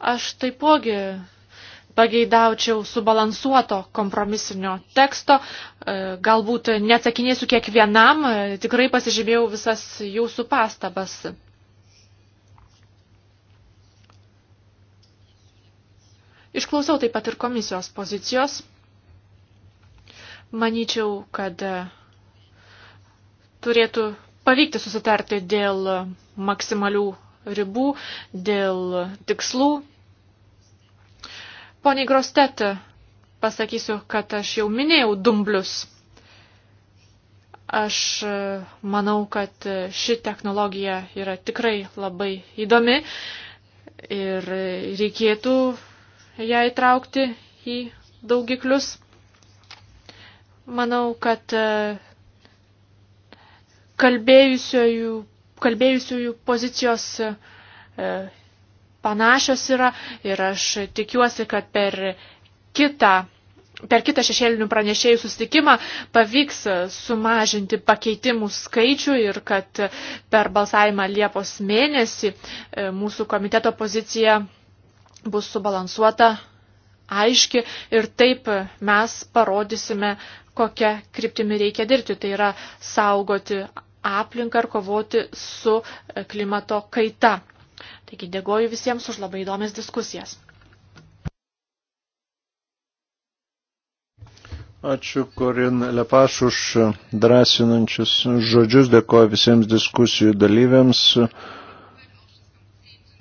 Aš taipogi pageidaučiau subalansuoto kompromisinio teksto. E, galbūt neatsakinėsiu kiekvienam, e, tikrai pasižymėjau visas jūsų pastabas. Išklausiau taip pat ir komisijos pozicijos. Manyčiau, kad e, turėtų pavykti susitarti dėl maksimalių ribų, dėl tikslų. Pone Grostetė, pasakysiu, kad aš jau minėjau dumblius. Aš e, manau, kad ši technologija yra tikrai labai įdomi ir reikėtų ją įtraukti į daugiklius. Manau, kad e, kalbėjusiojų kalbėjusiųjų pozicijos e, panašios yra ir aš tikiuosi, kad per kitą, per kitą šešėlinių pranešėjų susitikimą pavyks sumažinti pakeitimų skaičių ir kad per balsavimą Liepos mėnesį e, mūsų komiteto pozicija bus subalansuota, aiški ir taip mes parodysime, kokią kryptimį reikia dirbti. Tai yra saugoti aplinką ir kovoti su e, klimato kaita. Taigi dėkoju visiems už labai įdomias diskusijas. Ačiū Korin Lepaš už drąsinančius žodžius, dėkoju visiems diskusijų dalyviams,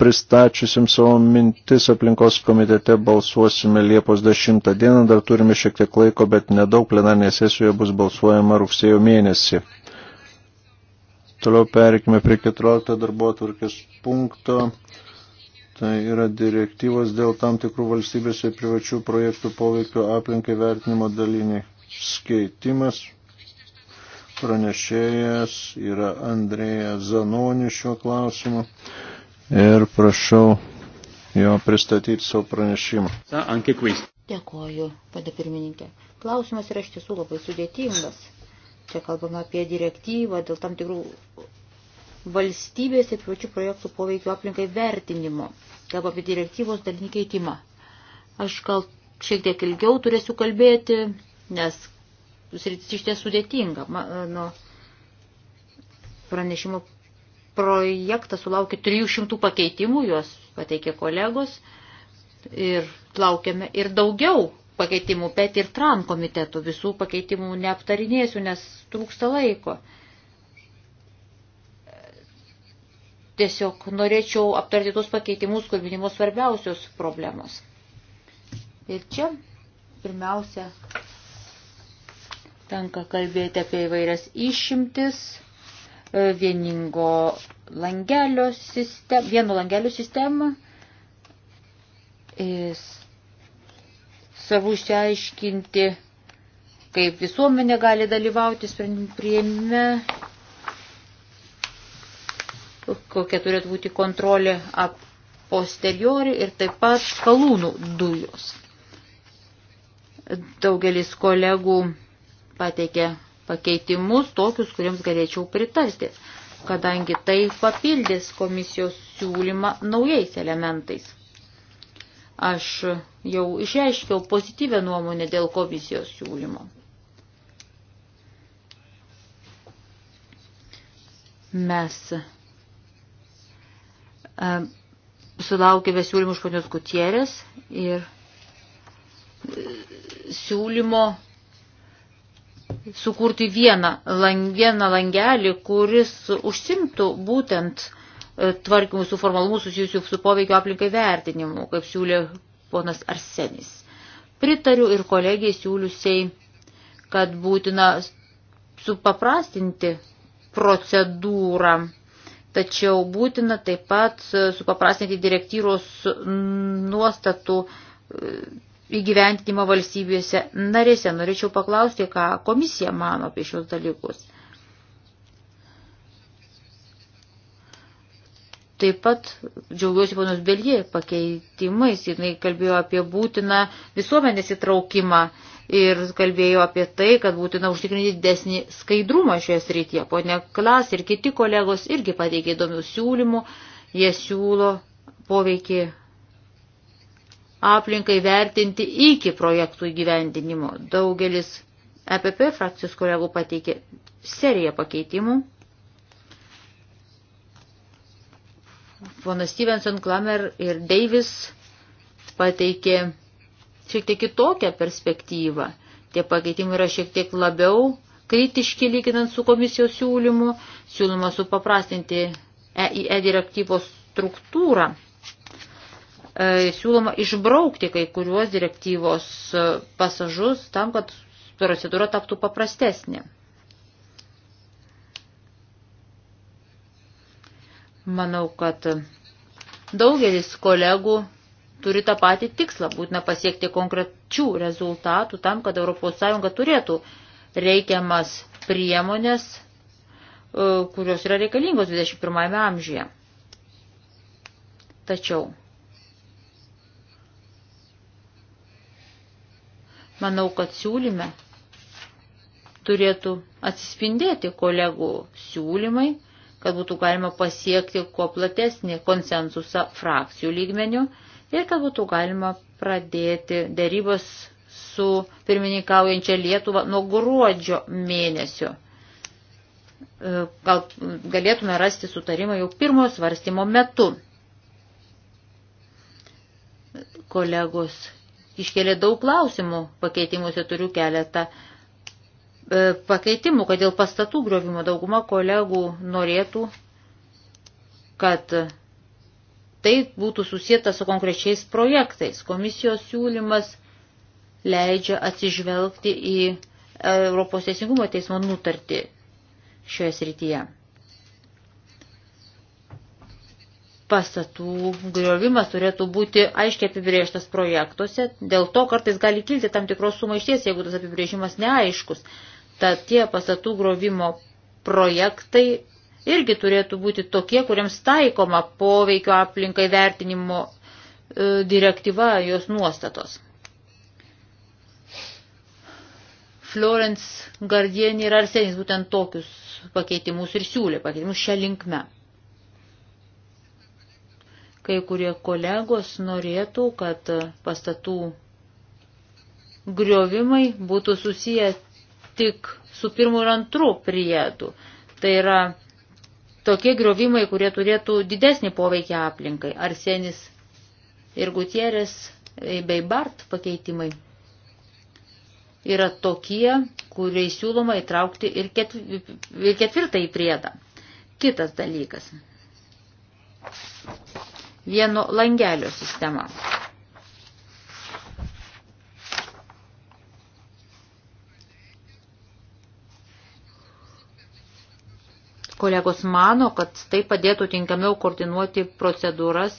pristačiusim savo mintis aplinkos komitete, balsuosime Liepos 10 dieną, dar turime šiek tiek laiko, bet nedaug plenarnėje sesijoje bus balsuojama rugsėjo mėnesį. Toliau perikime prie 14 darbo atvarkės punkto. Tai yra direktyvos dėl tam tikrų valstybės ir privačių projektų poveikio aplinkai vertinimo daliniai. Skaitimas. Pranešėjas yra Andrėja Zanoni šiuo klausimu. Ir prašau jo pristatyti savo pranešimą. Dėkoju, pada pirmininkė. Klausimas yra iš tiesų labai sudėtingas Čia kalbame apie direktyvą dėl tam tikrų valstybės ir privačių projektų poveikio aplinkai vertinimo. Kalbame apie direktyvos dalinį keitimą. Aš gal šiek tiek ilgiau turėsiu kalbėti, nes sritis iš tiesų sudėtinga. Mano pranešimo projektas sulaukė 300 pakeitimų, juos pateikė kolegos ir laukiame ir daugiau pakeitimų, bet ir tran komitetų. Visų pakeitimų neaptarinėsiu, nes trūksta laiko. Tiesiog norėčiau aptarti tos pakeitimus, kur minimos svarbiausios problemos. Ir čia pirmiausia tenka kalbėti apie įvairias išimtis, e, vieningo langelio sistemą, vieno langelio sistemą, savų išsiaiškinti, kaip visuomenė gali dalyvauti sprendimų prieimime, kokia turėtų būti kontrolė a posteriori ir taip pat kalūnų dujos. Daugelis kolegų pateikė pakeitimus, tokius, kuriems galėčiau pritarti, kadangi tai papildys komisijos siūlymą naujais elementais. Aš jau išreiškiau pozityvę nuomonę dėl komisijos siūlymo. Mes e, sulaukėme siūlymų iš ponios Gutierės ir e, siūlymo sukurti vieną, lang, vieną langelį, kuris užsimtų būtent uh, E, tvarkymų su formalumu susijusių su poveikio aplinkai vertinimu, kaip siūlė ponas Arsenis. Pritariu ir kolegijai siūliusiai, kad būtina supaprastinti procedūrą, tačiau būtina taip pat supaprastinti direktyros nuostatų e, įgyventinimą valstybėse narėse. Norėčiau paklausti, ką komisija mano apie šios dalykus. Taip pat džiaugiuosi ponos Belie pakeitimais, jinai kalbėjo apie būtiną visuomenės įtraukimą ir kalbėjo apie tai, kad būtina užtikrinti didesnį skaidrumą šioje srityje. Pone Klas ir kiti kolegos irgi pateikė įdomių siūlymų, jie siūlo poveikį aplinkai vertinti iki projektų įgyvendinimo. Daugelis EPP frakcijos kolegų pateikė seriją pakeitimų Ponas Stevenson, Klamer ir Davis pateikė šiek tiek kitokią perspektyvą. Tie pakeitimai yra šiek tiek labiau kritiški lyginant su komisijos siūlymu. Siūloma supaprastinti EIE e direktyvos struktūrą. E, siūloma išbraukti kai kuriuos direktyvos e, pasažus tam, kad procedūra taptų paprastesnė. Manau, kad daugelis kolegų turi tą patį tikslą, būtina pasiekti konkrečių rezultatų tam, kad ES turėtų reikiamas priemonės, e, kurios yra reikalingos 21 amžiuje. Tačiau manau, kad siūlyme turėtų atsispindėti kolegų siūlymai, kad būtų galima pasiekti kuo platesnį konsensusą frakcijų lygmenių ir kad būtų galima pradėti dėrybos su pirmininkaujančia Lietuva nuo gruodžio mėnesio. E, gal galėtume rasti sutarimą jau pirmojo svarstymo metu. Kolegos iškėlė daug klausimų, pakeitimuose turiu keletą E, pakeitimų, kad dėl pastatų griovimo dauguma kolegų norėtų, kad tai būtų susijęta su konkrečiais projektais. Komisijos siūlymas leidžia atsižvelgti į e, Europos teisingumo teismo nutartį šioje srityje. pastatų griovimas turėtų būti aiškiai apibrėžtas projektuose, dėl to kartais gali kilti tam tikros sumaišties, jeigu tas apibrėžimas neaiškus. Tad tie pastatų grovimo projektai irgi turėtų būti tokie, kuriems taikoma poveikio aplinkai vertinimo e, direktyva, jos nuostatos. Florence Gardienė ir Arsenis būtent tokius pakeitimus ir siūlė pakeitimus šią linkmę. Kai kurie kolegos norėtų, kad pastatų griovimai būtų susiję tik su pirmu ir antru priedu. Tai yra tokie griovimai, kurie turėtų didesnį poveikį aplinkai. Arsenis ir Gutierės bei Bart pakeitimai yra tokie, kuriais siūloma įtraukti ir ketvirtąjį priedą. Kitas dalykas. Vieno langelio sistema. Kolegos mano, kad tai padėtų tinkamiau koordinuoti procedūras,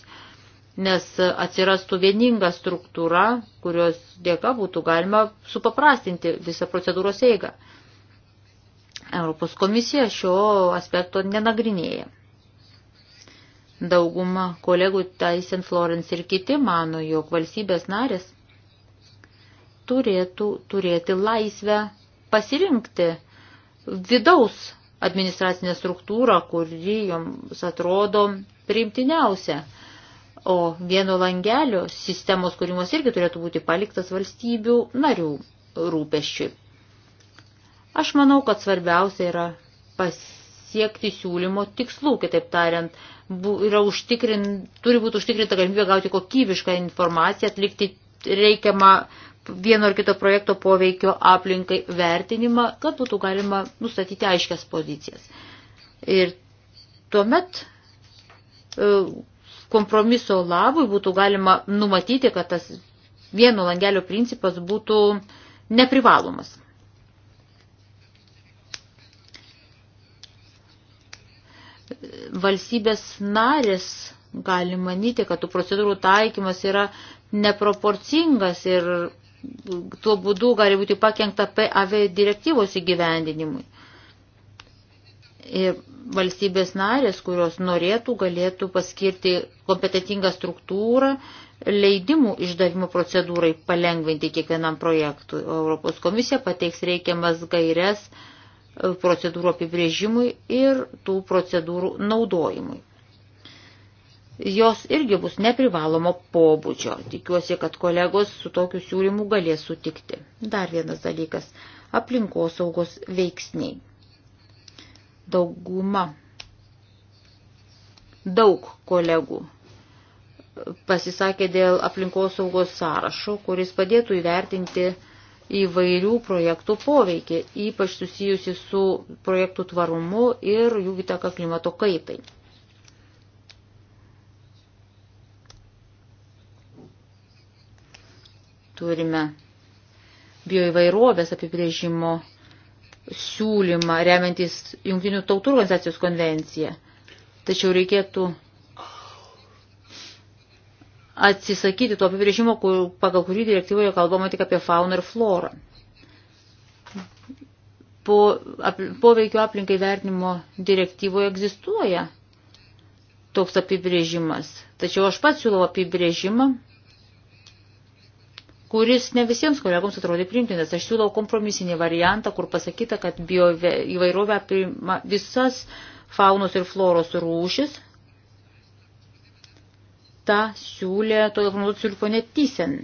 nes atsirastų vieninga struktūra, kurios dėka būtų galima supaprastinti visą procedūros eigą. Europos komisija šio aspekto nenagrinėja. Dauguma kolegų Tyson Florence ir kiti mano, jog valstybės narės turėtų turėti laisvę pasirinkti vidaus administracinę struktūrą, kuri joms atrodo priimtiniausia. O vieno langelio sistemos kūrimas irgi turėtų būti paliktas valstybių narių rūpeščiui. Aš manau, kad svarbiausia yra pasiekti siūlymo tikslų, kitaip tariant, yra užtikrin, turi būti užtikrinta galimybė gauti kokybišką informaciją, atlikti reikiamą vieno ar kito projekto poveikio aplinkai vertinimą, kad būtų galima nustatyti aiškias pozicijas. Ir tuomet e, kompromiso labui būtų galima numatyti, kad tas vieno langelio principas būtų neprivalomas. Valstybės narės gali manyti, kad tų procedūrų taikymas yra neproporcingas ir tuo būdu gali būti pakengta PAV direktyvos įgyvendinimui. Ir valstybės narės, kurios norėtų, galėtų paskirti kompetentingą struktūrą leidimų išdavimo procedūrai palengvinti kiekvienam projektui. Europos komisija pateiks reikiamas gairias procedūrų apibrėžimui ir tų procedūrų naudojimui jos irgi bus neprivalomo pobūdžio. Tikiuosi, kad kolegos su tokiu siūlymu galės sutikti. Dar vienas dalykas - aplinkosaugos veiksniai. Dauguma, daug kolegų pasisakė dėl aplinkosaugos sąrašo, kuris padėtų įvertinti įvairių projektų poveikį, ypač susijusi su projektų tvarumu ir jų įtaka klimato kaitai. Turime bioįvairovės apibrėžimo siūlymą remiantis Junktinių tautų organizacijos konvenciją. Tačiau reikėtų atsisakyti to apibrėžimo, kur, pagal kurį direktyvoje kalbama tik apie fauną ir florą. Po, ap, poveikio aplinkai vertinimo direktyvoje egzistuoja toks apibrėžimas. Tačiau aš pats siūlau apibrėžimą, kuris ne visiems kolegoms atrodė priimtinas. Aš siūlau kompromisinį variantą, kur pasakyta, kad bio įvairovę apima visas faunos ir floros rūšis. Ta siūlė toje formuotų ir ponė Tysen.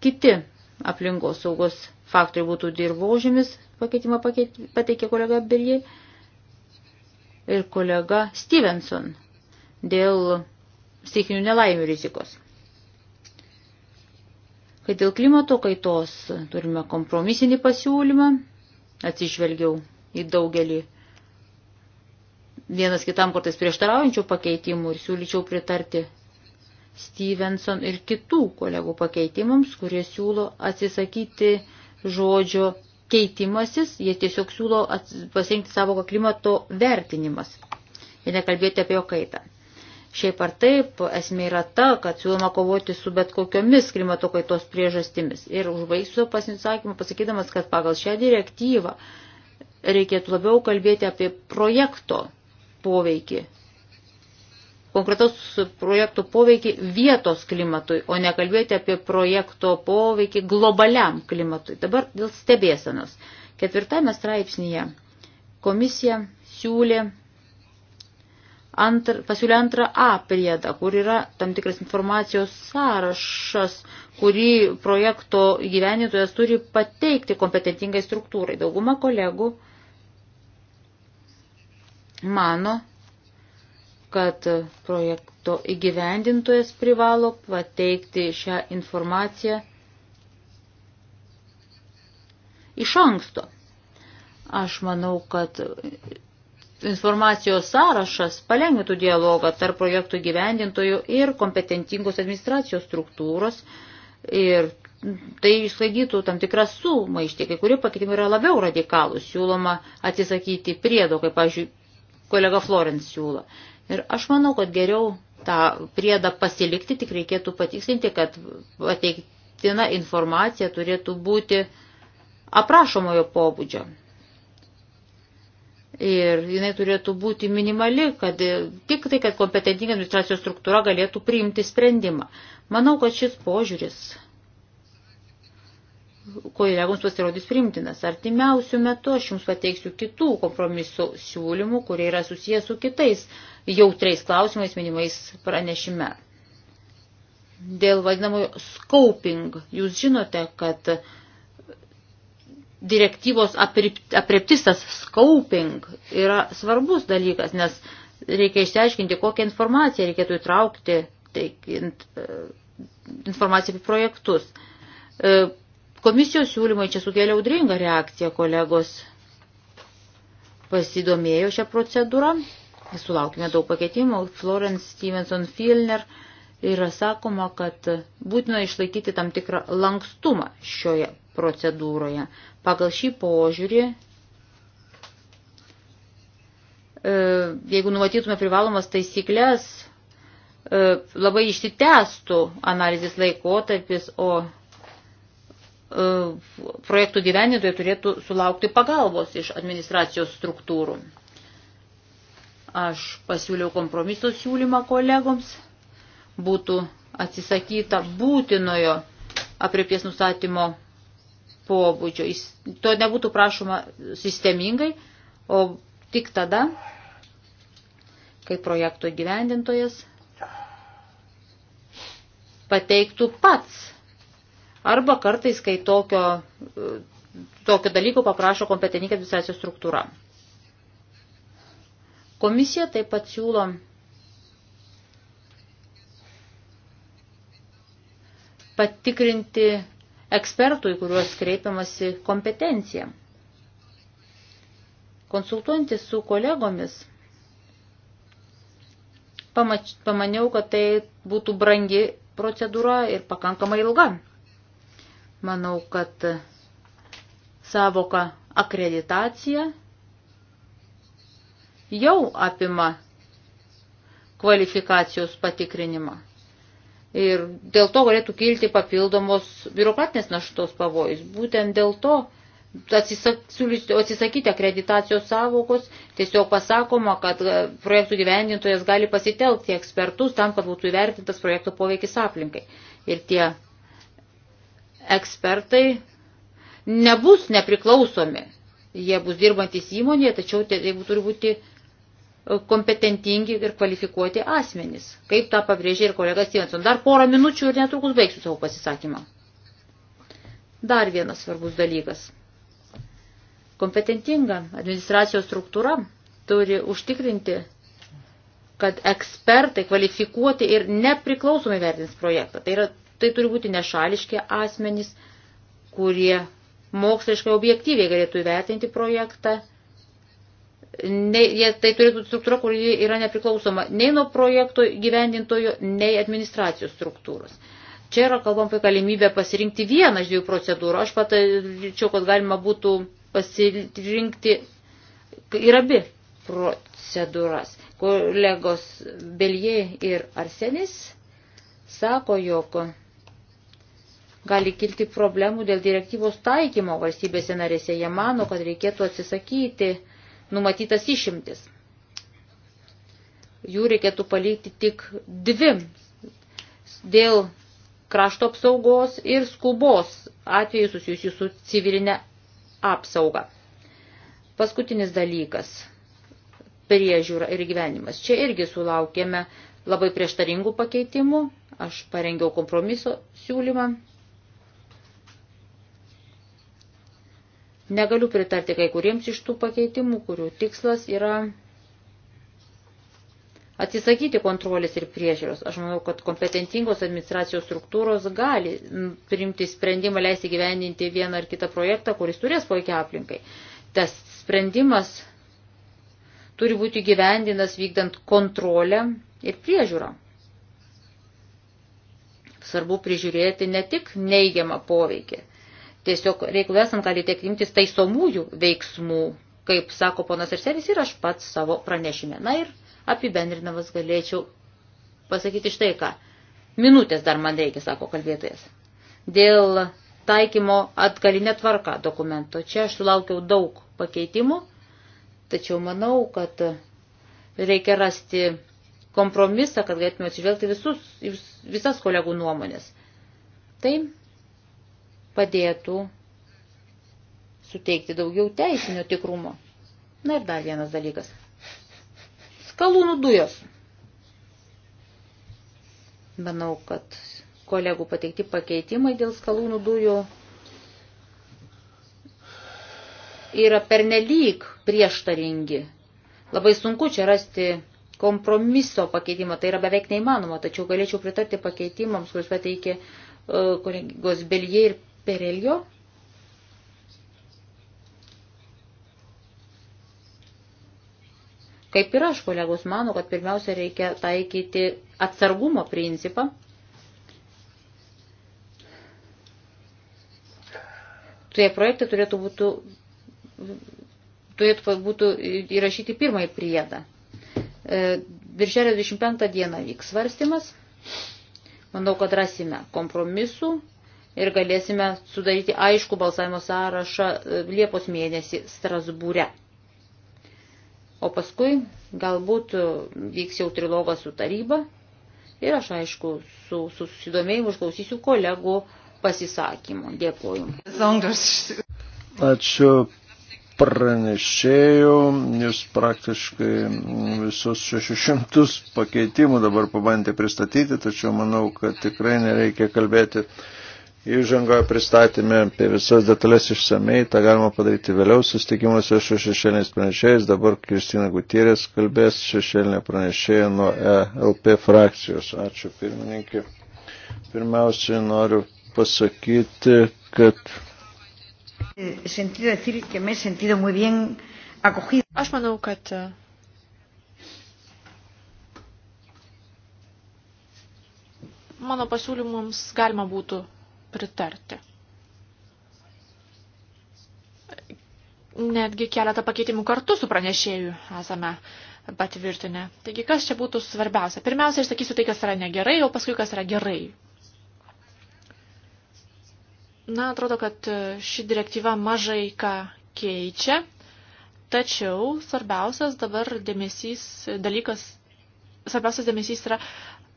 Kiti aplinkos saugos faktoriai būtų dirbožėmis, pakeitimą pakeit, pateikė kolega Birjai ir kolega Stevenson dėl stikinių nelaimių rizikos. Kai dėl klimato kaitos turime kompromisinį pasiūlymą, atsižvelgiau į daugelį vienas kitam kartais prieštaraujančių pakeitimų ir siūlyčiau pritarti Stevenson ir kitų kolegų pakeitimams, kurie siūlo atsisakyti žodžio keitimasis, jie tiesiog siūlo pasirinkti savoką klimato vertinimas ir nekalbėti apie jo kaitą. Šiaip ar taip, esmė yra ta, kad siūloma kovoti su bet kokiomis klimato kaitos priežastimis. Ir užbaigsiu pasisakymą pasakydamas, kad pagal šią direktyvą reikėtų labiau kalbėti apie projekto poveikį. Konkretaus projekto poveikį vietos klimatui, o ne kalbėti apie projekto poveikį globaliam klimatui. Dabar dėl stebėsenos. Ketvirtame straipsnėje komisija siūlė antr, pasiūlė antrą A priedą, kur yra tam tikras informacijos sąrašas, kurį projekto gyvenintojas turi pateikti kompetentingai struktūrai. Dauguma kolegų mano, kad projekto įgyvendintojas privalo pateikti šią informaciją iš anksto. Aš manau, kad informacijos sąrašas palengvintų dialogą tarp projektų gyvendintojų ir kompetentingos administracijos struktūros ir tai išsklaidytų tam tikrą sumaištį, kai kurie pakeitimai yra labiau radikalūs, siūloma atsisakyti priedo, kaip, pavyzdžiui, kolega Florence siūlo. Ir aš manau, kad geriau tą priedą pasilikti, tik reikėtų patikslinti, kad pateiktina informacija turėtų būti aprašomojo pobūdžio. Ir jinai turėtų būti minimali, kad tik tai, kad kompetentinga administracijos struktūra galėtų priimti sprendimą. Manau, kad šis požiūris kolegoms pasirodys priimtinas. Artimiausių metų aš jums pateiksiu kitų kompromisų siūlymų, kurie yra susijęs su kitais jautriais klausimais minimais pranešime. Dėl vadinamųjų scoping, jūs žinote, kad direktyvos apreptis tas scoping yra svarbus dalykas, nes reikia išsiaiškinti, kokią informaciją reikėtų įtraukti, teikiant e, informaciją apie projektus. E, komisijos siūlymai čia sukėlė audringą reakciją, kolegos pasidomėjo šią procedūrą. Sulaukime daug pakeitimų. Florence Stevenson Filner yra sakoma, kad būtina išlaikyti tam tikrą lankstumą šioje procedūroje. Pagal šį požiūrį, e, jeigu numatytume privalomas taisyklės, e, labai išsitęstų analizės laikotarpis, o e, projektų gyvenintojai turėtų sulaukti pagalbos iš administracijos struktūrų. Aš pasiūliau kompromiso siūlymą kolegoms būtų atsisakyta būtinojo apriepties nustatymo pobūdžio. To nebūtų prašoma sistemingai, o tik tada, kai projekto gyvendintojas pateiktų pats. Arba kartais, kai tokio, tokio dalyko paprašo kompetentinga administracijos struktūra. Komisija taip pat siūlo patikrinti ekspertų, į kuriuos kreipiamasi kompetencija. Konsultuojantis su kolegomis, pamač, pamaniau, kad tai būtų brangi procedūra ir pakankamai ilga. Manau, kad savoka akreditacija jau apima kvalifikacijos patikrinimą ir dėl to galėtų kilti papildomos biurokratinės naštos pavojus. Būtent dėl to atsisakyti akreditacijos savokos, tiesiog pasakoma, kad e, projektų gyvendintojas gali pasitelkti ekspertus tam, kad būtų įvertintas projekto poveikis aplinkai. Ir tie ekspertai nebus nepriklausomi. Jie bus dirbantis įmonėje, tačiau jeigu turi būti kompetentingi ir kvalifikuoti asmenys. Kaip tą pabrėžė ir kolega Stevenson. Dar porą minučių ir netrukus baigsiu savo pasisakymą. Dar vienas svarbus dalykas. Kompetentinga administracijos struktūra turi užtikrinti, kad ekspertai kvalifikuoti ir nepriklausomai vertins projektą. Tai, yra, tai turi būti nešališki asmenys, kurie moksliškai objektyviai galėtų įvertinti projektą Nei, tai turėtų būti struktūra, kuri yra nepriklausoma nei nuo projekto gyvendintojo, nei administracijos struktūros. Čia yra kalbam apie galimybę pasirinkti vieną iš dviejų procedūrų. Aš patačiau, kad galima būtų pasirinkti ir abi procedūras. Kolegos Belie ir Arsenis sako, jog gali kilti problemų dėl direktyvos taikymo valstybėse narėse. Jie mano, kad reikėtų atsisakyti numatytas išimtis. Jų reikėtų palikti tik dvi dėl krašto apsaugos ir skubos atveju susijusių su civilinė apsauga. Paskutinis dalykas – priežiūra ir gyvenimas. Čia irgi sulaukėme labai prieštaringų pakeitimų. Aš parengiau kompromiso siūlymą. Negaliu pritarti kai kuriems iš tų pakeitimų, kurių tikslas yra atsisakyti kontrolės ir priežiūros. Aš manau, kad kompetentingos administracijos struktūros gali priimti sprendimą leisti gyveninti vieną ar kitą projektą, kuris turės poikia aplinkai. Tas sprendimas turi būti gyvendinas vykdant kontrolę ir priežiūrą. Svarbu prižiūrėti ne tik neigiamą poveikį Tiesiog reiklų esant galite imtis taisomųjų veiksmų, kaip sako ponas Arsenis ir aš pats savo pranešime. Na ir apibendrinamas galėčiau pasakyti štai ką. Minutės dar man reikia, sako kalbėtojas. Dėl taikymo atgalinė tvarka dokumento. Čia aš sulaukiau daug pakeitimų, tačiau manau, kad reikia rasti kompromisą, kad galėtume atsižvelgti visus, visas kolegų nuomonės. Tai padėtų suteikti daugiau teisinio tikrumo. Na ir dar vienas dalykas. Skalūnų dujos. Manau, kad kolegų pateikti pakeitimai dėl skalūnų dujų yra pernelyg prieštaringi. Labai sunku čia rasti kompromiso pakeitimą, tai yra beveik neįmanoma, tačiau galėčiau pritarti pakeitimams, kuris pateikė e, kolegos Belie ir Perelio. Kaip ir aš, kolegos, manau, kad pirmiausia reikia taikyti atsargumo principą. Tie projektai turėtų būtų, turėtų būtų įrašyti pirmąjį priedą. E, Birželio 25 dieną vyks svarstymas. Manau, kad rasime kompromisų ir galėsime sudaryti aišku balsavimo sąrašą e, Liepos mėnesį Strasbūre. O paskui galbūt e, vyks jau trilogas su taryba ir aš aišku su, su susidomėjimu išklausysiu kolegų pasisakymų. Dėkuoju. Ačiū pranešėjų, jūs praktiškai visus 600 pakeitimų dabar pabandė pristatyti, tačiau manau, kad tikrai nereikia kalbėti įžangoje pristatėme apie visas detalės išsamei, tą galima padaryti vėliau susitikimuose su šešėliniais pranešėjais. Dabar Kristina Gutierės kalbės šešėlinė pranešėja nuo e LP frakcijos. Ačiū pirmininkė. Pirmiausiai noriu pasakyti, kad. Aš manau, kad mano pasiūlymams galima būtų pritarti. Netgi keletą pakeitimų kartu su pranešėju esame patvirtinę. Taigi, kas čia būtų svarbiausia? Pirmiausia, išsakysiu tai, kas yra negerai, o paskui, kas yra gerai. Na, atrodo, kad ši direktyva mažai ką keičia, tačiau svarbiausias dabar dėmesys, dalykas, svarbiausias dėmesys yra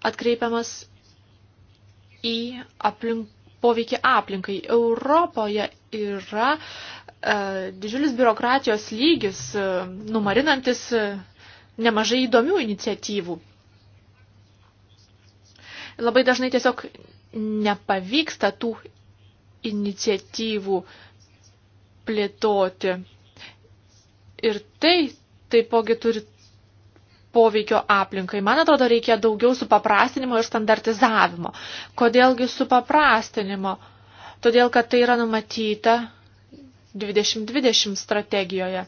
atkreipiamas į aplink poveikį aplinkai. Europoje yra e, didžiulis biurokratijos lygis, e, numarinantis e, nemažai įdomių iniciatyvų. Labai dažnai tiesiog nepavyksta tų iniciatyvų plėtoti. Ir tai taipogi turi poveikio aplinkai. Man atrodo, reikia daugiau supaprastinimo ir standartizavimo. Kodėlgi supaprastinimo? Todėl, kad tai yra numatyta 2020 strategijoje.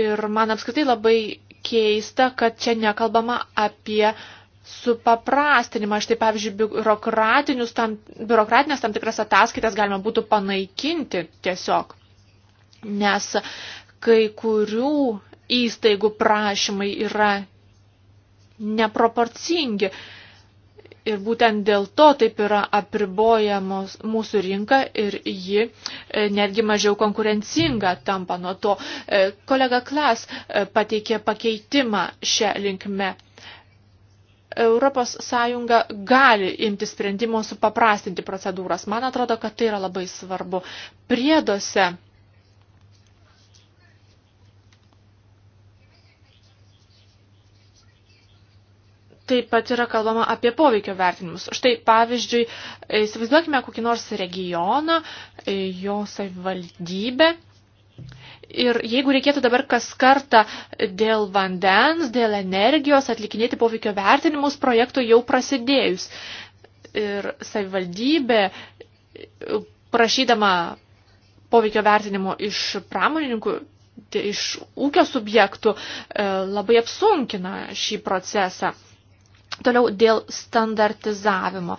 Ir man apskritai labai keista, kad čia nekalbama apie supaprastinimą. Štai, pavyzdžiui, biurokratinius tam, biurokratinės tam tikras ataskaitas galima būtų panaikinti tiesiog. Nes kai kurių įstaigų prašymai yra neproporcingi. Ir būtent dėl to taip yra apribojamos mūsų rinka ir ji e, netgi mažiau konkurencinga tampa nuo to. E, kolega Klas e, pateikė pakeitimą šią linkme. Europos Sąjunga gali imti sprendimo supaprastinti procedūras. Man atrodo, kad tai yra labai svarbu. Prieduose taip pat yra kalbama apie poveikio vertinimus. Štai pavyzdžiui, įsivaizduokime kokį nors regioną, e, jo savivaldybę. Ir jeigu reikėtų dabar kas kartą dėl vandens, dėl energijos atlikinėti poveikio vertinimus projektų jau prasidėjus. Ir savivaldybė e, prašydama poveikio vertinimo iš pramonininkų, iš ūkio subjektų e, labai apsunkina šį procesą. Toliau dėl standartizavimo.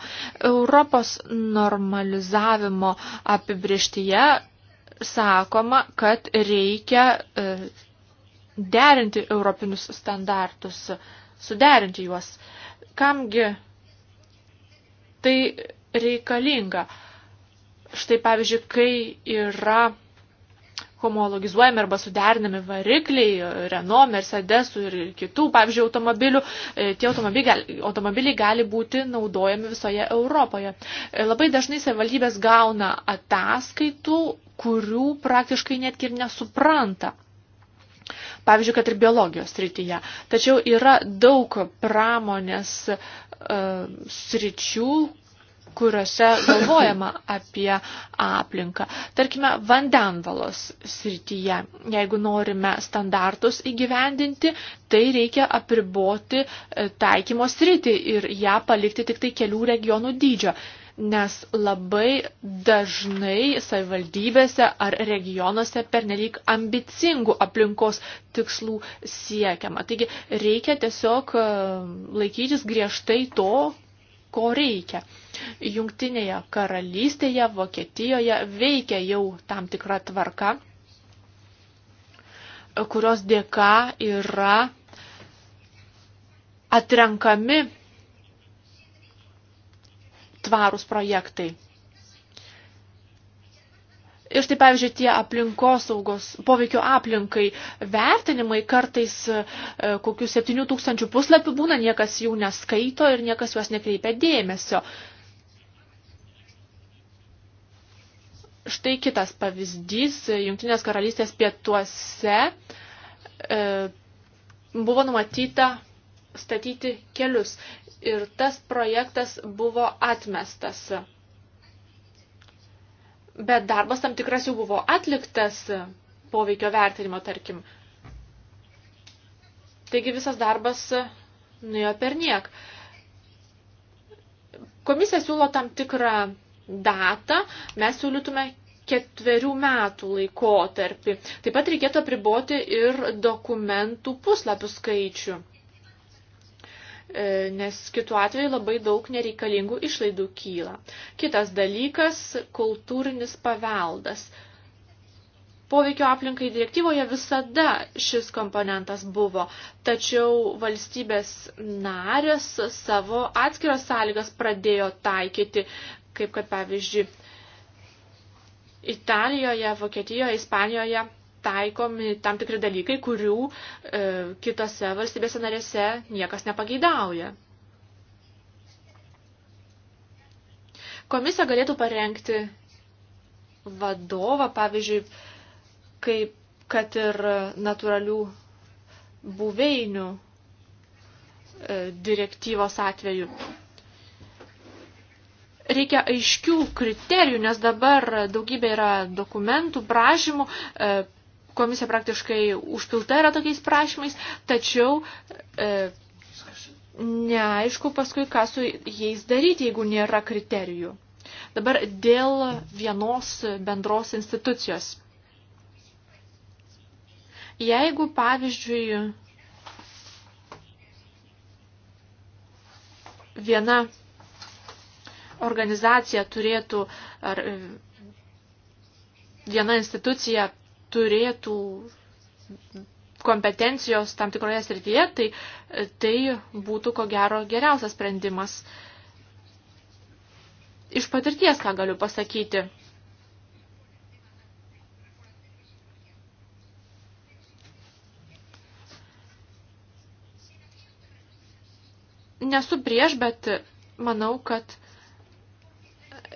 Europos normalizavimo apibrieštyje sakoma, kad reikia e, derinti europinius standartus, suderinti juos. Kamgi tai reikalinga? Štai pavyzdžiui, kai yra homologizuojami arba suderinami varikliai Renault, Mercedesų ir kitų, pavyzdžiui, automobilių, e, tie automobiliai, automobiliai gali būti naudojami visoje Europoje. E, labai dažnai savivaldybės gauna ataskaitų, kurių praktiškai netgi ir nesupranta pavyzdžiui, kad ir biologijos srityje. Tačiau yra daug pramonės e, sričių, kuriuose galvojama apie aplinką. Tarkime, vandenvalos srityje, jeigu norime standartus įgyvendinti, tai reikia apriboti e, taikymo sritį ir ją palikti tik tai kelių regionų dydžio. Nes labai dažnai savivaldybėse ar regionuose pernelyg ambicingų aplinkos tikslų siekiama. Taigi reikia tiesiog e, laikytis griežtai to, ko reikia. Jungtinėje karalystėje, Vokietijoje veikia jau tam tikra tvarka, kurios dėka yra atrenkami tvarūs projektai. Ir štai pavyzdžiui, tie aplinkosaugos poveikio aplinkai vertinimai kartais e, kokių 7000 puslapių būna, niekas jų neskaito ir niekas juos nekreipia dėmesio. Štai kitas pavyzdys, Junktinės karalystės pietuose e, buvo numatyta statyti kelius ir tas projektas buvo atmestas bet darbas tam tikras jau buvo atliktas poveikio vertinimo, tarkim. Taigi visas darbas nuėjo per niek. Komisija siūlo tam tikrą datą, mes siūlytume ketverių metų laikotarpį. Taip pat reikėtų apriboti ir dokumentų puslapių skaičių. E, nes kitu atveju labai daug nereikalingų išlaidų kyla. Kitas dalykas - kultūrinis paveldas. Poveikio aplinkai direktyvoje visada šis komponentas buvo, tačiau valstybės narės savo atskiras sąlygas pradėjo taikyti, kaip kad pavyzdžiui Italijoje, Vokietijoje, Ispanijoje taikomi tam tikri dalykai, kurių e, kitose valstybėse narėse niekas nepageidauja. Komisija galėtų parengti vadovą, pavyzdžiui, kaip kad ir natūralių buveinių e, direktyvos atveju reikia aiškių kriterijų, nes dabar daugybė yra dokumentų, prašymų, e, komisija praktiškai užpilta yra tokiais prašymais, tačiau e, neaišku paskui, ką su jais daryti, jeigu nėra kriterijų. Dabar dėl vienos bendros institucijos. Jeigu, pavyzdžiui, viena organizacija turėtų ar viena institucija turėtų kompetencijos tam tikroje srityje, tai, tai būtų ko gero geriausias sprendimas. Iš patirties, ką galiu pasakyti. Nesu prieš, bet manau, kad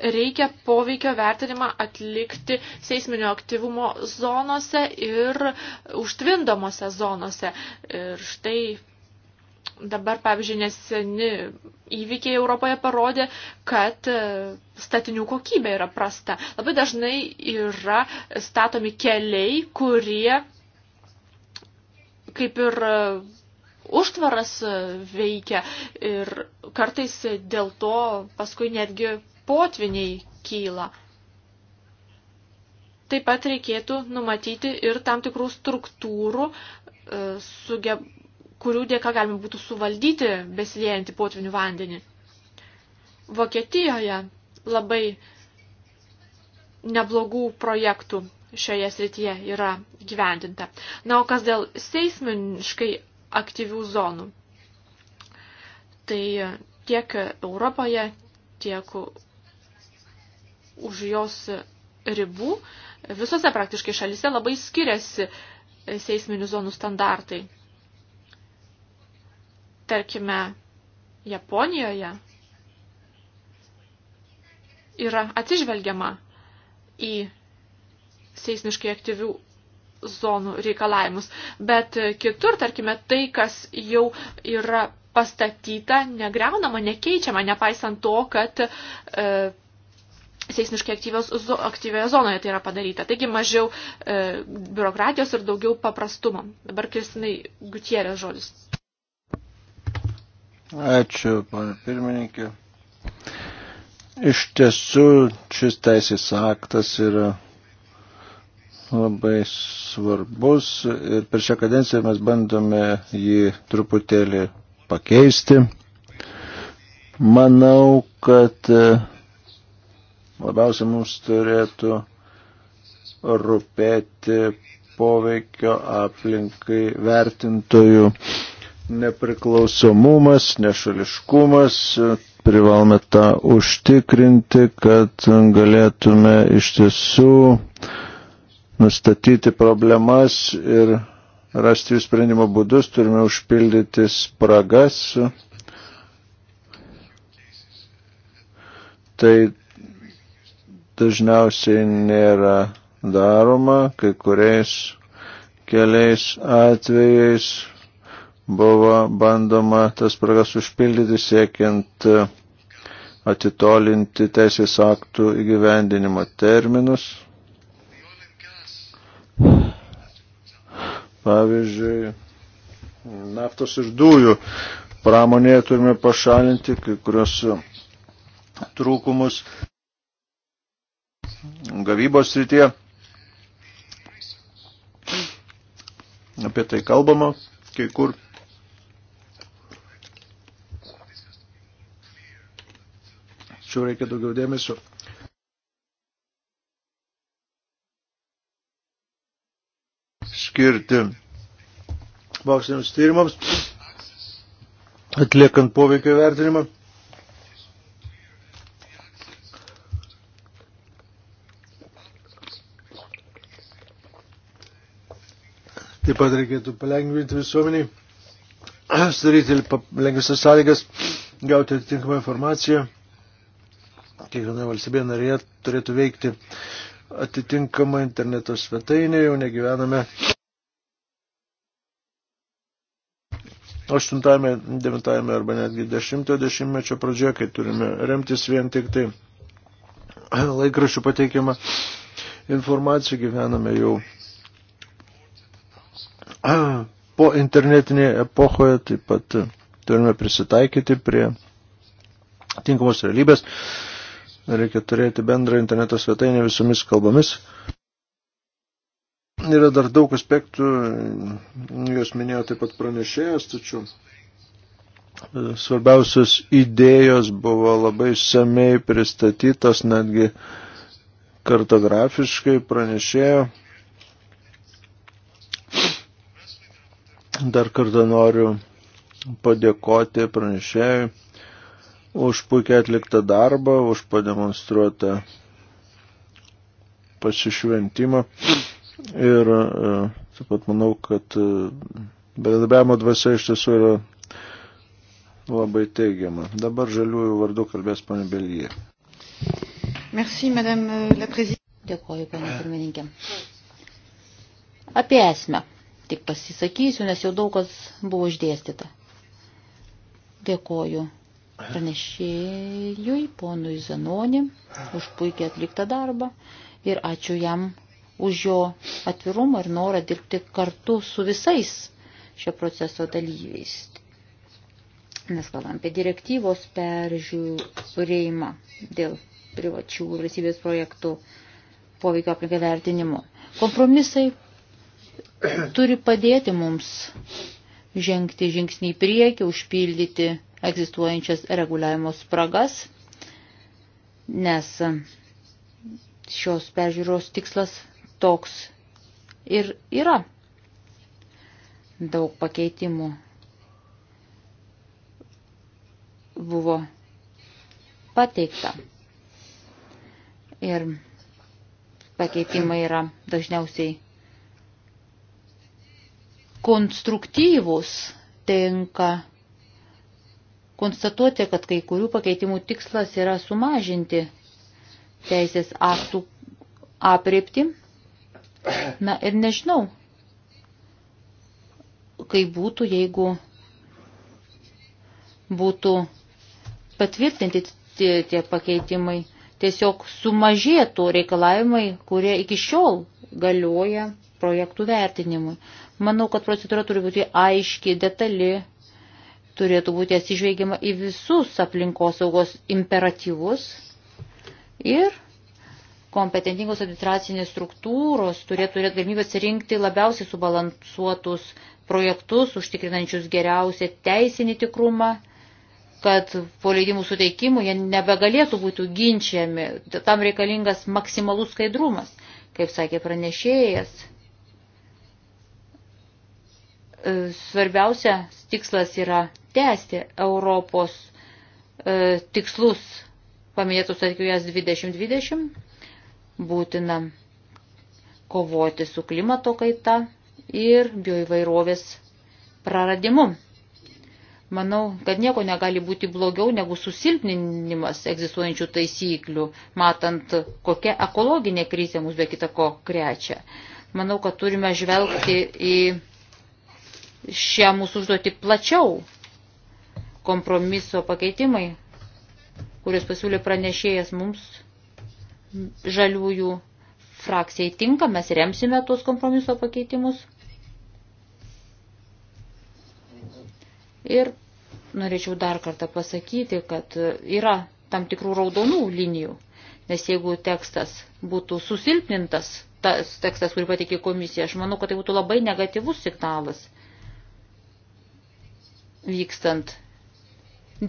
reikia poveikio vertinimą atlikti seisminio aktyvumo zonose ir užtvindomose zonose. Ir štai dabar, pavyzdžiui, neseni įvykiai Europoje parodė, kad e, statinių kokybė yra prasta. Labai dažnai yra statomi keliai, kurie kaip ir e, užtvaras veikia ir kartais dėl to paskui netgi potviniai kyla. Taip pat reikėtų numatyti ir tam tikrų struktūrų, e, sugeb, kurių dėka galima būtų suvaldyti besiliejantį potvinių vandenį. Vokietijoje labai neblogų projektų šioje srityje yra gyvendinta. Na, o kas dėl seismiškai aktyvių zonų? Tai tiek Europoje, tiek už jos ribų visose praktiškai šalise labai skiriasi seisminių zonų standartai. Tarkime, Japonijoje yra atsižvelgiama į seismiškai aktyvių zonų reikalavimus, bet kitur, tarkime, tai, kas jau yra pastatyta, negreunama, nekeičiama, nepaisant to, kad e, seismiškai aktyvios, zo, aktyvioje zonoje tai yra padaryta. Taigi mažiau e, biurokratijos ir daugiau paprastumo. Dabar Kristinai Gutierės žodis. Ačiū, pana pirmininkė. Iš tiesų, šis teisės aktas yra labai svarbus ir per šią kadenciją mes bandome jį truputėlį pakeisti. Manau, kad e, Labiausiai mums turėtų rūpėti poveikio aplinkai vertintojų nepriklausomumas, nešališkumas. Privalome tą užtikrinti, kad galėtume iš tiesų nustatyti problemas ir rasti jų sprendimo būdus, turime užpildyti spragas. Tai dažniausiai nėra daroma, kai kuriais keliais atvejais buvo bandoma tas spragas užpildyti siekiant e, atitolinti teisės aktų įgyvendinimo terminus. Pavyzdžiui, naftos ir dujų pramonėje turime pašalinti kai kurios trūkumus gavybos srityje. Apie tai kalbama kai kur. Čia reikia daugiau dėmesio. Skirti moksliniams tyrimams, atliekant poveikio vertinimą. Taip pat reikėtų palengvinti visuomenį, sudaryti lengvesnės sąlygas, gauti atitinkamą informaciją. Kiekviena valstybė narė turėtų veikti atitinkamą interneto svetainę, jau negyvename 8, 9 arba netgi 10 mečio pradžioje, kai turime remtis vien tik tai laikraščių pateikiamą informaciją, gyvename jau po internetinėje epochoje taip pat e, turime prisitaikyti prie tinkamos realybės. Reikia turėti bendrą interneto svetainę visomis kalbomis. Yra dar daug aspektų, jos minėjo taip pat pranešėjas, tačiau e, svarbiausios idėjos buvo labai samiai pristatytos, netgi kartografiškai pranešėjo Dar kartą noriu padėkoti pranešėjui už puikiai atliktą darbą, už pademonstruotą pasišventimą. Ir e, taip pat manau, kad e, bendradarbiavimo dvasia iš tiesų yra labai teigiama. Dabar žaliųjų vardu kalbės ponė Belgija. Merci, madame la présidente. Dėkoju, ponė pirmininkė. Apie esmę tik pasisakysiu, nes jau daug kas buvo išdėstyta. Dėkoju pranešėjui, ponui Zanoni, už puikiai atliktą darbą ir ačiū jam už jo atvirumą ir norą dirbti kartu su visais šio proceso dalyviais. Mes kalbam apie direktyvos peržiūrėjimą dėl privačių valstybės projektų poveikio aplinkai vertinimo. Kompromisai turi padėti mums žengti žingsnį į priekį, užpildyti egzistuojančias reguliavimo spragas, nes šios peržiūros tikslas toks ir yra. Daug pakeitimų buvo pateikta. Ir pakeitimai yra dažniausiai konstruktyvūs, tenka konstatuoti, kad kai kurių pakeitimų tikslas yra sumažinti teisės aktų apriepti. Na ir nežinau, kaip būtų, jeigu būtų patvirtinti tie pakeitimai, tiesiog sumažėtų reikalavimai, kurie iki šiol galioja projektų vertinimui. Manau, kad procedūra turi būti aiški, detali, turėtų būti atsižveigiama į visus aplinkosaugos imperatyvus ir kompetentingos administracinės struktūros turėtų turėti galimybę atsirinkti labiausiai subalansuotus projektus, užtikrinančius geriausią teisinį tikrumą, kad po leidimų suteikimų jie nebegalėtų būti ginčiami. Tam reikalingas maksimalus skaidrumas, kaip sakė pranešėjas E, svarbiausia tikslas yra tęsti Europos e, tikslus paminėtus atkiujas 2020, būtina kovoti su klimato kaita ir bioįvairovės praradimu. Manau, kad nieko negali būti blogiau negu susilpninimas egzistuojančių taisyklių, matant, kokia ekologinė krizė mus be kitako krečia. Manau, kad turime žvelgti į šią mūsų užduotį plačiau. Kompromiso pakeitimai, kuriuos pasiūlė pranešėjas mums žaliųjų frakcijai tinka, mes remsime tuos kompromiso pakeitimus. Ir norėčiau dar kartą pasakyti, kad yra tam tikrų raudonų linijų, nes jeigu tekstas būtų susilpnintas, tas tekstas, kurį patikė komisija, aš manau, kad tai būtų labai negatyvus signalas vykstant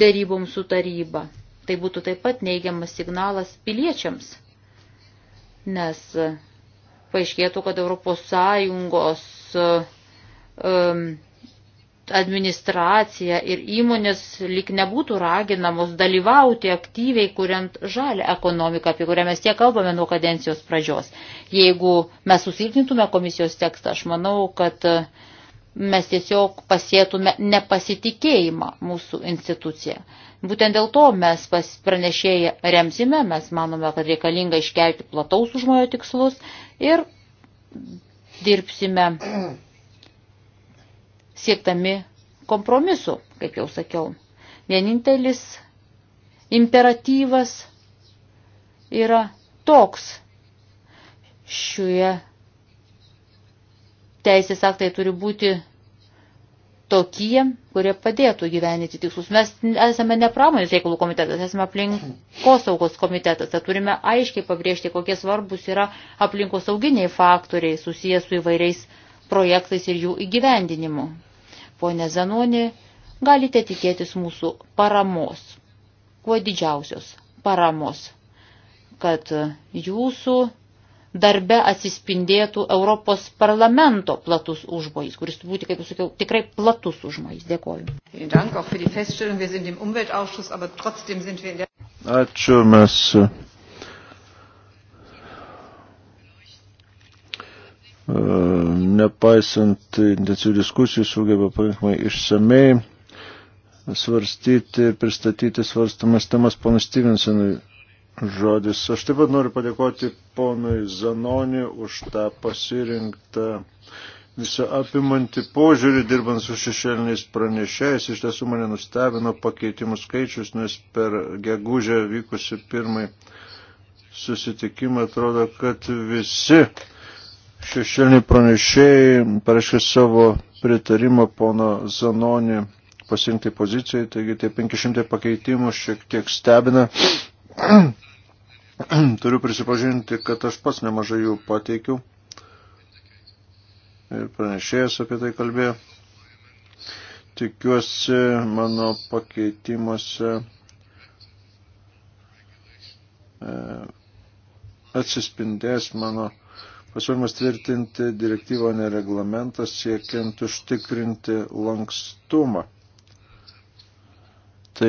dėryboms su taryba. Tai būtų taip pat neigiamas signalas piliečiams, nes e, paaiškėtų, kad Europos Sąjungos um, administracija ir įmonės lik nebūtų raginamos dalyvauti aktyviai, kuriant žalę ekonomiką, apie kurią mes tiek kalbame nuo kadencijos pradžios. Jeigu mes susilpnintume komisijos tekstą, aš manau, kad uh, mes tiesiog pasėtume nepasitikėjimą mūsų instituciją. Būtent dėl to mes pranešėję remsime, mes manome, kad reikalinga iškelti plataus užmojo tikslus ir dirbsime siektami kompromisu, kaip jau sakiau. Vienintelis imperatyvas yra toks šioje teisės aktai turi būti tokie, kurie padėtų gyveninti tikslus. Mes esame ne pramonės reikalų komitetas, esame aplinkosaugos komitetas. Tad turime aiškiai pabrėžti, kokie svarbus yra aplinkosauginiai faktoriai susijęs su įvairiais projektais ir jų įgyvendinimu. Pone Zanoni, galite tikėtis mūsų paramos, kuo didžiausios paramos, kad jūsų darbe atsispindėtų Europos parlamento platus užmojais, kuris būtų, kaip jūs sakiau, tikrai platus užmojais. Dėkoju. Ačiū, mes e, nepaisant intensyvių diskusijų sugeba pakankamai išsamei svarstyti ir pristatyti svarstamas temas ponas Stevensenui žodis. Aš taip pat noriu padėkoti ponui Zanoni už tą pasirinktą visą apimantį požiūrį dirbant su šešėliniais pranešėjais. Iš tiesų mane nustebino pakeitimų skaičius, nes per gegužę vykusi pirmai susitikimą atrodo, kad visi šešėliniai pranešėjai parašė savo pritarimą pono Zanoni pasirinktai pozicijai, taigi tie 500 pakeitimų šiek tiek stebina. *clears throat* Turiu prisipažinti, kad aš pats nemažai jų pateikiu. Ir pranešėjas apie tai kalbėjo. Tikiuosi mano pakeitimuose e, atsispindės mano pasiūlymas tvirtinti direktyvą nereglamentas siekiant užtikrinti lankstumą Tai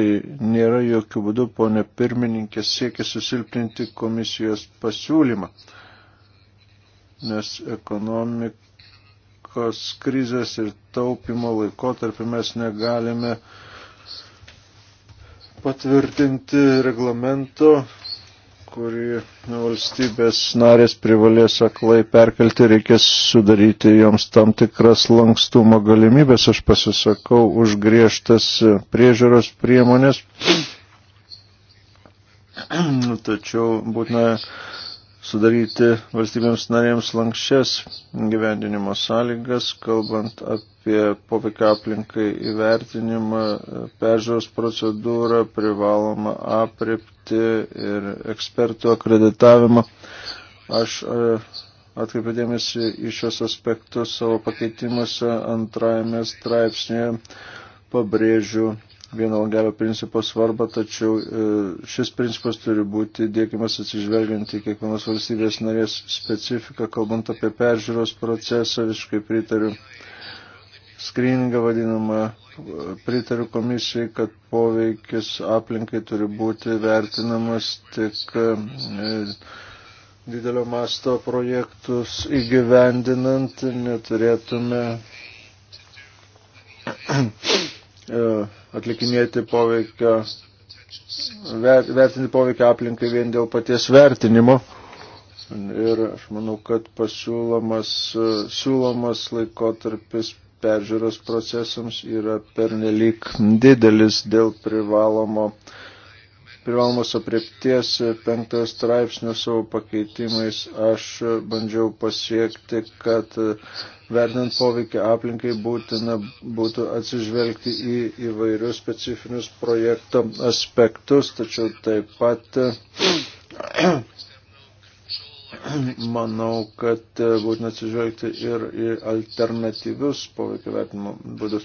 nėra jokių būdų, ponė pirmininkė, siekia susilpninti komisijos pasiūlymą, nes ekonomikos krizės ir taupimo laikotarpį mes negalime patvirtinti reglamento kurį valstybės narės privalės aklai perkelti, reikės sudaryti joms tam tikras lankstumo galimybės. Aš pasisakau už griežtas priežiūros priemonės, *clears throat* tačiau būtina sudaryti valstybėms narėms lankščias gyvendinimo sąlygas, kalbant apie poveikia aplinkai įvertinimą, peržiūros procedūrą, privalomą aprepti ir ekspertų akreditavimą. Aš e, atkreipiu dėmesį į šios aspektus savo pakeitimuose antrajame straipsnėje pabrėžiu vieno langelio principo svarbą, tačiau e, šis principas turi būti dėkimas atsižvelgiant į kiekvienos valstybės narės specifiką, kalbant apie peržiūros procesą, visiškai pritariu skryningą vadinamą, pritariu komisijai, kad poveikis aplinkai turi būti vertinamas tik e, didelio masto projektus įgyvendinant, neturėtume *clears throat* e, atlikinėti poveikio, vertinti poveikio aplinkai vien dėl paties vertinimo. Ir aš manau, kad pasiūlomas siūlomas laikotarpis peržiūros procesams yra pernelyg didelis dėl privalomo uh, privalomos apriepties penktojo straipsnio savo pakeitimais aš bandžiau pasiekti, kad vertinant poveikį aplinkai būtina būtų atsižvelgti į įvairius specifinius projekto aspektus, tačiau taip pat *clears throat* manau, kad būtina atsižvelgti ir į alternatyvius poveikio vertinimo būdus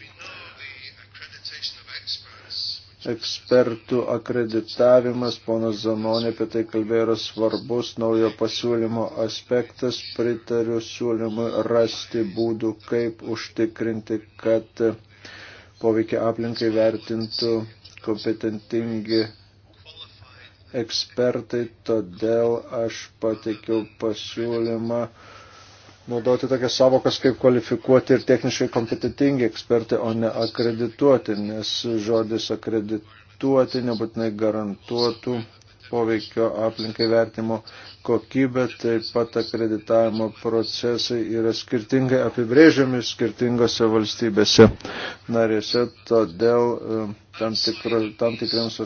ekspertų akreditavimas, ponas Zanonė apie tai kalbėjo, yra svarbus naujo pasiūlymo aspektas. Pritariu siūlymui rasti būdų, kaip užtikrinti, kad poveikia aplinkai vertintų kompetentingi ekspertai. Todėl aš pateikiau pasiūlymą naudoti tokias savokas kaip kvalifikuoti ir techniškai kompetitingi ekspertai, o ne akredituoti, nes žodis akredituoti nebūtinai garantuotų poveikio aplinkai vertimo kokybę, taip pat akreditavimo procesai yra skirtingai apibrėžiami skirtingose valstybėse narėse, todėl e, tam, tikra, tam tikriams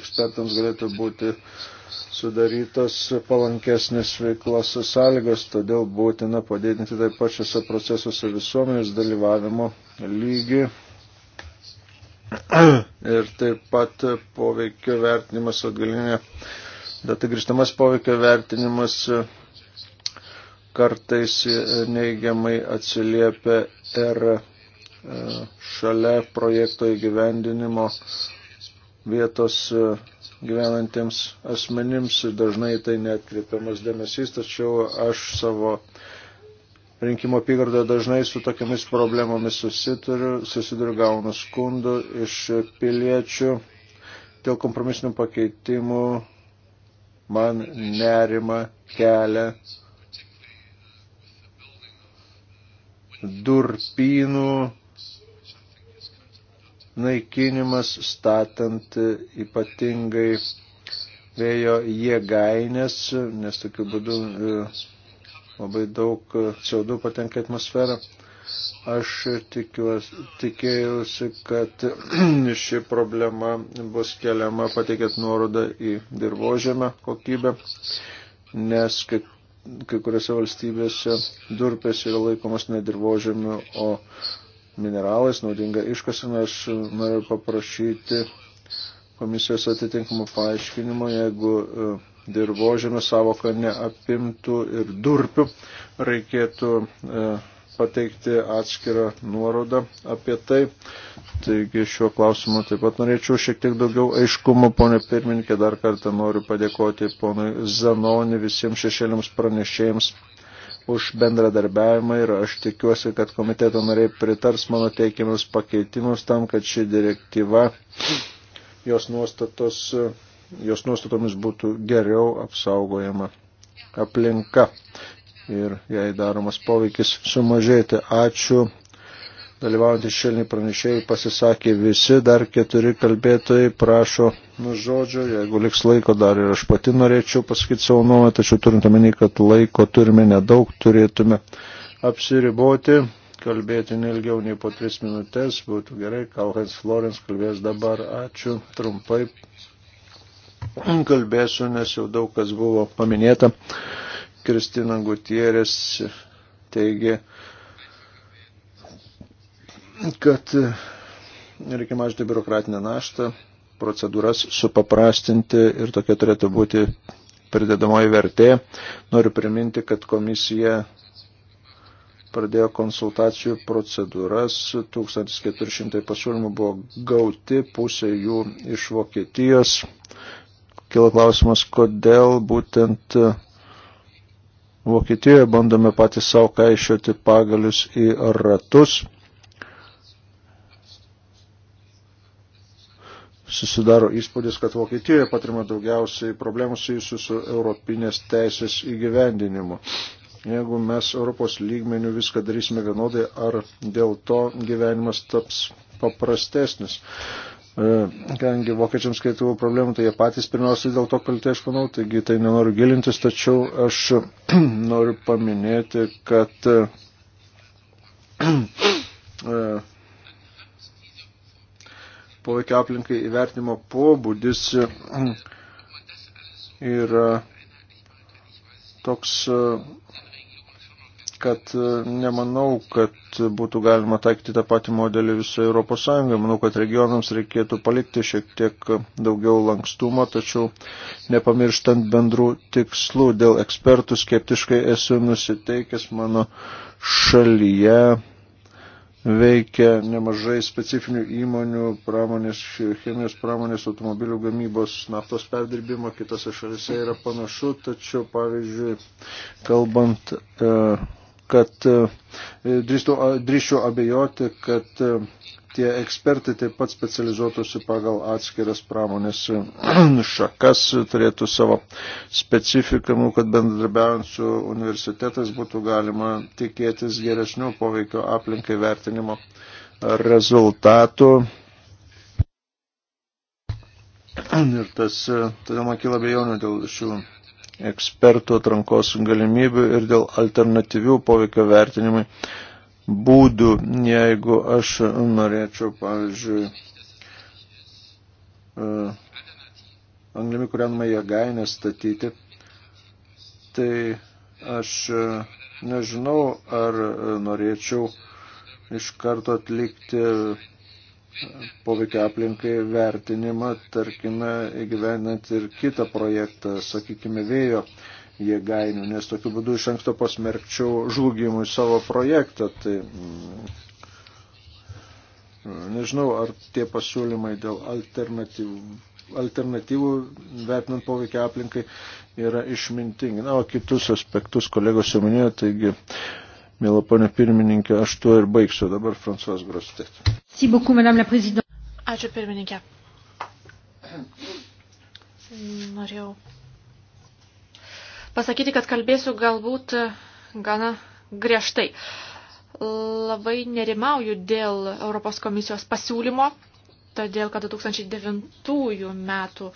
ekspertams galėtų būti uh, sudarytos palankesnės veiklos sąlygos, todėl būtina padidinti taip pat šiuose procesuose visuomenės dalyvavimo lygį. Ir taip pat poveikio vertinimas atgalinė, data grįžtamas poveikio vertinimas kartais neigiamai atsiliepia ir e, šalia projekto įgyvendinimo vietos e, gyvenantiems asmenims dažnai tai netkreipiamas dėmesys, tačiau aš savo rinkimo apygardą dažnai su tokiamis problemomis susiduriu, susiduriu gaunu skundų iš piliečių dėl kompromisinių pakeitimų man nerima kelia durpynų naikinimas statant ypatingai vėjo jėgainės, nes tokiu būdu e, labai daug CO2 patenka atmosferą. Aš tikiuosi, tikėjausi, kad *clears throat* ši problema bus keliama pateikėt nuorodą į dirbožėmę kokybę, nes kai, kai kuriuose valstybėse durpės yra laikomas ne dirbožėmiu, o mineralais, naudinga iškasena. Aš e, noriu paprašyti komisijos atitinkamų paaiškinimų, jeigu e, dirbožėmio savoka neapimtų ir durpių, reikėtų e, pateikti atskirą nuorodą apie tai. Taigi šiuo klausimu taip pat norėčiau šiek tiek daugiau aiškumo, ponė pirmininkė, dar kartą noriu padėkoti ponui Zanoni visiems šešėliams pranešėjams už bendradarbiavimą ir aš tikiuosi, kad komiteto nariai pritars mano teikiamus pakeitimus tam, kad ši direktyva, jos, nuostatos, jos nuostatomis būtų geriau apsaugojama aplinka ir jai daromas poveikis sumažėti. Ačiū dalyvaujantys šelniai pranešėjai pasisakė visi, dar keturi kalbėtojai prašo nu žodžio, jeigu liks laiko dar ir aš pati norėčiau pasakyti savo nuomonę, tačiau turint omeny, kad laiko turime nedaug, turėtume apsiriboti, kalbėti nelgiau nei po tris minutės, būtų gerai, Kauhens Florens kalbės dabar, ačiū, trumpai kalbėsiu, nes jau daug kas buvo paminėta. Kristina Gutierės teigė, kad e, reikia mažinti biurokratinę naštą, procedūras supaprastinti ir tokia turėtų būti pridedamoji vertė. Noriu priminti, kad komisija pradėjo konsultacijų procedūras, 1400 pasiūlymų buvo gauti, pusė jų iš Vokietijos. Kilo klausimas, kodėl būtent Vokietijoje bandome patys savo kaišioti pagalius į ratus. susidaro įspūdis, kad Vokietijoje patirima daugiausiai problemų susijusių su europinės teisės įgyvendinimu. Jeigu mes Europos lygmenių viską darysime vienodai, ar dėl to gyvenimas taps paprastesnis. E, kadangi vokiečiams skaitavo problemų, tai jie patys pirmiausiai dėl to kaltė, aš manau, taigi tai nenoriu gilintis, tačiau aš *clears throat* noriu paminėti, kad *clears throat* e, poveikia aplinkai įvertinimo pobūdis yra toks, kad nemanau, kad būtų galima taikyti tą patį modelį visoje Europos Sąjungoje. Manau, kad regionams reikėtų palikti šiek tiek daugiau lankstumo, tačiau nepamirštant bendrų tikslų. Dėl ekspertų skeptiškai esu nusiteikęs mano šalyje veikia nemažai specifinių įmonių, pramonės, chemijos pramonės, automobilių gamybos, naftos perdirbimo, kitose šalise yra panašu, tačiau pavyzdžiui, kalbant, e, kad e, drįščiau abejoti, kad e, tie ekspertai taip pat specializuotųsi pagal atskiras pramonės *clears throat* šakas, turėtų savo specifiką, kad bendradarbiaujant su universitetais būtų galima tikėtis geresnių poveikio aplinkai vertinimo rezultatų. Ir tas, todėl man kyla bejonių dėl šių ekspertų atrankos galimybių ir dėl alternatyvių poveikio vertinimai būdų, jeigu aš norėčiau, pavyzdžiui, e, anglimi kūrenamą jėgainę statyti, tai aš e, nežinau, ar e, norėčiau iš karto atlikti poveikia aplinkai vertinimą, tarkime, įgyvendinant ir kitą projektą, sakykime, vėjo jėgainių, nes tokiu būdu iš anksto pasmerkčiau žlugimui savo projektą. Tai, mm, nežinau, ar tie pasiūlymai dėl alternatyvų, alternatyvų vertinant poveikia aplinkai yra išmintingi. Na, o kitus aspektus kolegos jau minėjo, taigi, mėla ponė pirmininkė, aš tuo ir baigsiu dabar Fransuos Grostet. Ačiū pirmininkė. Norėjau pasakyti, kad kalbėsiu galbūt e, gana griežtai. Labai nerimauju dėl Europos komisijos pasiūlymo, todėl kad 2009 metų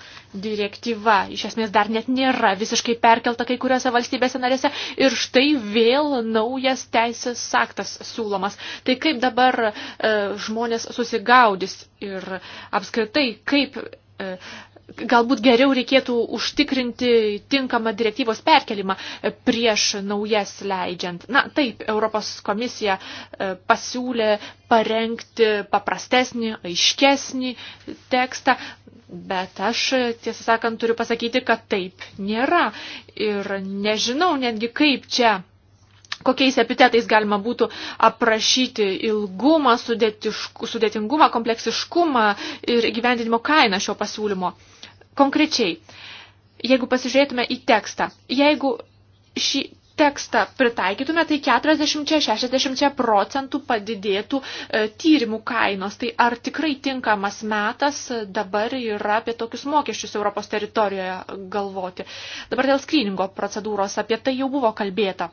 direktyva iš esmės dar net nėra visiškai perkelta kai kuriuose valstybėse narėse ir štai vėl naujas teisės aktas siūlomas. Tai kaip dabar e, žmonės susigaudys ir apskritai kaip e, galbūt geriau reikėtų užtikrinti tinkamą direktyvos perkelimą prieš naujas leidžiant. Na taip, Europos komisija e, pasiūlė parengti paprastesnį, aiškesnį tekstą, bet aš e, tiesą sakant turiu pasakyti, kad taip nėra ir nežinau netgi kaip čia kokiais epitetais galima būtų aprašyti ilgumą, sudėtingumą, kompleksiškumą ir gyvendinimo kainą šio pasiūlymo. Konkrečiai, jeigu pasižiūrėtume į tekstą, jeigu šį tekstą pritaikytume, tai 40-60 procentų padidėtų e, tyrimų kainos. Tai ar tikrai tinkamas metas e, dabar yra apie tokius mokesčius Europos teritorijoje galvoti? Dabar dėl skryningo procedūros apie tai jau buvo kalbėta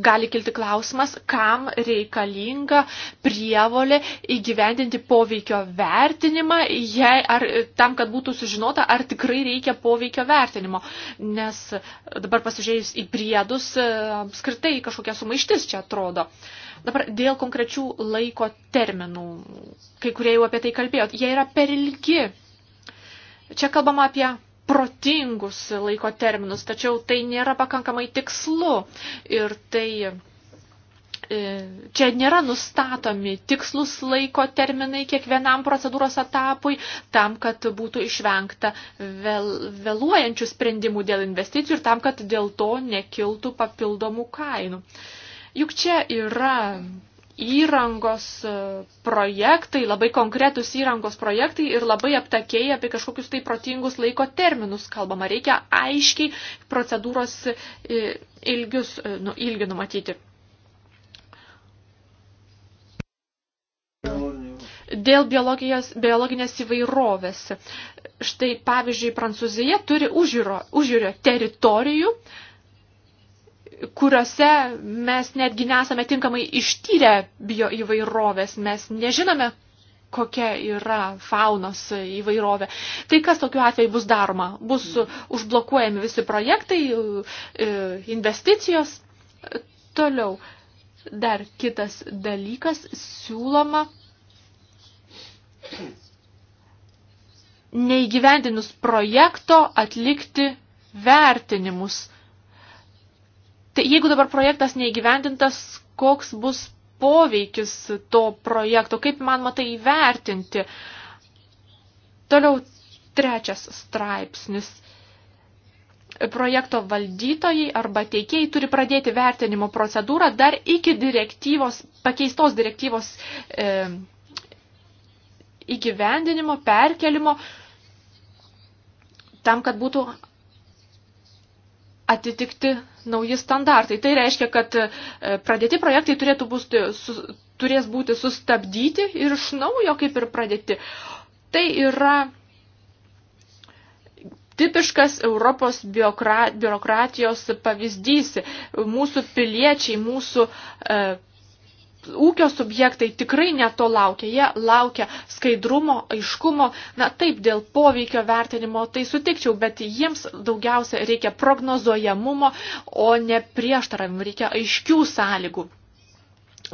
gali kilti klausimas, kam reikalinga prievolė įgyvendinti poveikio vertinimą, jei, ar, tam, kad būtų sužinota, ar tikrai reikia poveikio vertinimo. Nes dabar pasižiūrėjus į priedus, apskritai kažkokia sumaištis čia atrodo. Dabar dėl konkrečių laiko terminų, kai kurie jau apie tai kalbėjot, jie yra per ilgi. Čia kalbama apie protingus laiko terminus, tačiau tai nėra pakankamai tikslu ir tai e, čia nėra nustatomi tikslus laiko terminai kiekvienam procedūros etapui, tam, kad būtų išvengta vėl, vėluojančių sprendimų dėl investicijų ir tam, kad dėl to nekiltų papildomų kainų. Juk čia yra įrangos e, projektai, labai konkretus įrangos projektai ir labai aptakiai apie kažkokius tai protingus laiko terminus kalbama. Reikia aiškiai procedūros e, ilgius, e, nu, ilgį numatyti. Dėl biologinės įvairovės. Štai pavyzdžiui, Prancūzija turi užjūrio, užjūrio teritorijų, uh, kuriuose mes netgi nesame tinkamai ištyrę bio įvairovės, mes nežinome, kokia yra faunos įvairovė. Tai kas tokiu atveju bus daroma? Bus užblokuojami visi projektai, e, investicijos. Toliau, dar kitas dalykas siūloma neįgyvendinus projekto atlikti vertinimus. Tai jeigu dabar projektas neįgyvendintas, koks bus poveikis to projekto, kaip manoma tai įvertinti. Toliau trečias straipsnis. Projekto valdytojai arba teikėjai turi pradėti vertinimo procedūrą dar iki direktyvos, pakeistos direktyvos e, įgyvendinimo, perkelimo, tam, kad būtų atitikti nauji standartai. Tai reiškia, kad e, pradėti projektai turėtų būti, su, turės būti sustabdyti ir iš naujo kaip ir pradėti. Tai yra tipiškas Europos biurokratijos pavyzdys. Mūsų piliečiai, mūsų e, ūkio subjektai tikrai neto laukia. Jie laukia skaidrumo, aiškumo. Na taip, dėl poveikio vertinimo tai sutikčiau, bet jiems daugiausia reikia prognozojamumo, o ne prieštaravimų. Reikia aiškių sąlygų.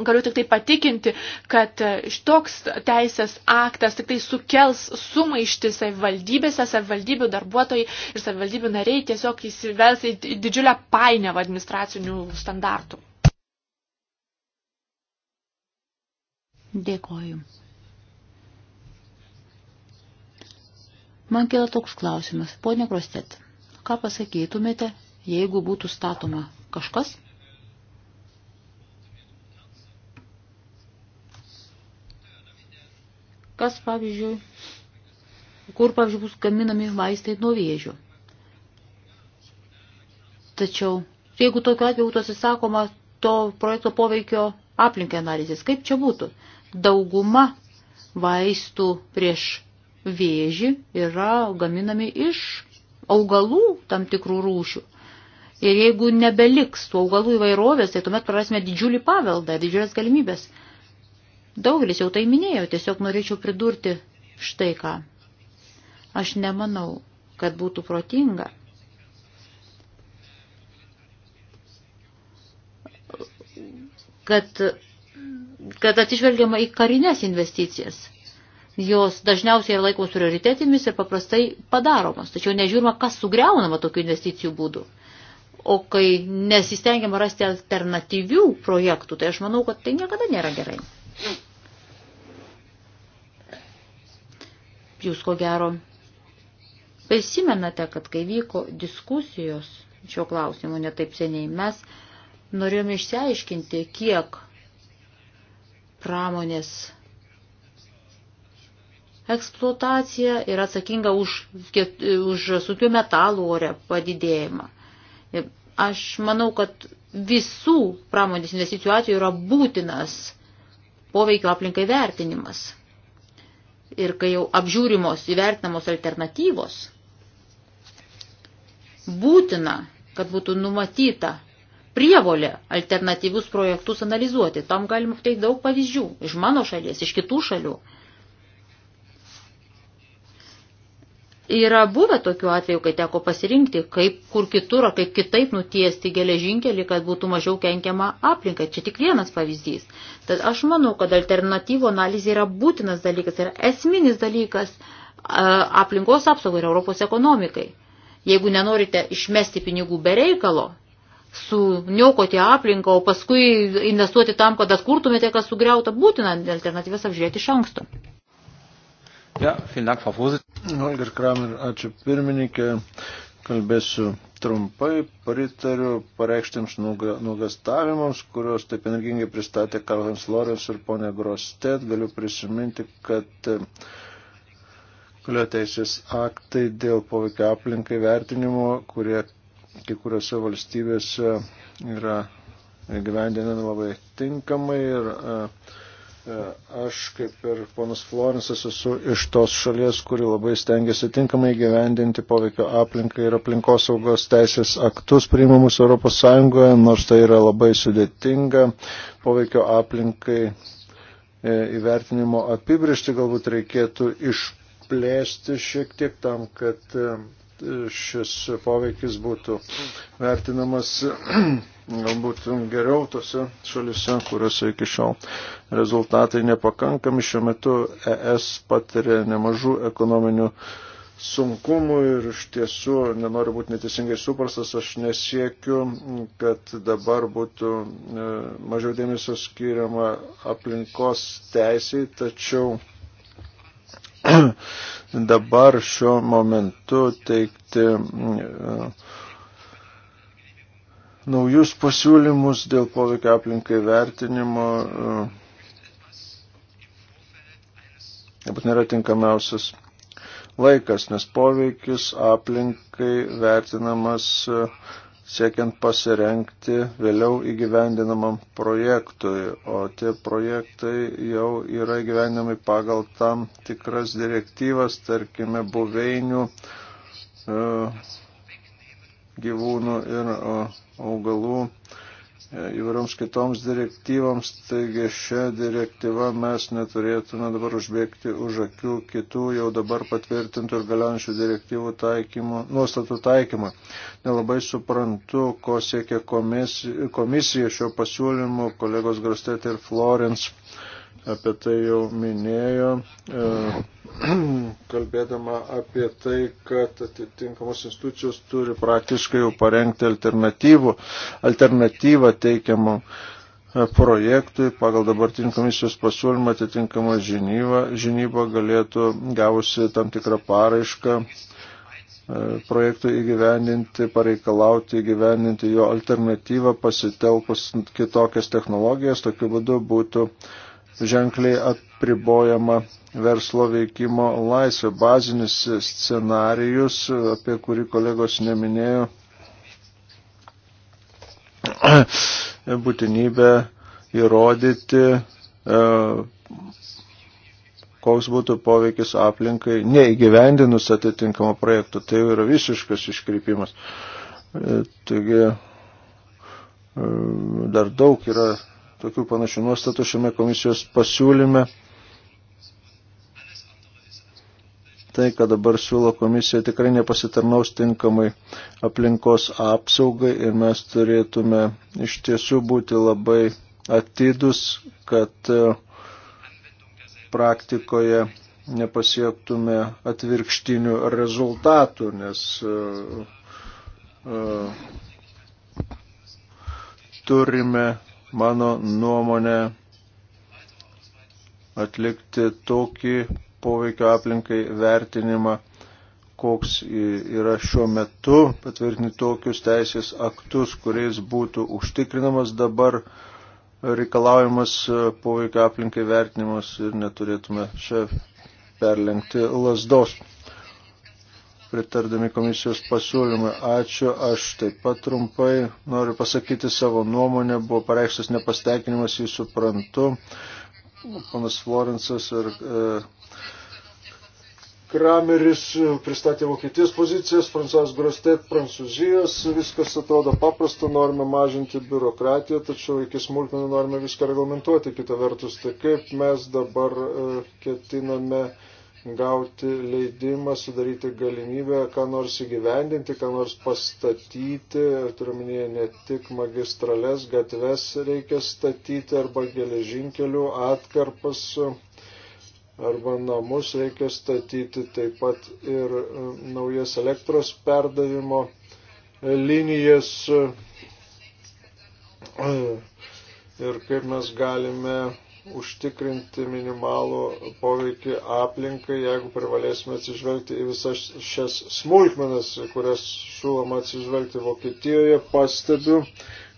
Galiu tik tai patikinti, kad šitoks teisės aktas tik tai sukels sumaištį savivaldybėse, savivaldybių darbuotojai ir savivaldybių nariai tiesiog įsivels į didžiulę painiavą administracinių standartų. Dėkoju. Man kila toks klausimas. Pone Krostet, ką pasakytumėte, jeigu būtų statoma kažkas? Kas, pavyzdžiui, kur, pavyzdžiui, bus gaminami vaistai nuo vėžių. Tačiau, jeigu tokiu atveju būtų atsisakoma to projekto poveikio aplinkai analizės, kaip čia būtų? dauguma vaistų prieš vėžį yra gaminami iš augalų tam tikrų rūšių. Ir jeigu nebeliks tų augalų įvairovės, tai tuomet prarasime didžiulį paveldą ir didžiulės galimybės. Daugelis jau tai minėjo, tiesiog norėčiau pridurti štai ką. Aš nemanau, kad būtų protinga. kad kad atsižvelgiama į karinės investicijas. Jos dažniausiai yra laikomos prioritetėmis ir paprastai padaromos, tačiau nežiūrima, kas sugriaunama tokių investicijų būdų. O kai nesistengiama rasti alternatyvių projektų, tai aš manau, kad tai niekada nėra gerai. Jūs ko gero prisimenate, kad kai vyko diskusijos šio klausimu netaip seniai, mes norėjome išsiaiškinti, kiek pramonės eksploatacija yra atsakinga už, už sunkių metalų ore padidėjimą. Aš manau, kad visų pramonės investicijų atveju yra būtinas poveikio aplinkai vertinimas. Ir kai jau apžiūrimos įvertinamos alternatyvos, būtina, kad būtų numatyta prievolė alternatyvius projektus analizuoti. Tam galima teikti daug pavyzdžių iš mano šalies, iš kitų šalių. Yra buvę tokių atvejų, kai teko pasirinkti, kaip kur kitur, ar kaip kitaip nutiesti geležinkelį, kad būtų mažiau kenkiama aplinkai. Čia tik vienas pavyzdys. Tad aš manau, kad alternatyvo analizė yra būtinas dalykas, yra esminis dalykas aplinkos apsaugai ir Europos ekonomikai. Jeigu nenorite išmesti pinigų be reikalo, suniokoti aplinką, o paskui investuoti tam, kad atkurtumėte, kas sugriauta, būtina alternatyvas apžiūrėti iš anksto. Ja, Dank, Frau Holger Kramer, ačiū pirmininkė. Kalbėsiu trumpai, pritariu pareikštiems nuogastavimams, kuriuos taip energingai pristatė Karlhans Lorenz ir ponė Grostet. Galiu prisiminti, kad e, galio teisės aktai dėl poveikio aplinkai vertinimo, kurie kai kuriuose valstybėse yra gyvendinami labai tinkamai ir e, e, aš kaip ir ponas Florinsas esu iš tos šalies, kuri labai stengiasi tinkamai gyvendinti poveikio aplinkai ir aplinkosaugos teisės aktus priimamus Europos Sąjungoje, nors tai yra labai sudėtinga poveikio aplinkai e, įvertinimo apibrišti galbūt reikėtų išplėsti šiek tiek tam, kad šis poveikis būtų vertinamas *clears throat* galbūt geriau tose šalise, kuriuose iki šiol rezultatai nepakankami. Šiuo metu ES patiria nemažų ekonominių sunkumų ir iš tiesų, nenoriu būti neteisingai suprastas, aš nesiekiu, kad dabar būtų e, mažiau dėmesio skiriama aplinkos teisiai, tačiau *clears throat* dabar šiuo momentu teikti mm, e, naujus pasiūlymus dėl poveikio aplinkai vertinimo nebūtinai yra tinkamiausias laikas, nes poveikis aplinkai vertinamas e, siekiant pasirenkti vėliau įgyvendinamam projektui, o tie projektai jau yra įgyvendinami pagal tam tikras direktyvas, tarkime, buveinių e, gyvūnų ir augalų E, įvairioms kitoms direktyvoms, taigi šią direktyvą mes neturėtume dabar užbėgti už akių kitų jau dabar patvirtintų ir galiojančių direktyvų taikymų, nuostatų taikymą. Nelabai suprantu, ko siekia komisija, komisija šio pasiūlymo, kolegos Grostet ir Florence apie tai jau minėjo, e, *clears throat* kalbėdama apie tai, kad atitinkamos institucijos turi praktiškai jau parengti alternatyvų, alternatyvą teikiamą e, projektui pagal dabartinį komisijos pasiūlymą atitinkamą žinybą, žinybą galėtų gavusi tam tikrą paraišką e, projektų įgyvendinti, pareikalauti įgyvendinti jo alternatyvą pasitelkus kitokias technologijas, tokiu būdu būtų uh, ženkliai apribojama verslo veikimo laisvė. Bazinis scenarijus, apie kurį kolegos neminėjo, *clears throat* būtinybė įrodyti, e, koks būtų poveikis aplinkai, neįgyvendinus atitinkamą projektą. Tai yra visiškas iškreipimas. E, taigi, e, dar daug yra tokių panašių nuostatų šiame komisijos pasiūlyme. Tai, ką dabar siūlo komisija, tikrai nepasitarnaus tinkamai aplinkos apsaugai ir mes turėtume iš tiesų būti labai atidus, kad e, praktikoje nepasiektume atvirkštinių rezultatų, nes e, e, turime mano nuomonė, atlikti tokį poveikio aplinkai vertinimą, koks yra šiuo metu, patvirtinti tokius teisės aktus, kuriais būtų užtikrinamas dabar reikalaujamas poveikio aplinkai vertinimas ir neturėtume čia perlenkti lasdos pritardami komisijos pasiūlymui. Ačiū, aš taip pat trumpai noriu pasakyti savo nuomonę, buvo pareikštas nepastenkinimas, jį suprantu. Panas Florensas ir e, Krameris pristatė Vokietijos pozicijas, Francas Grostet Prancūzijos, viskas atrodo paprasta, norime mažinti biurokratiją, tačiau iki smulkmenų norime viską reglamentuoti, kita vertus, tai kaip mes dabar e, ketiname e, gauti leidimą, sudaryti galimybę ką nors įgyvendinti, ką nors pastatyti, turiminėje ne tik magistrales, gatves reikia statyti arba geležinkelių atkarpas arba namus reikia statyti, taip pat ir e, naujas elektros perdavimo e, linijas e, ir kaip mes galime užtikrinti minimalų poveikį aplinkai, jeigu privalėsime atsižvelgti į visas šias smulkmenas, kurias siūloma atsižvelgti Vokietijoje, pastebiu,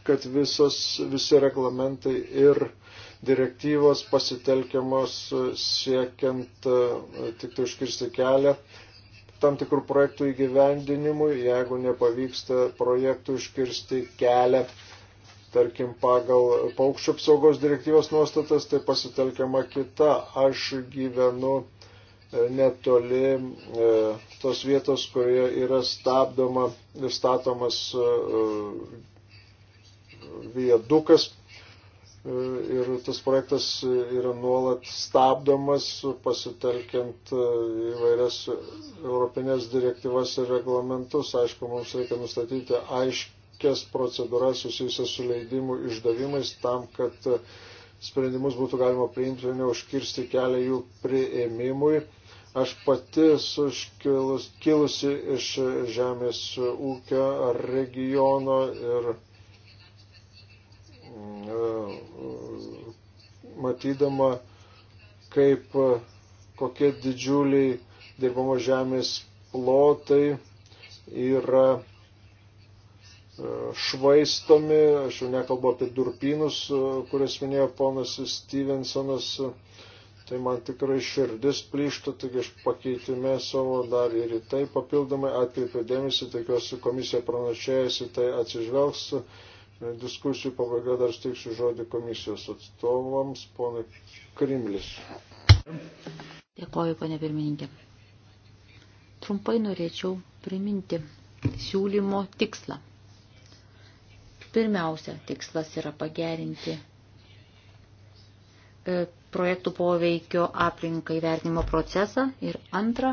kad visos, visi reglamentai ir direktyvos pasitelkiamos siekiant e, tik tai užkirsti kelią tam tikrų projektų įgyvendinimui, jeigu nepavyksta projektų užkirsti kelią tarkim, pagal paukščių apsaugos direktyvos nuostatas, tai pasitelkiama kita. Aš gyvenu e, netoli e, tos vietos, kurioje yra stabdoma, statomas e, viadukas. Ir tas projektas yra nuolat stabdomas, pasitelkiant įvairias europinės direktyvas ir reglamentus. Aišku, mums reikia nustatyti aiškiai tokias procedūras susijusias su leidimų išdavimais tam, kad e, sprendimus būtų galima priimti ir neužkirsti kelią jų prieimimui. Aš pati esu kilusi iš žemės ūkio regiono ir mm, e, matydama, kaip e, kokie didžiuliai dirbamo žemės plotai yra E, švaistomi, aš jau nekalbu apie durpynus, e, kurias minėjo ponas Stevensonas, e, tai man tikrai širdis plyšta, taigi aš pakeitime savo dar ir į tai papildomai atkreipiu dėmesį, tikiuosi komisija pranašėjasi, tai atsižvelgs. Diskusijų pabaiga dar steiksiu žodį komisijos atstovams, ponai Krimlis. Dėkoju, ponė pirmininkė. Trumpai norėčiau priminti siūlymo tikslą. Pirmiausia, tikslas yra pagerinti e, projektų poveikio aplinkai vertinimo procesą ir antra,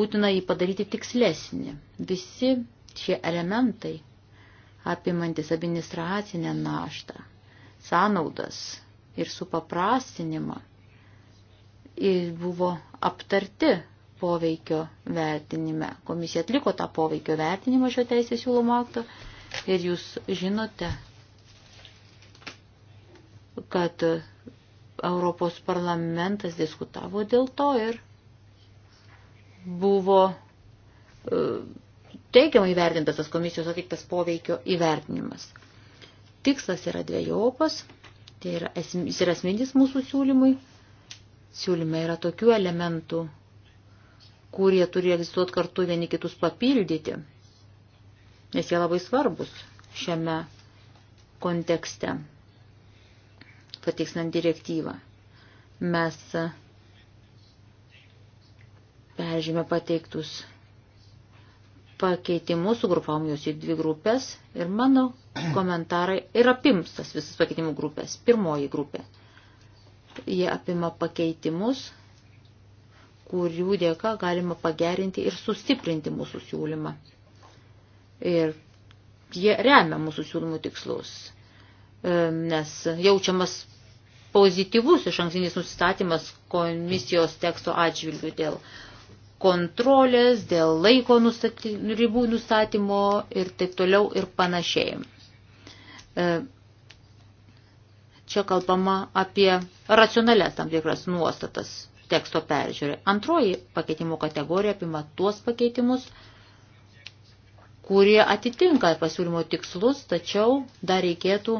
būtina jį padaryti tikslesnį. Visi šie elementai, apimantis administracinę naštą, sąnaudas ir supaprastinimą, ir buvo aptarti poveikio vertinime. Komisija atliko tą poveikio vertinimą šio teisės siūlomo akto Ir jūs žinote, kad Europos parlamentas diskutavo dėl to ir buvo e, teigiamai įvertintas tas komisijos atliktas poveikio įvertinimas. Tikslas yra dviejopas, tai yra, jis yra asmenys mūsų siūlymui. Siūlyme yra tokių elementų, kurie turi egzistuoti kartu vieni kitus papildyti nes jie labai svarbus šiame kontekste, pateiksnant direktyvą. Mes e, peržymė pateiktus pakeitimus, sugrupavom juos į dvi grupės ir mano *clears throat* komentarai ir apims tas visas pakeitimų grupės. Pirmoji grupė. Jie apima pakeitimus, kurių dėka galima pagerinti ir sustiprinti mūsų siūlymą. Ir jie remia mūsų siūlymų tikslus, e, nes jaučiamas pozityvus iš ankstinis nusistatymas komisijos teksto atžvilgių dėl kontrolės, dėl laiko nustaty, ribų nustatymo ir taip toliau ir panašiai. E, čia kalbama apie racionalias tam tikras nuostatas teksto peržiūrė. Antroji pakeitimo kategorija apima tuos pakeitimus, kurie atitinka pasiūlymo tikslus, tačiau dar reikėtų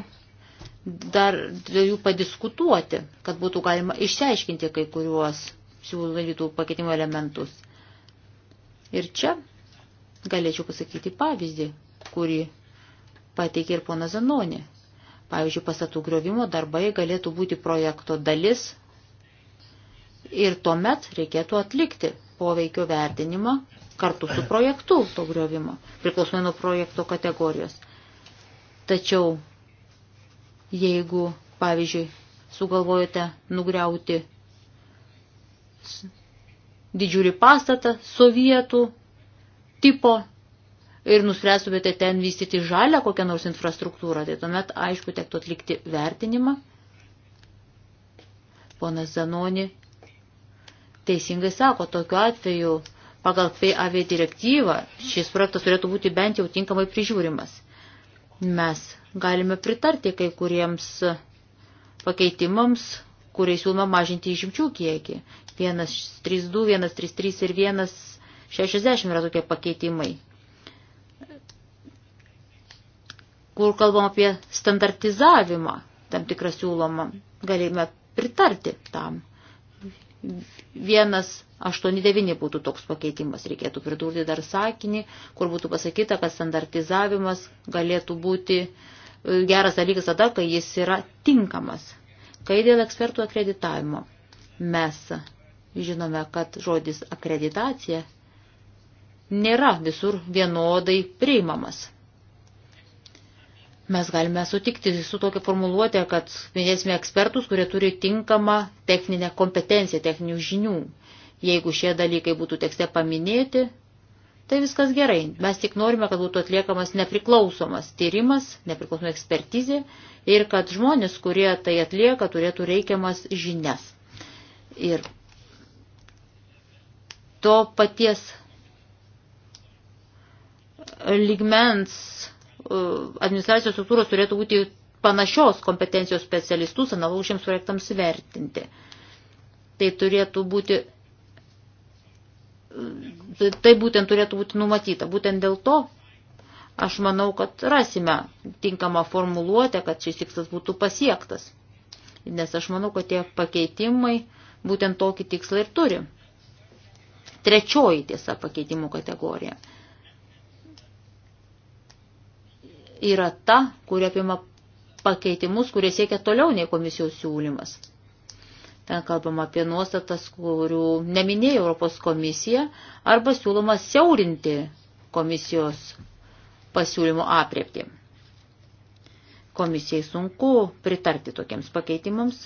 dar dėl jų padiskutuoti, kad būtų galima išsiaiškinti kai kuriuos siūlytų pakeitimo elementus. Ir čia galėčiau pasakyti pavyzdį, kurį pateikė ir pona Zanonė. Pavyzdžiui, pastatų griovimo darbai galėtų būti projekto dalis ir tuomet reikėtų atlikti poveikio vertinimą kartu su projektu to griovimo, priklausomai nuo projekto kategorijos. Tačiau jeigu, pavyzdžiui, sugalvojate nugriauti didžiulį pastatą sovietų tipo ir nuspręstumėte ten vystyti žalę kokią nors infrastruktūrą, tai tuomet, aišku, tektų atlikti vertinimą. Ponas Zanoni teisingai sako, tokiu atveju Pagal PAV direktyvą šis projektas turėtų būti bent jau tinkamai prižiūrimas. Mes galime pritarti kai kuriems pakeitimams, kuriais siūloma mažinti išimčių kiekį. 132, 133 ir 160 yra tokie pakeitimai. Kur kalbam apie standartizavimą, tam tikrą siūlomą, galime pritarti tam. Vienas 8.9 būtų toks pakeitimas. Reikėtų pridurti dar sakinį, kur būtų pasakyta, kad standartizavimas galėtų būti e, geras dalykas tada, kai jis yra tinkamas. Kai dėl ekspertų akreditavimo mes žinome, kad žodis akreditacija nėra visur vienodai priimamas. Mes galime sutikti su tokia formuluotė, kad minėsime ekspertus, kurie turi tinkamą techninę kompetenciją, techninių žinių. Jeigu šie dalykai būtų tekste paminėti, tai viskas gerai. Mes tik norime, kad būtų atliekamas nepriklausomas tyrimas, nepriklausoma ekspertizė ir kad žmonės, kurie tai atlieka, turėtų reikiamas žinias. Ir to paties e, ligmens e, administracijos struktūros turėtų būti panašios kompetencijos specialistus analogų šiems projektams vertinti. Tai turėtų būti Tai, tai būtent turėtų būti numatyta. Būtent dėl to aš manau, kad rasime tinkamą formuluotę, kad šis tikslas būtų pasiektas. Nes aš manau, kad tie pakeitimai būtent tokį tikslą ir turi. Trečioji tiesa pakeitimų kategorija yra ta, kuri apima pakeitimus, kurie siekia toliau nei komisijos siūlymas. Ten kalbama apie nuostatas, kurių neminėjo Europos komisija, arba siūloma siaurinti komisijos pasiūlymų apriepti. Komisijai sunku pritarti tokiems pakeitimams.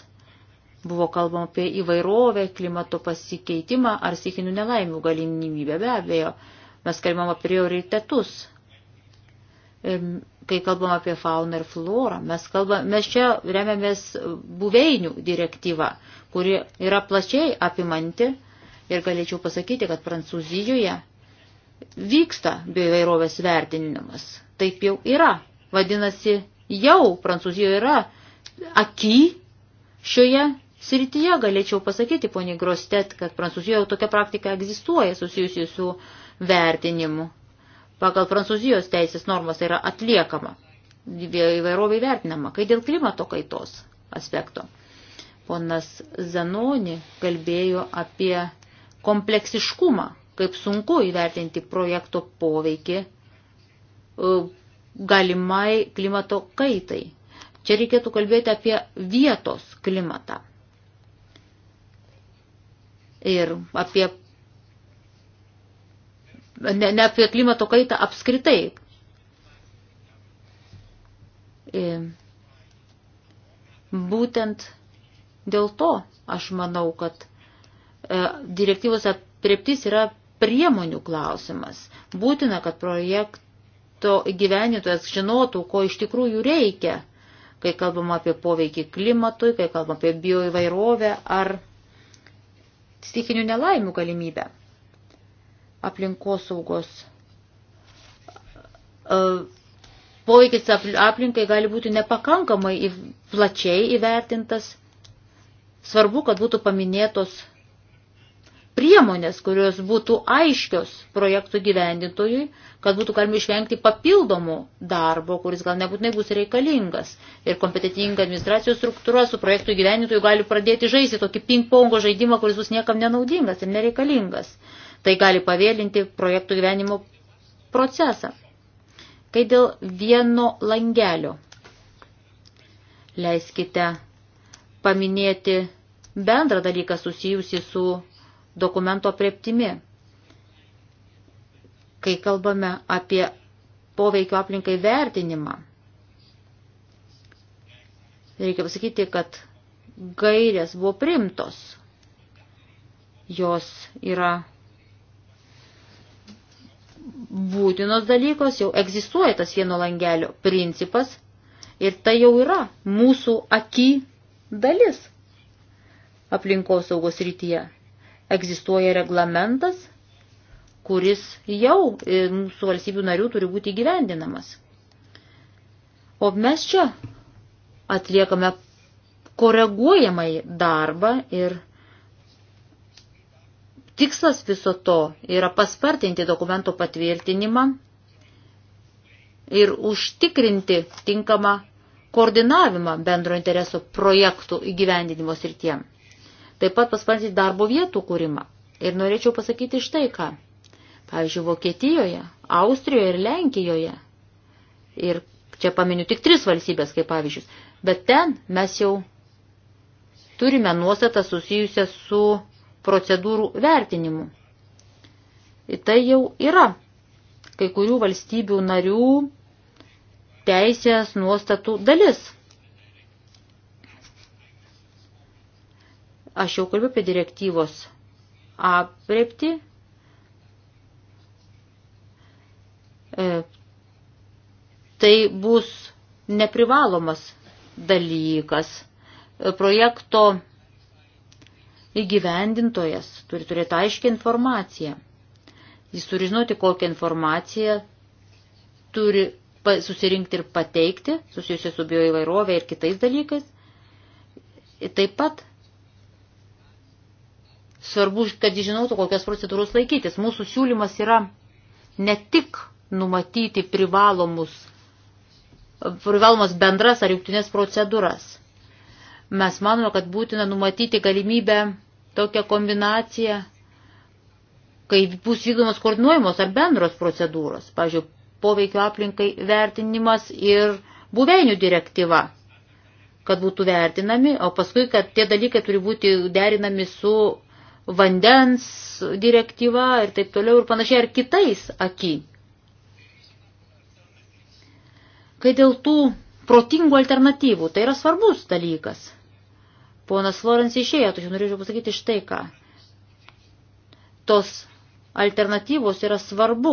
Buvo kalbama apie įvairovę, klimato pasikeitimą ar sėkinių nelaimių galimybę be abejo. Mes kalbam apie prioritetus. Ir kai kalbam apie fauną ir florą, mes, kalbam, mes čia remiamės buveinių direktyvą, kuri yra plačiai apimanti ir galėčiau pasakyti, kad Prancūzijoje vyksta bioįvairovės vertinimas. Taip jau yra. Vadinasi, jau Prancūzijoje yra aky šioje srityje, galėčiau pasakyti, poniai Grostet, kad Prancūzijoje tokia praktika egzistuoja susijusi su vertinimu. Pagal Prancūzijos teisės normas tai yra atliekama, įvairoviai vertinama, kai dėl klimato kaitos aspekto. Ponas Zanoni kalbėjo apie kompleksiškumą, kaip sunku įvertinti projekto poveikį e, galimai klimato kaitai. Čia reikėtų kalbėti apie vietos klimatą ir apie, ne, ne apie klimato kaitą apskritai. E, būtent Dėl to aš manau, kad e, direktyvos apreptis yra priemonių klausimas. Būtina, kad projekto gyvenintojas žinotų, ko iš tikrųjų reikia, kai kalbam apie poveikį klimatui, kai kalbam apie bioįvairovę ar stikinių nelaimių galimybę. Aplinkosaugos. E, poveikis aplinkai gali būti nepakankamai plačiai įvertintas Svarbu, kad būtų paminėtos priemonės, kurios būtų aiškios projektų gyvendintojui, kad būtų galima išvengti papildomų darbo, kuris gal nebūtinai bus reikalingas. Ir kompetitinga administracijos struktūra su projektų gyvendintoju gali pradėti žaisti tokį ping-pongo žaidimą, kuris bus niekam nenaudingas ir nereikalingas. Tai gali pavėlinti projektų gyvenimo procesą. Kai dėl vieno langelio. Leiskite paminėti bendrą dalyką susijusi su dokumento prieptimi. Kai kalbame apie poveikio aplinkai vertinimą, reikia pasakyti, kad gairės buvo primtos. Jos yra būtinos dalykos, jau egzistuoja tas vieno langelio principas ir tai jau yra mūsų aki dalis aplinkos saugos rytyje. Egzistuoja reglamentas, kuris jau e, mūsų valstybių narių turi būti įgyvendinamas. O mes čia atliekame koreguojamai darbą ir tikslas viso to yra paspartinti dokumento patvirtinimą ir užtikrinti tinkamą koordinavimą bendro interesų projektų įgyvendinimo srityje. Taip pat paspartinti darbo vietų kūrimą. Ir norėčiau pasakyti štai ką. Pavyzdžiui, Vokietijoje, Austrijoje ir Lenkijoje. Ir čia paminiu tik tris valstybės kaip pavyzdžius. Bet ten mes jau turime nuostatą susijusią su procedūrų vertinimu. Ir tai jau yra kai kurių valstybių narių teisės nuostatų dalis. Aš jau kalbėjau apie direktyvos aprepti. E, tai bus neprivalomas dalykas. E, projekto įgyvendintojas turi turėti aiškę informaciją. Jis turi žinoti, kokią informaciją turi susirinkti ir pateikti, susijusi su bioįvairovė ir kitais dalykais. Taip pat svarbu, kad žinotų, kokias procedūros laikytis. Mūsų siūlymas yra ne tik numatyti privalomus, privalomas bendras ar jungtinės procedūras. Mes manome, kad būtina numatyti galimybę tokią kombinaciją kai bus vykdomos koordinuojamos ar bendros procedūros. Pavyzdžiui, poveikio aplinkai vertinimas ir buveinių direktyva, kad būtų vertinami, o paskui, kad tie dalykai turi būti derinami su vandens direktyva ir taip toliau ir panašiai, ar kitais aki. Kai dėl tų protingų alternatyvų, tai yra svarbus dalykas. Ponas Florence išėjo, tačiau norėčiau pasakyti štai ką. Tos alternatyvos yra svarbu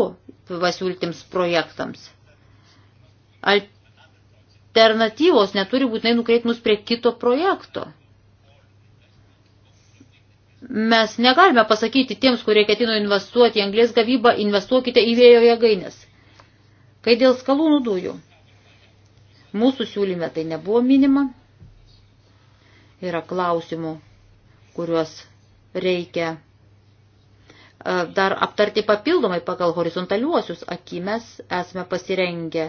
pasiūlytiems projektams. Alternatyvos neturi būtinai nukreipti prie kito projekto. Mes negalime pasakyti tiems, kurie ketino investuoti į anglės gavybą, investuokite į vėjo jėgainės. Kai dėl skalūnų dujų, mūsų siūlyme tai nebuvo minima, yra klausimų, kuriuos reikia E, dar aptarti papildomai pagal horizontaliuosius akimes esame pasirengę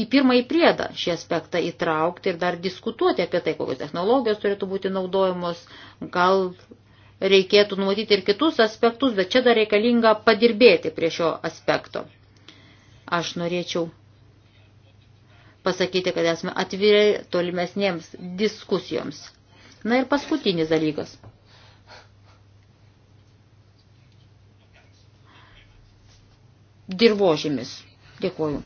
į pirmąjį priedą šį aspektą įtraukti ir dar diskutuoti apie tai, kokios technologijos turėtų būti naudojamos, gal reikėtų numatyti ir kitus aspektus, bet čia dar reikalinga padirbėti prie šio aspekto. Aš norėčiau pasakyti, kad esame atviri tolimesnėms diskusijoms. Na ir paskutinis dalykas – dirbožėmis. Dėkuoju.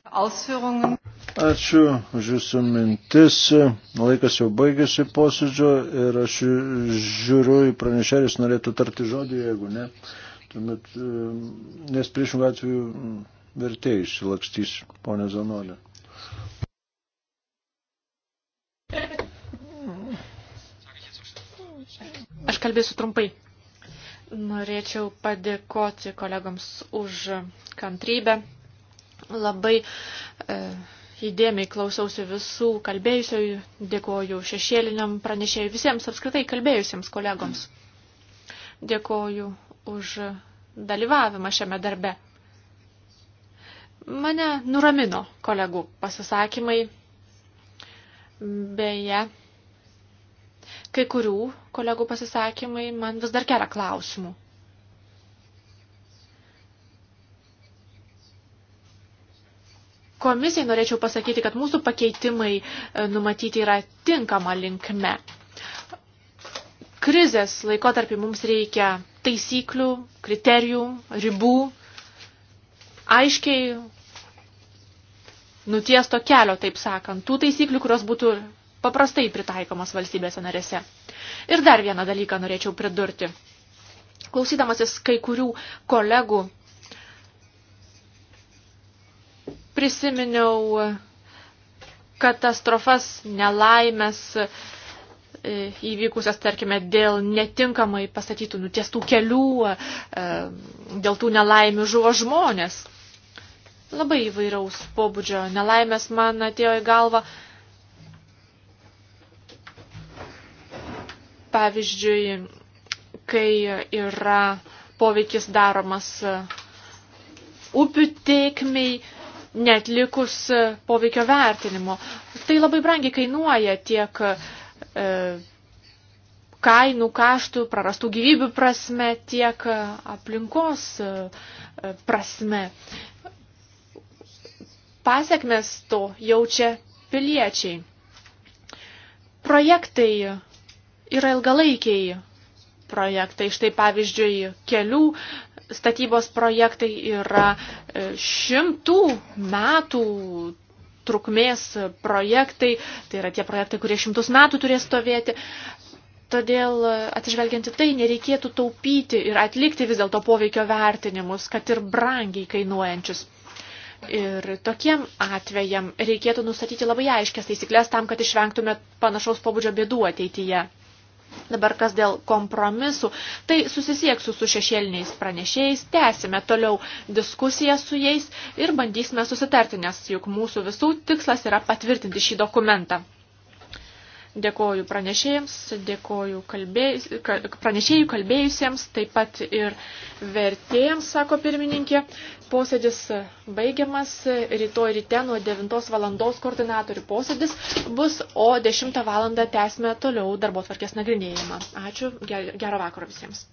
Ačiū už Jūsų mintis. Laikas jau baigėsi posėdžio ir aš žiūriu į pranešėlis norėtų tarti žodį, jeigu ne. Tuomet, e, nes priešingų atveju mm, vertėjai išsilakstys, ponė Zanolė. Aš kalbėsiu trumpai. Norėčiau padėkoti kolegams už kantrybę. Labai e, įdėmiai klausiausi visų kalbėjusiojų, dėkoju šešėliniam pranešėjui, visiems apskritai kalbėjusiems kolegoms. Dėkoju už dalyvavimą šiame darbe. Mane nuramino kolegų pasisakymai, beje, kai kurių kolegų pasisakymai man vis dar kelia klausimų. Komisijai norėčiau pasakyti, kad mūsų pakeitimai e, numatyti yra tinkama linkme. Krizės laikotarpį mums reikia taisyklių, kriterijų, ribų, aiškiai nutiesto kelio, taip sakant, tų taisyklių, kurios būtų paprastai pritaikomos valstybėse narėse. Ir dar vieną dalyką norėčiau pridurti. Klausydamasis kai kurių kolegų prisiminiau katastrofas, nelaimės e, įvykusias, tarkime, dėl netinkamai pastatytų nutiestų kelių, e, dėl tų nelaimių žuvo žmonės. Labai įvairaus pobūdžio nelaimės man atėjo į galvą Pavyzdžiui, kai yra poveikis daromas e, upių tėkmiai, netlikus e, poveikio vertinimo. Tai labai brangiai kainuoja tiek e, kainų, kaštų, prarastų gyvybių prasme, tiek aplinkos e, prasme. Pasiekmes to jaučia piliečiai. Projektai yra ilgalaikiai projektai. Štai pavyzdžiui, kelių statybos projektai yra e, šimtų metų trukmės projektai, tai yra tie projektai, kurie šimtus metų turės stovėti. Todėl e, atsižvelgiant į tai nereikėtų taupyti ir atlikti vis dėlto poveikio vertinimus, kad ir brangiai kainuojančius. Ir tokiem atvejam reikėtų nustatyti labai aiškias taisyklės tam, kad išvengtume panašaus pobūdžio bėdų ateityje. Dabar kas dėl kompromisų, tai susisieksiu su šešėliniais pranešėjais, tęsime toliau diskusiją su jais ir bandysime susitarti, nes juk mūsų visų tikslas yra patvirtinti šį dokumentą. Dėkoju pranešėjams, dėkoju kalbėjus, pranešėjų kalbėjusiems, taip pat ir vertėjams, sako pirmininkė. Posėdis baigiamas, rytoj ryte nuo 9 valandos koordinatorių posėdis bus, o 10 valandą tęsime toliau darbo tvarkės nagrinėjimą. Ačiū, gero vakaro visiems.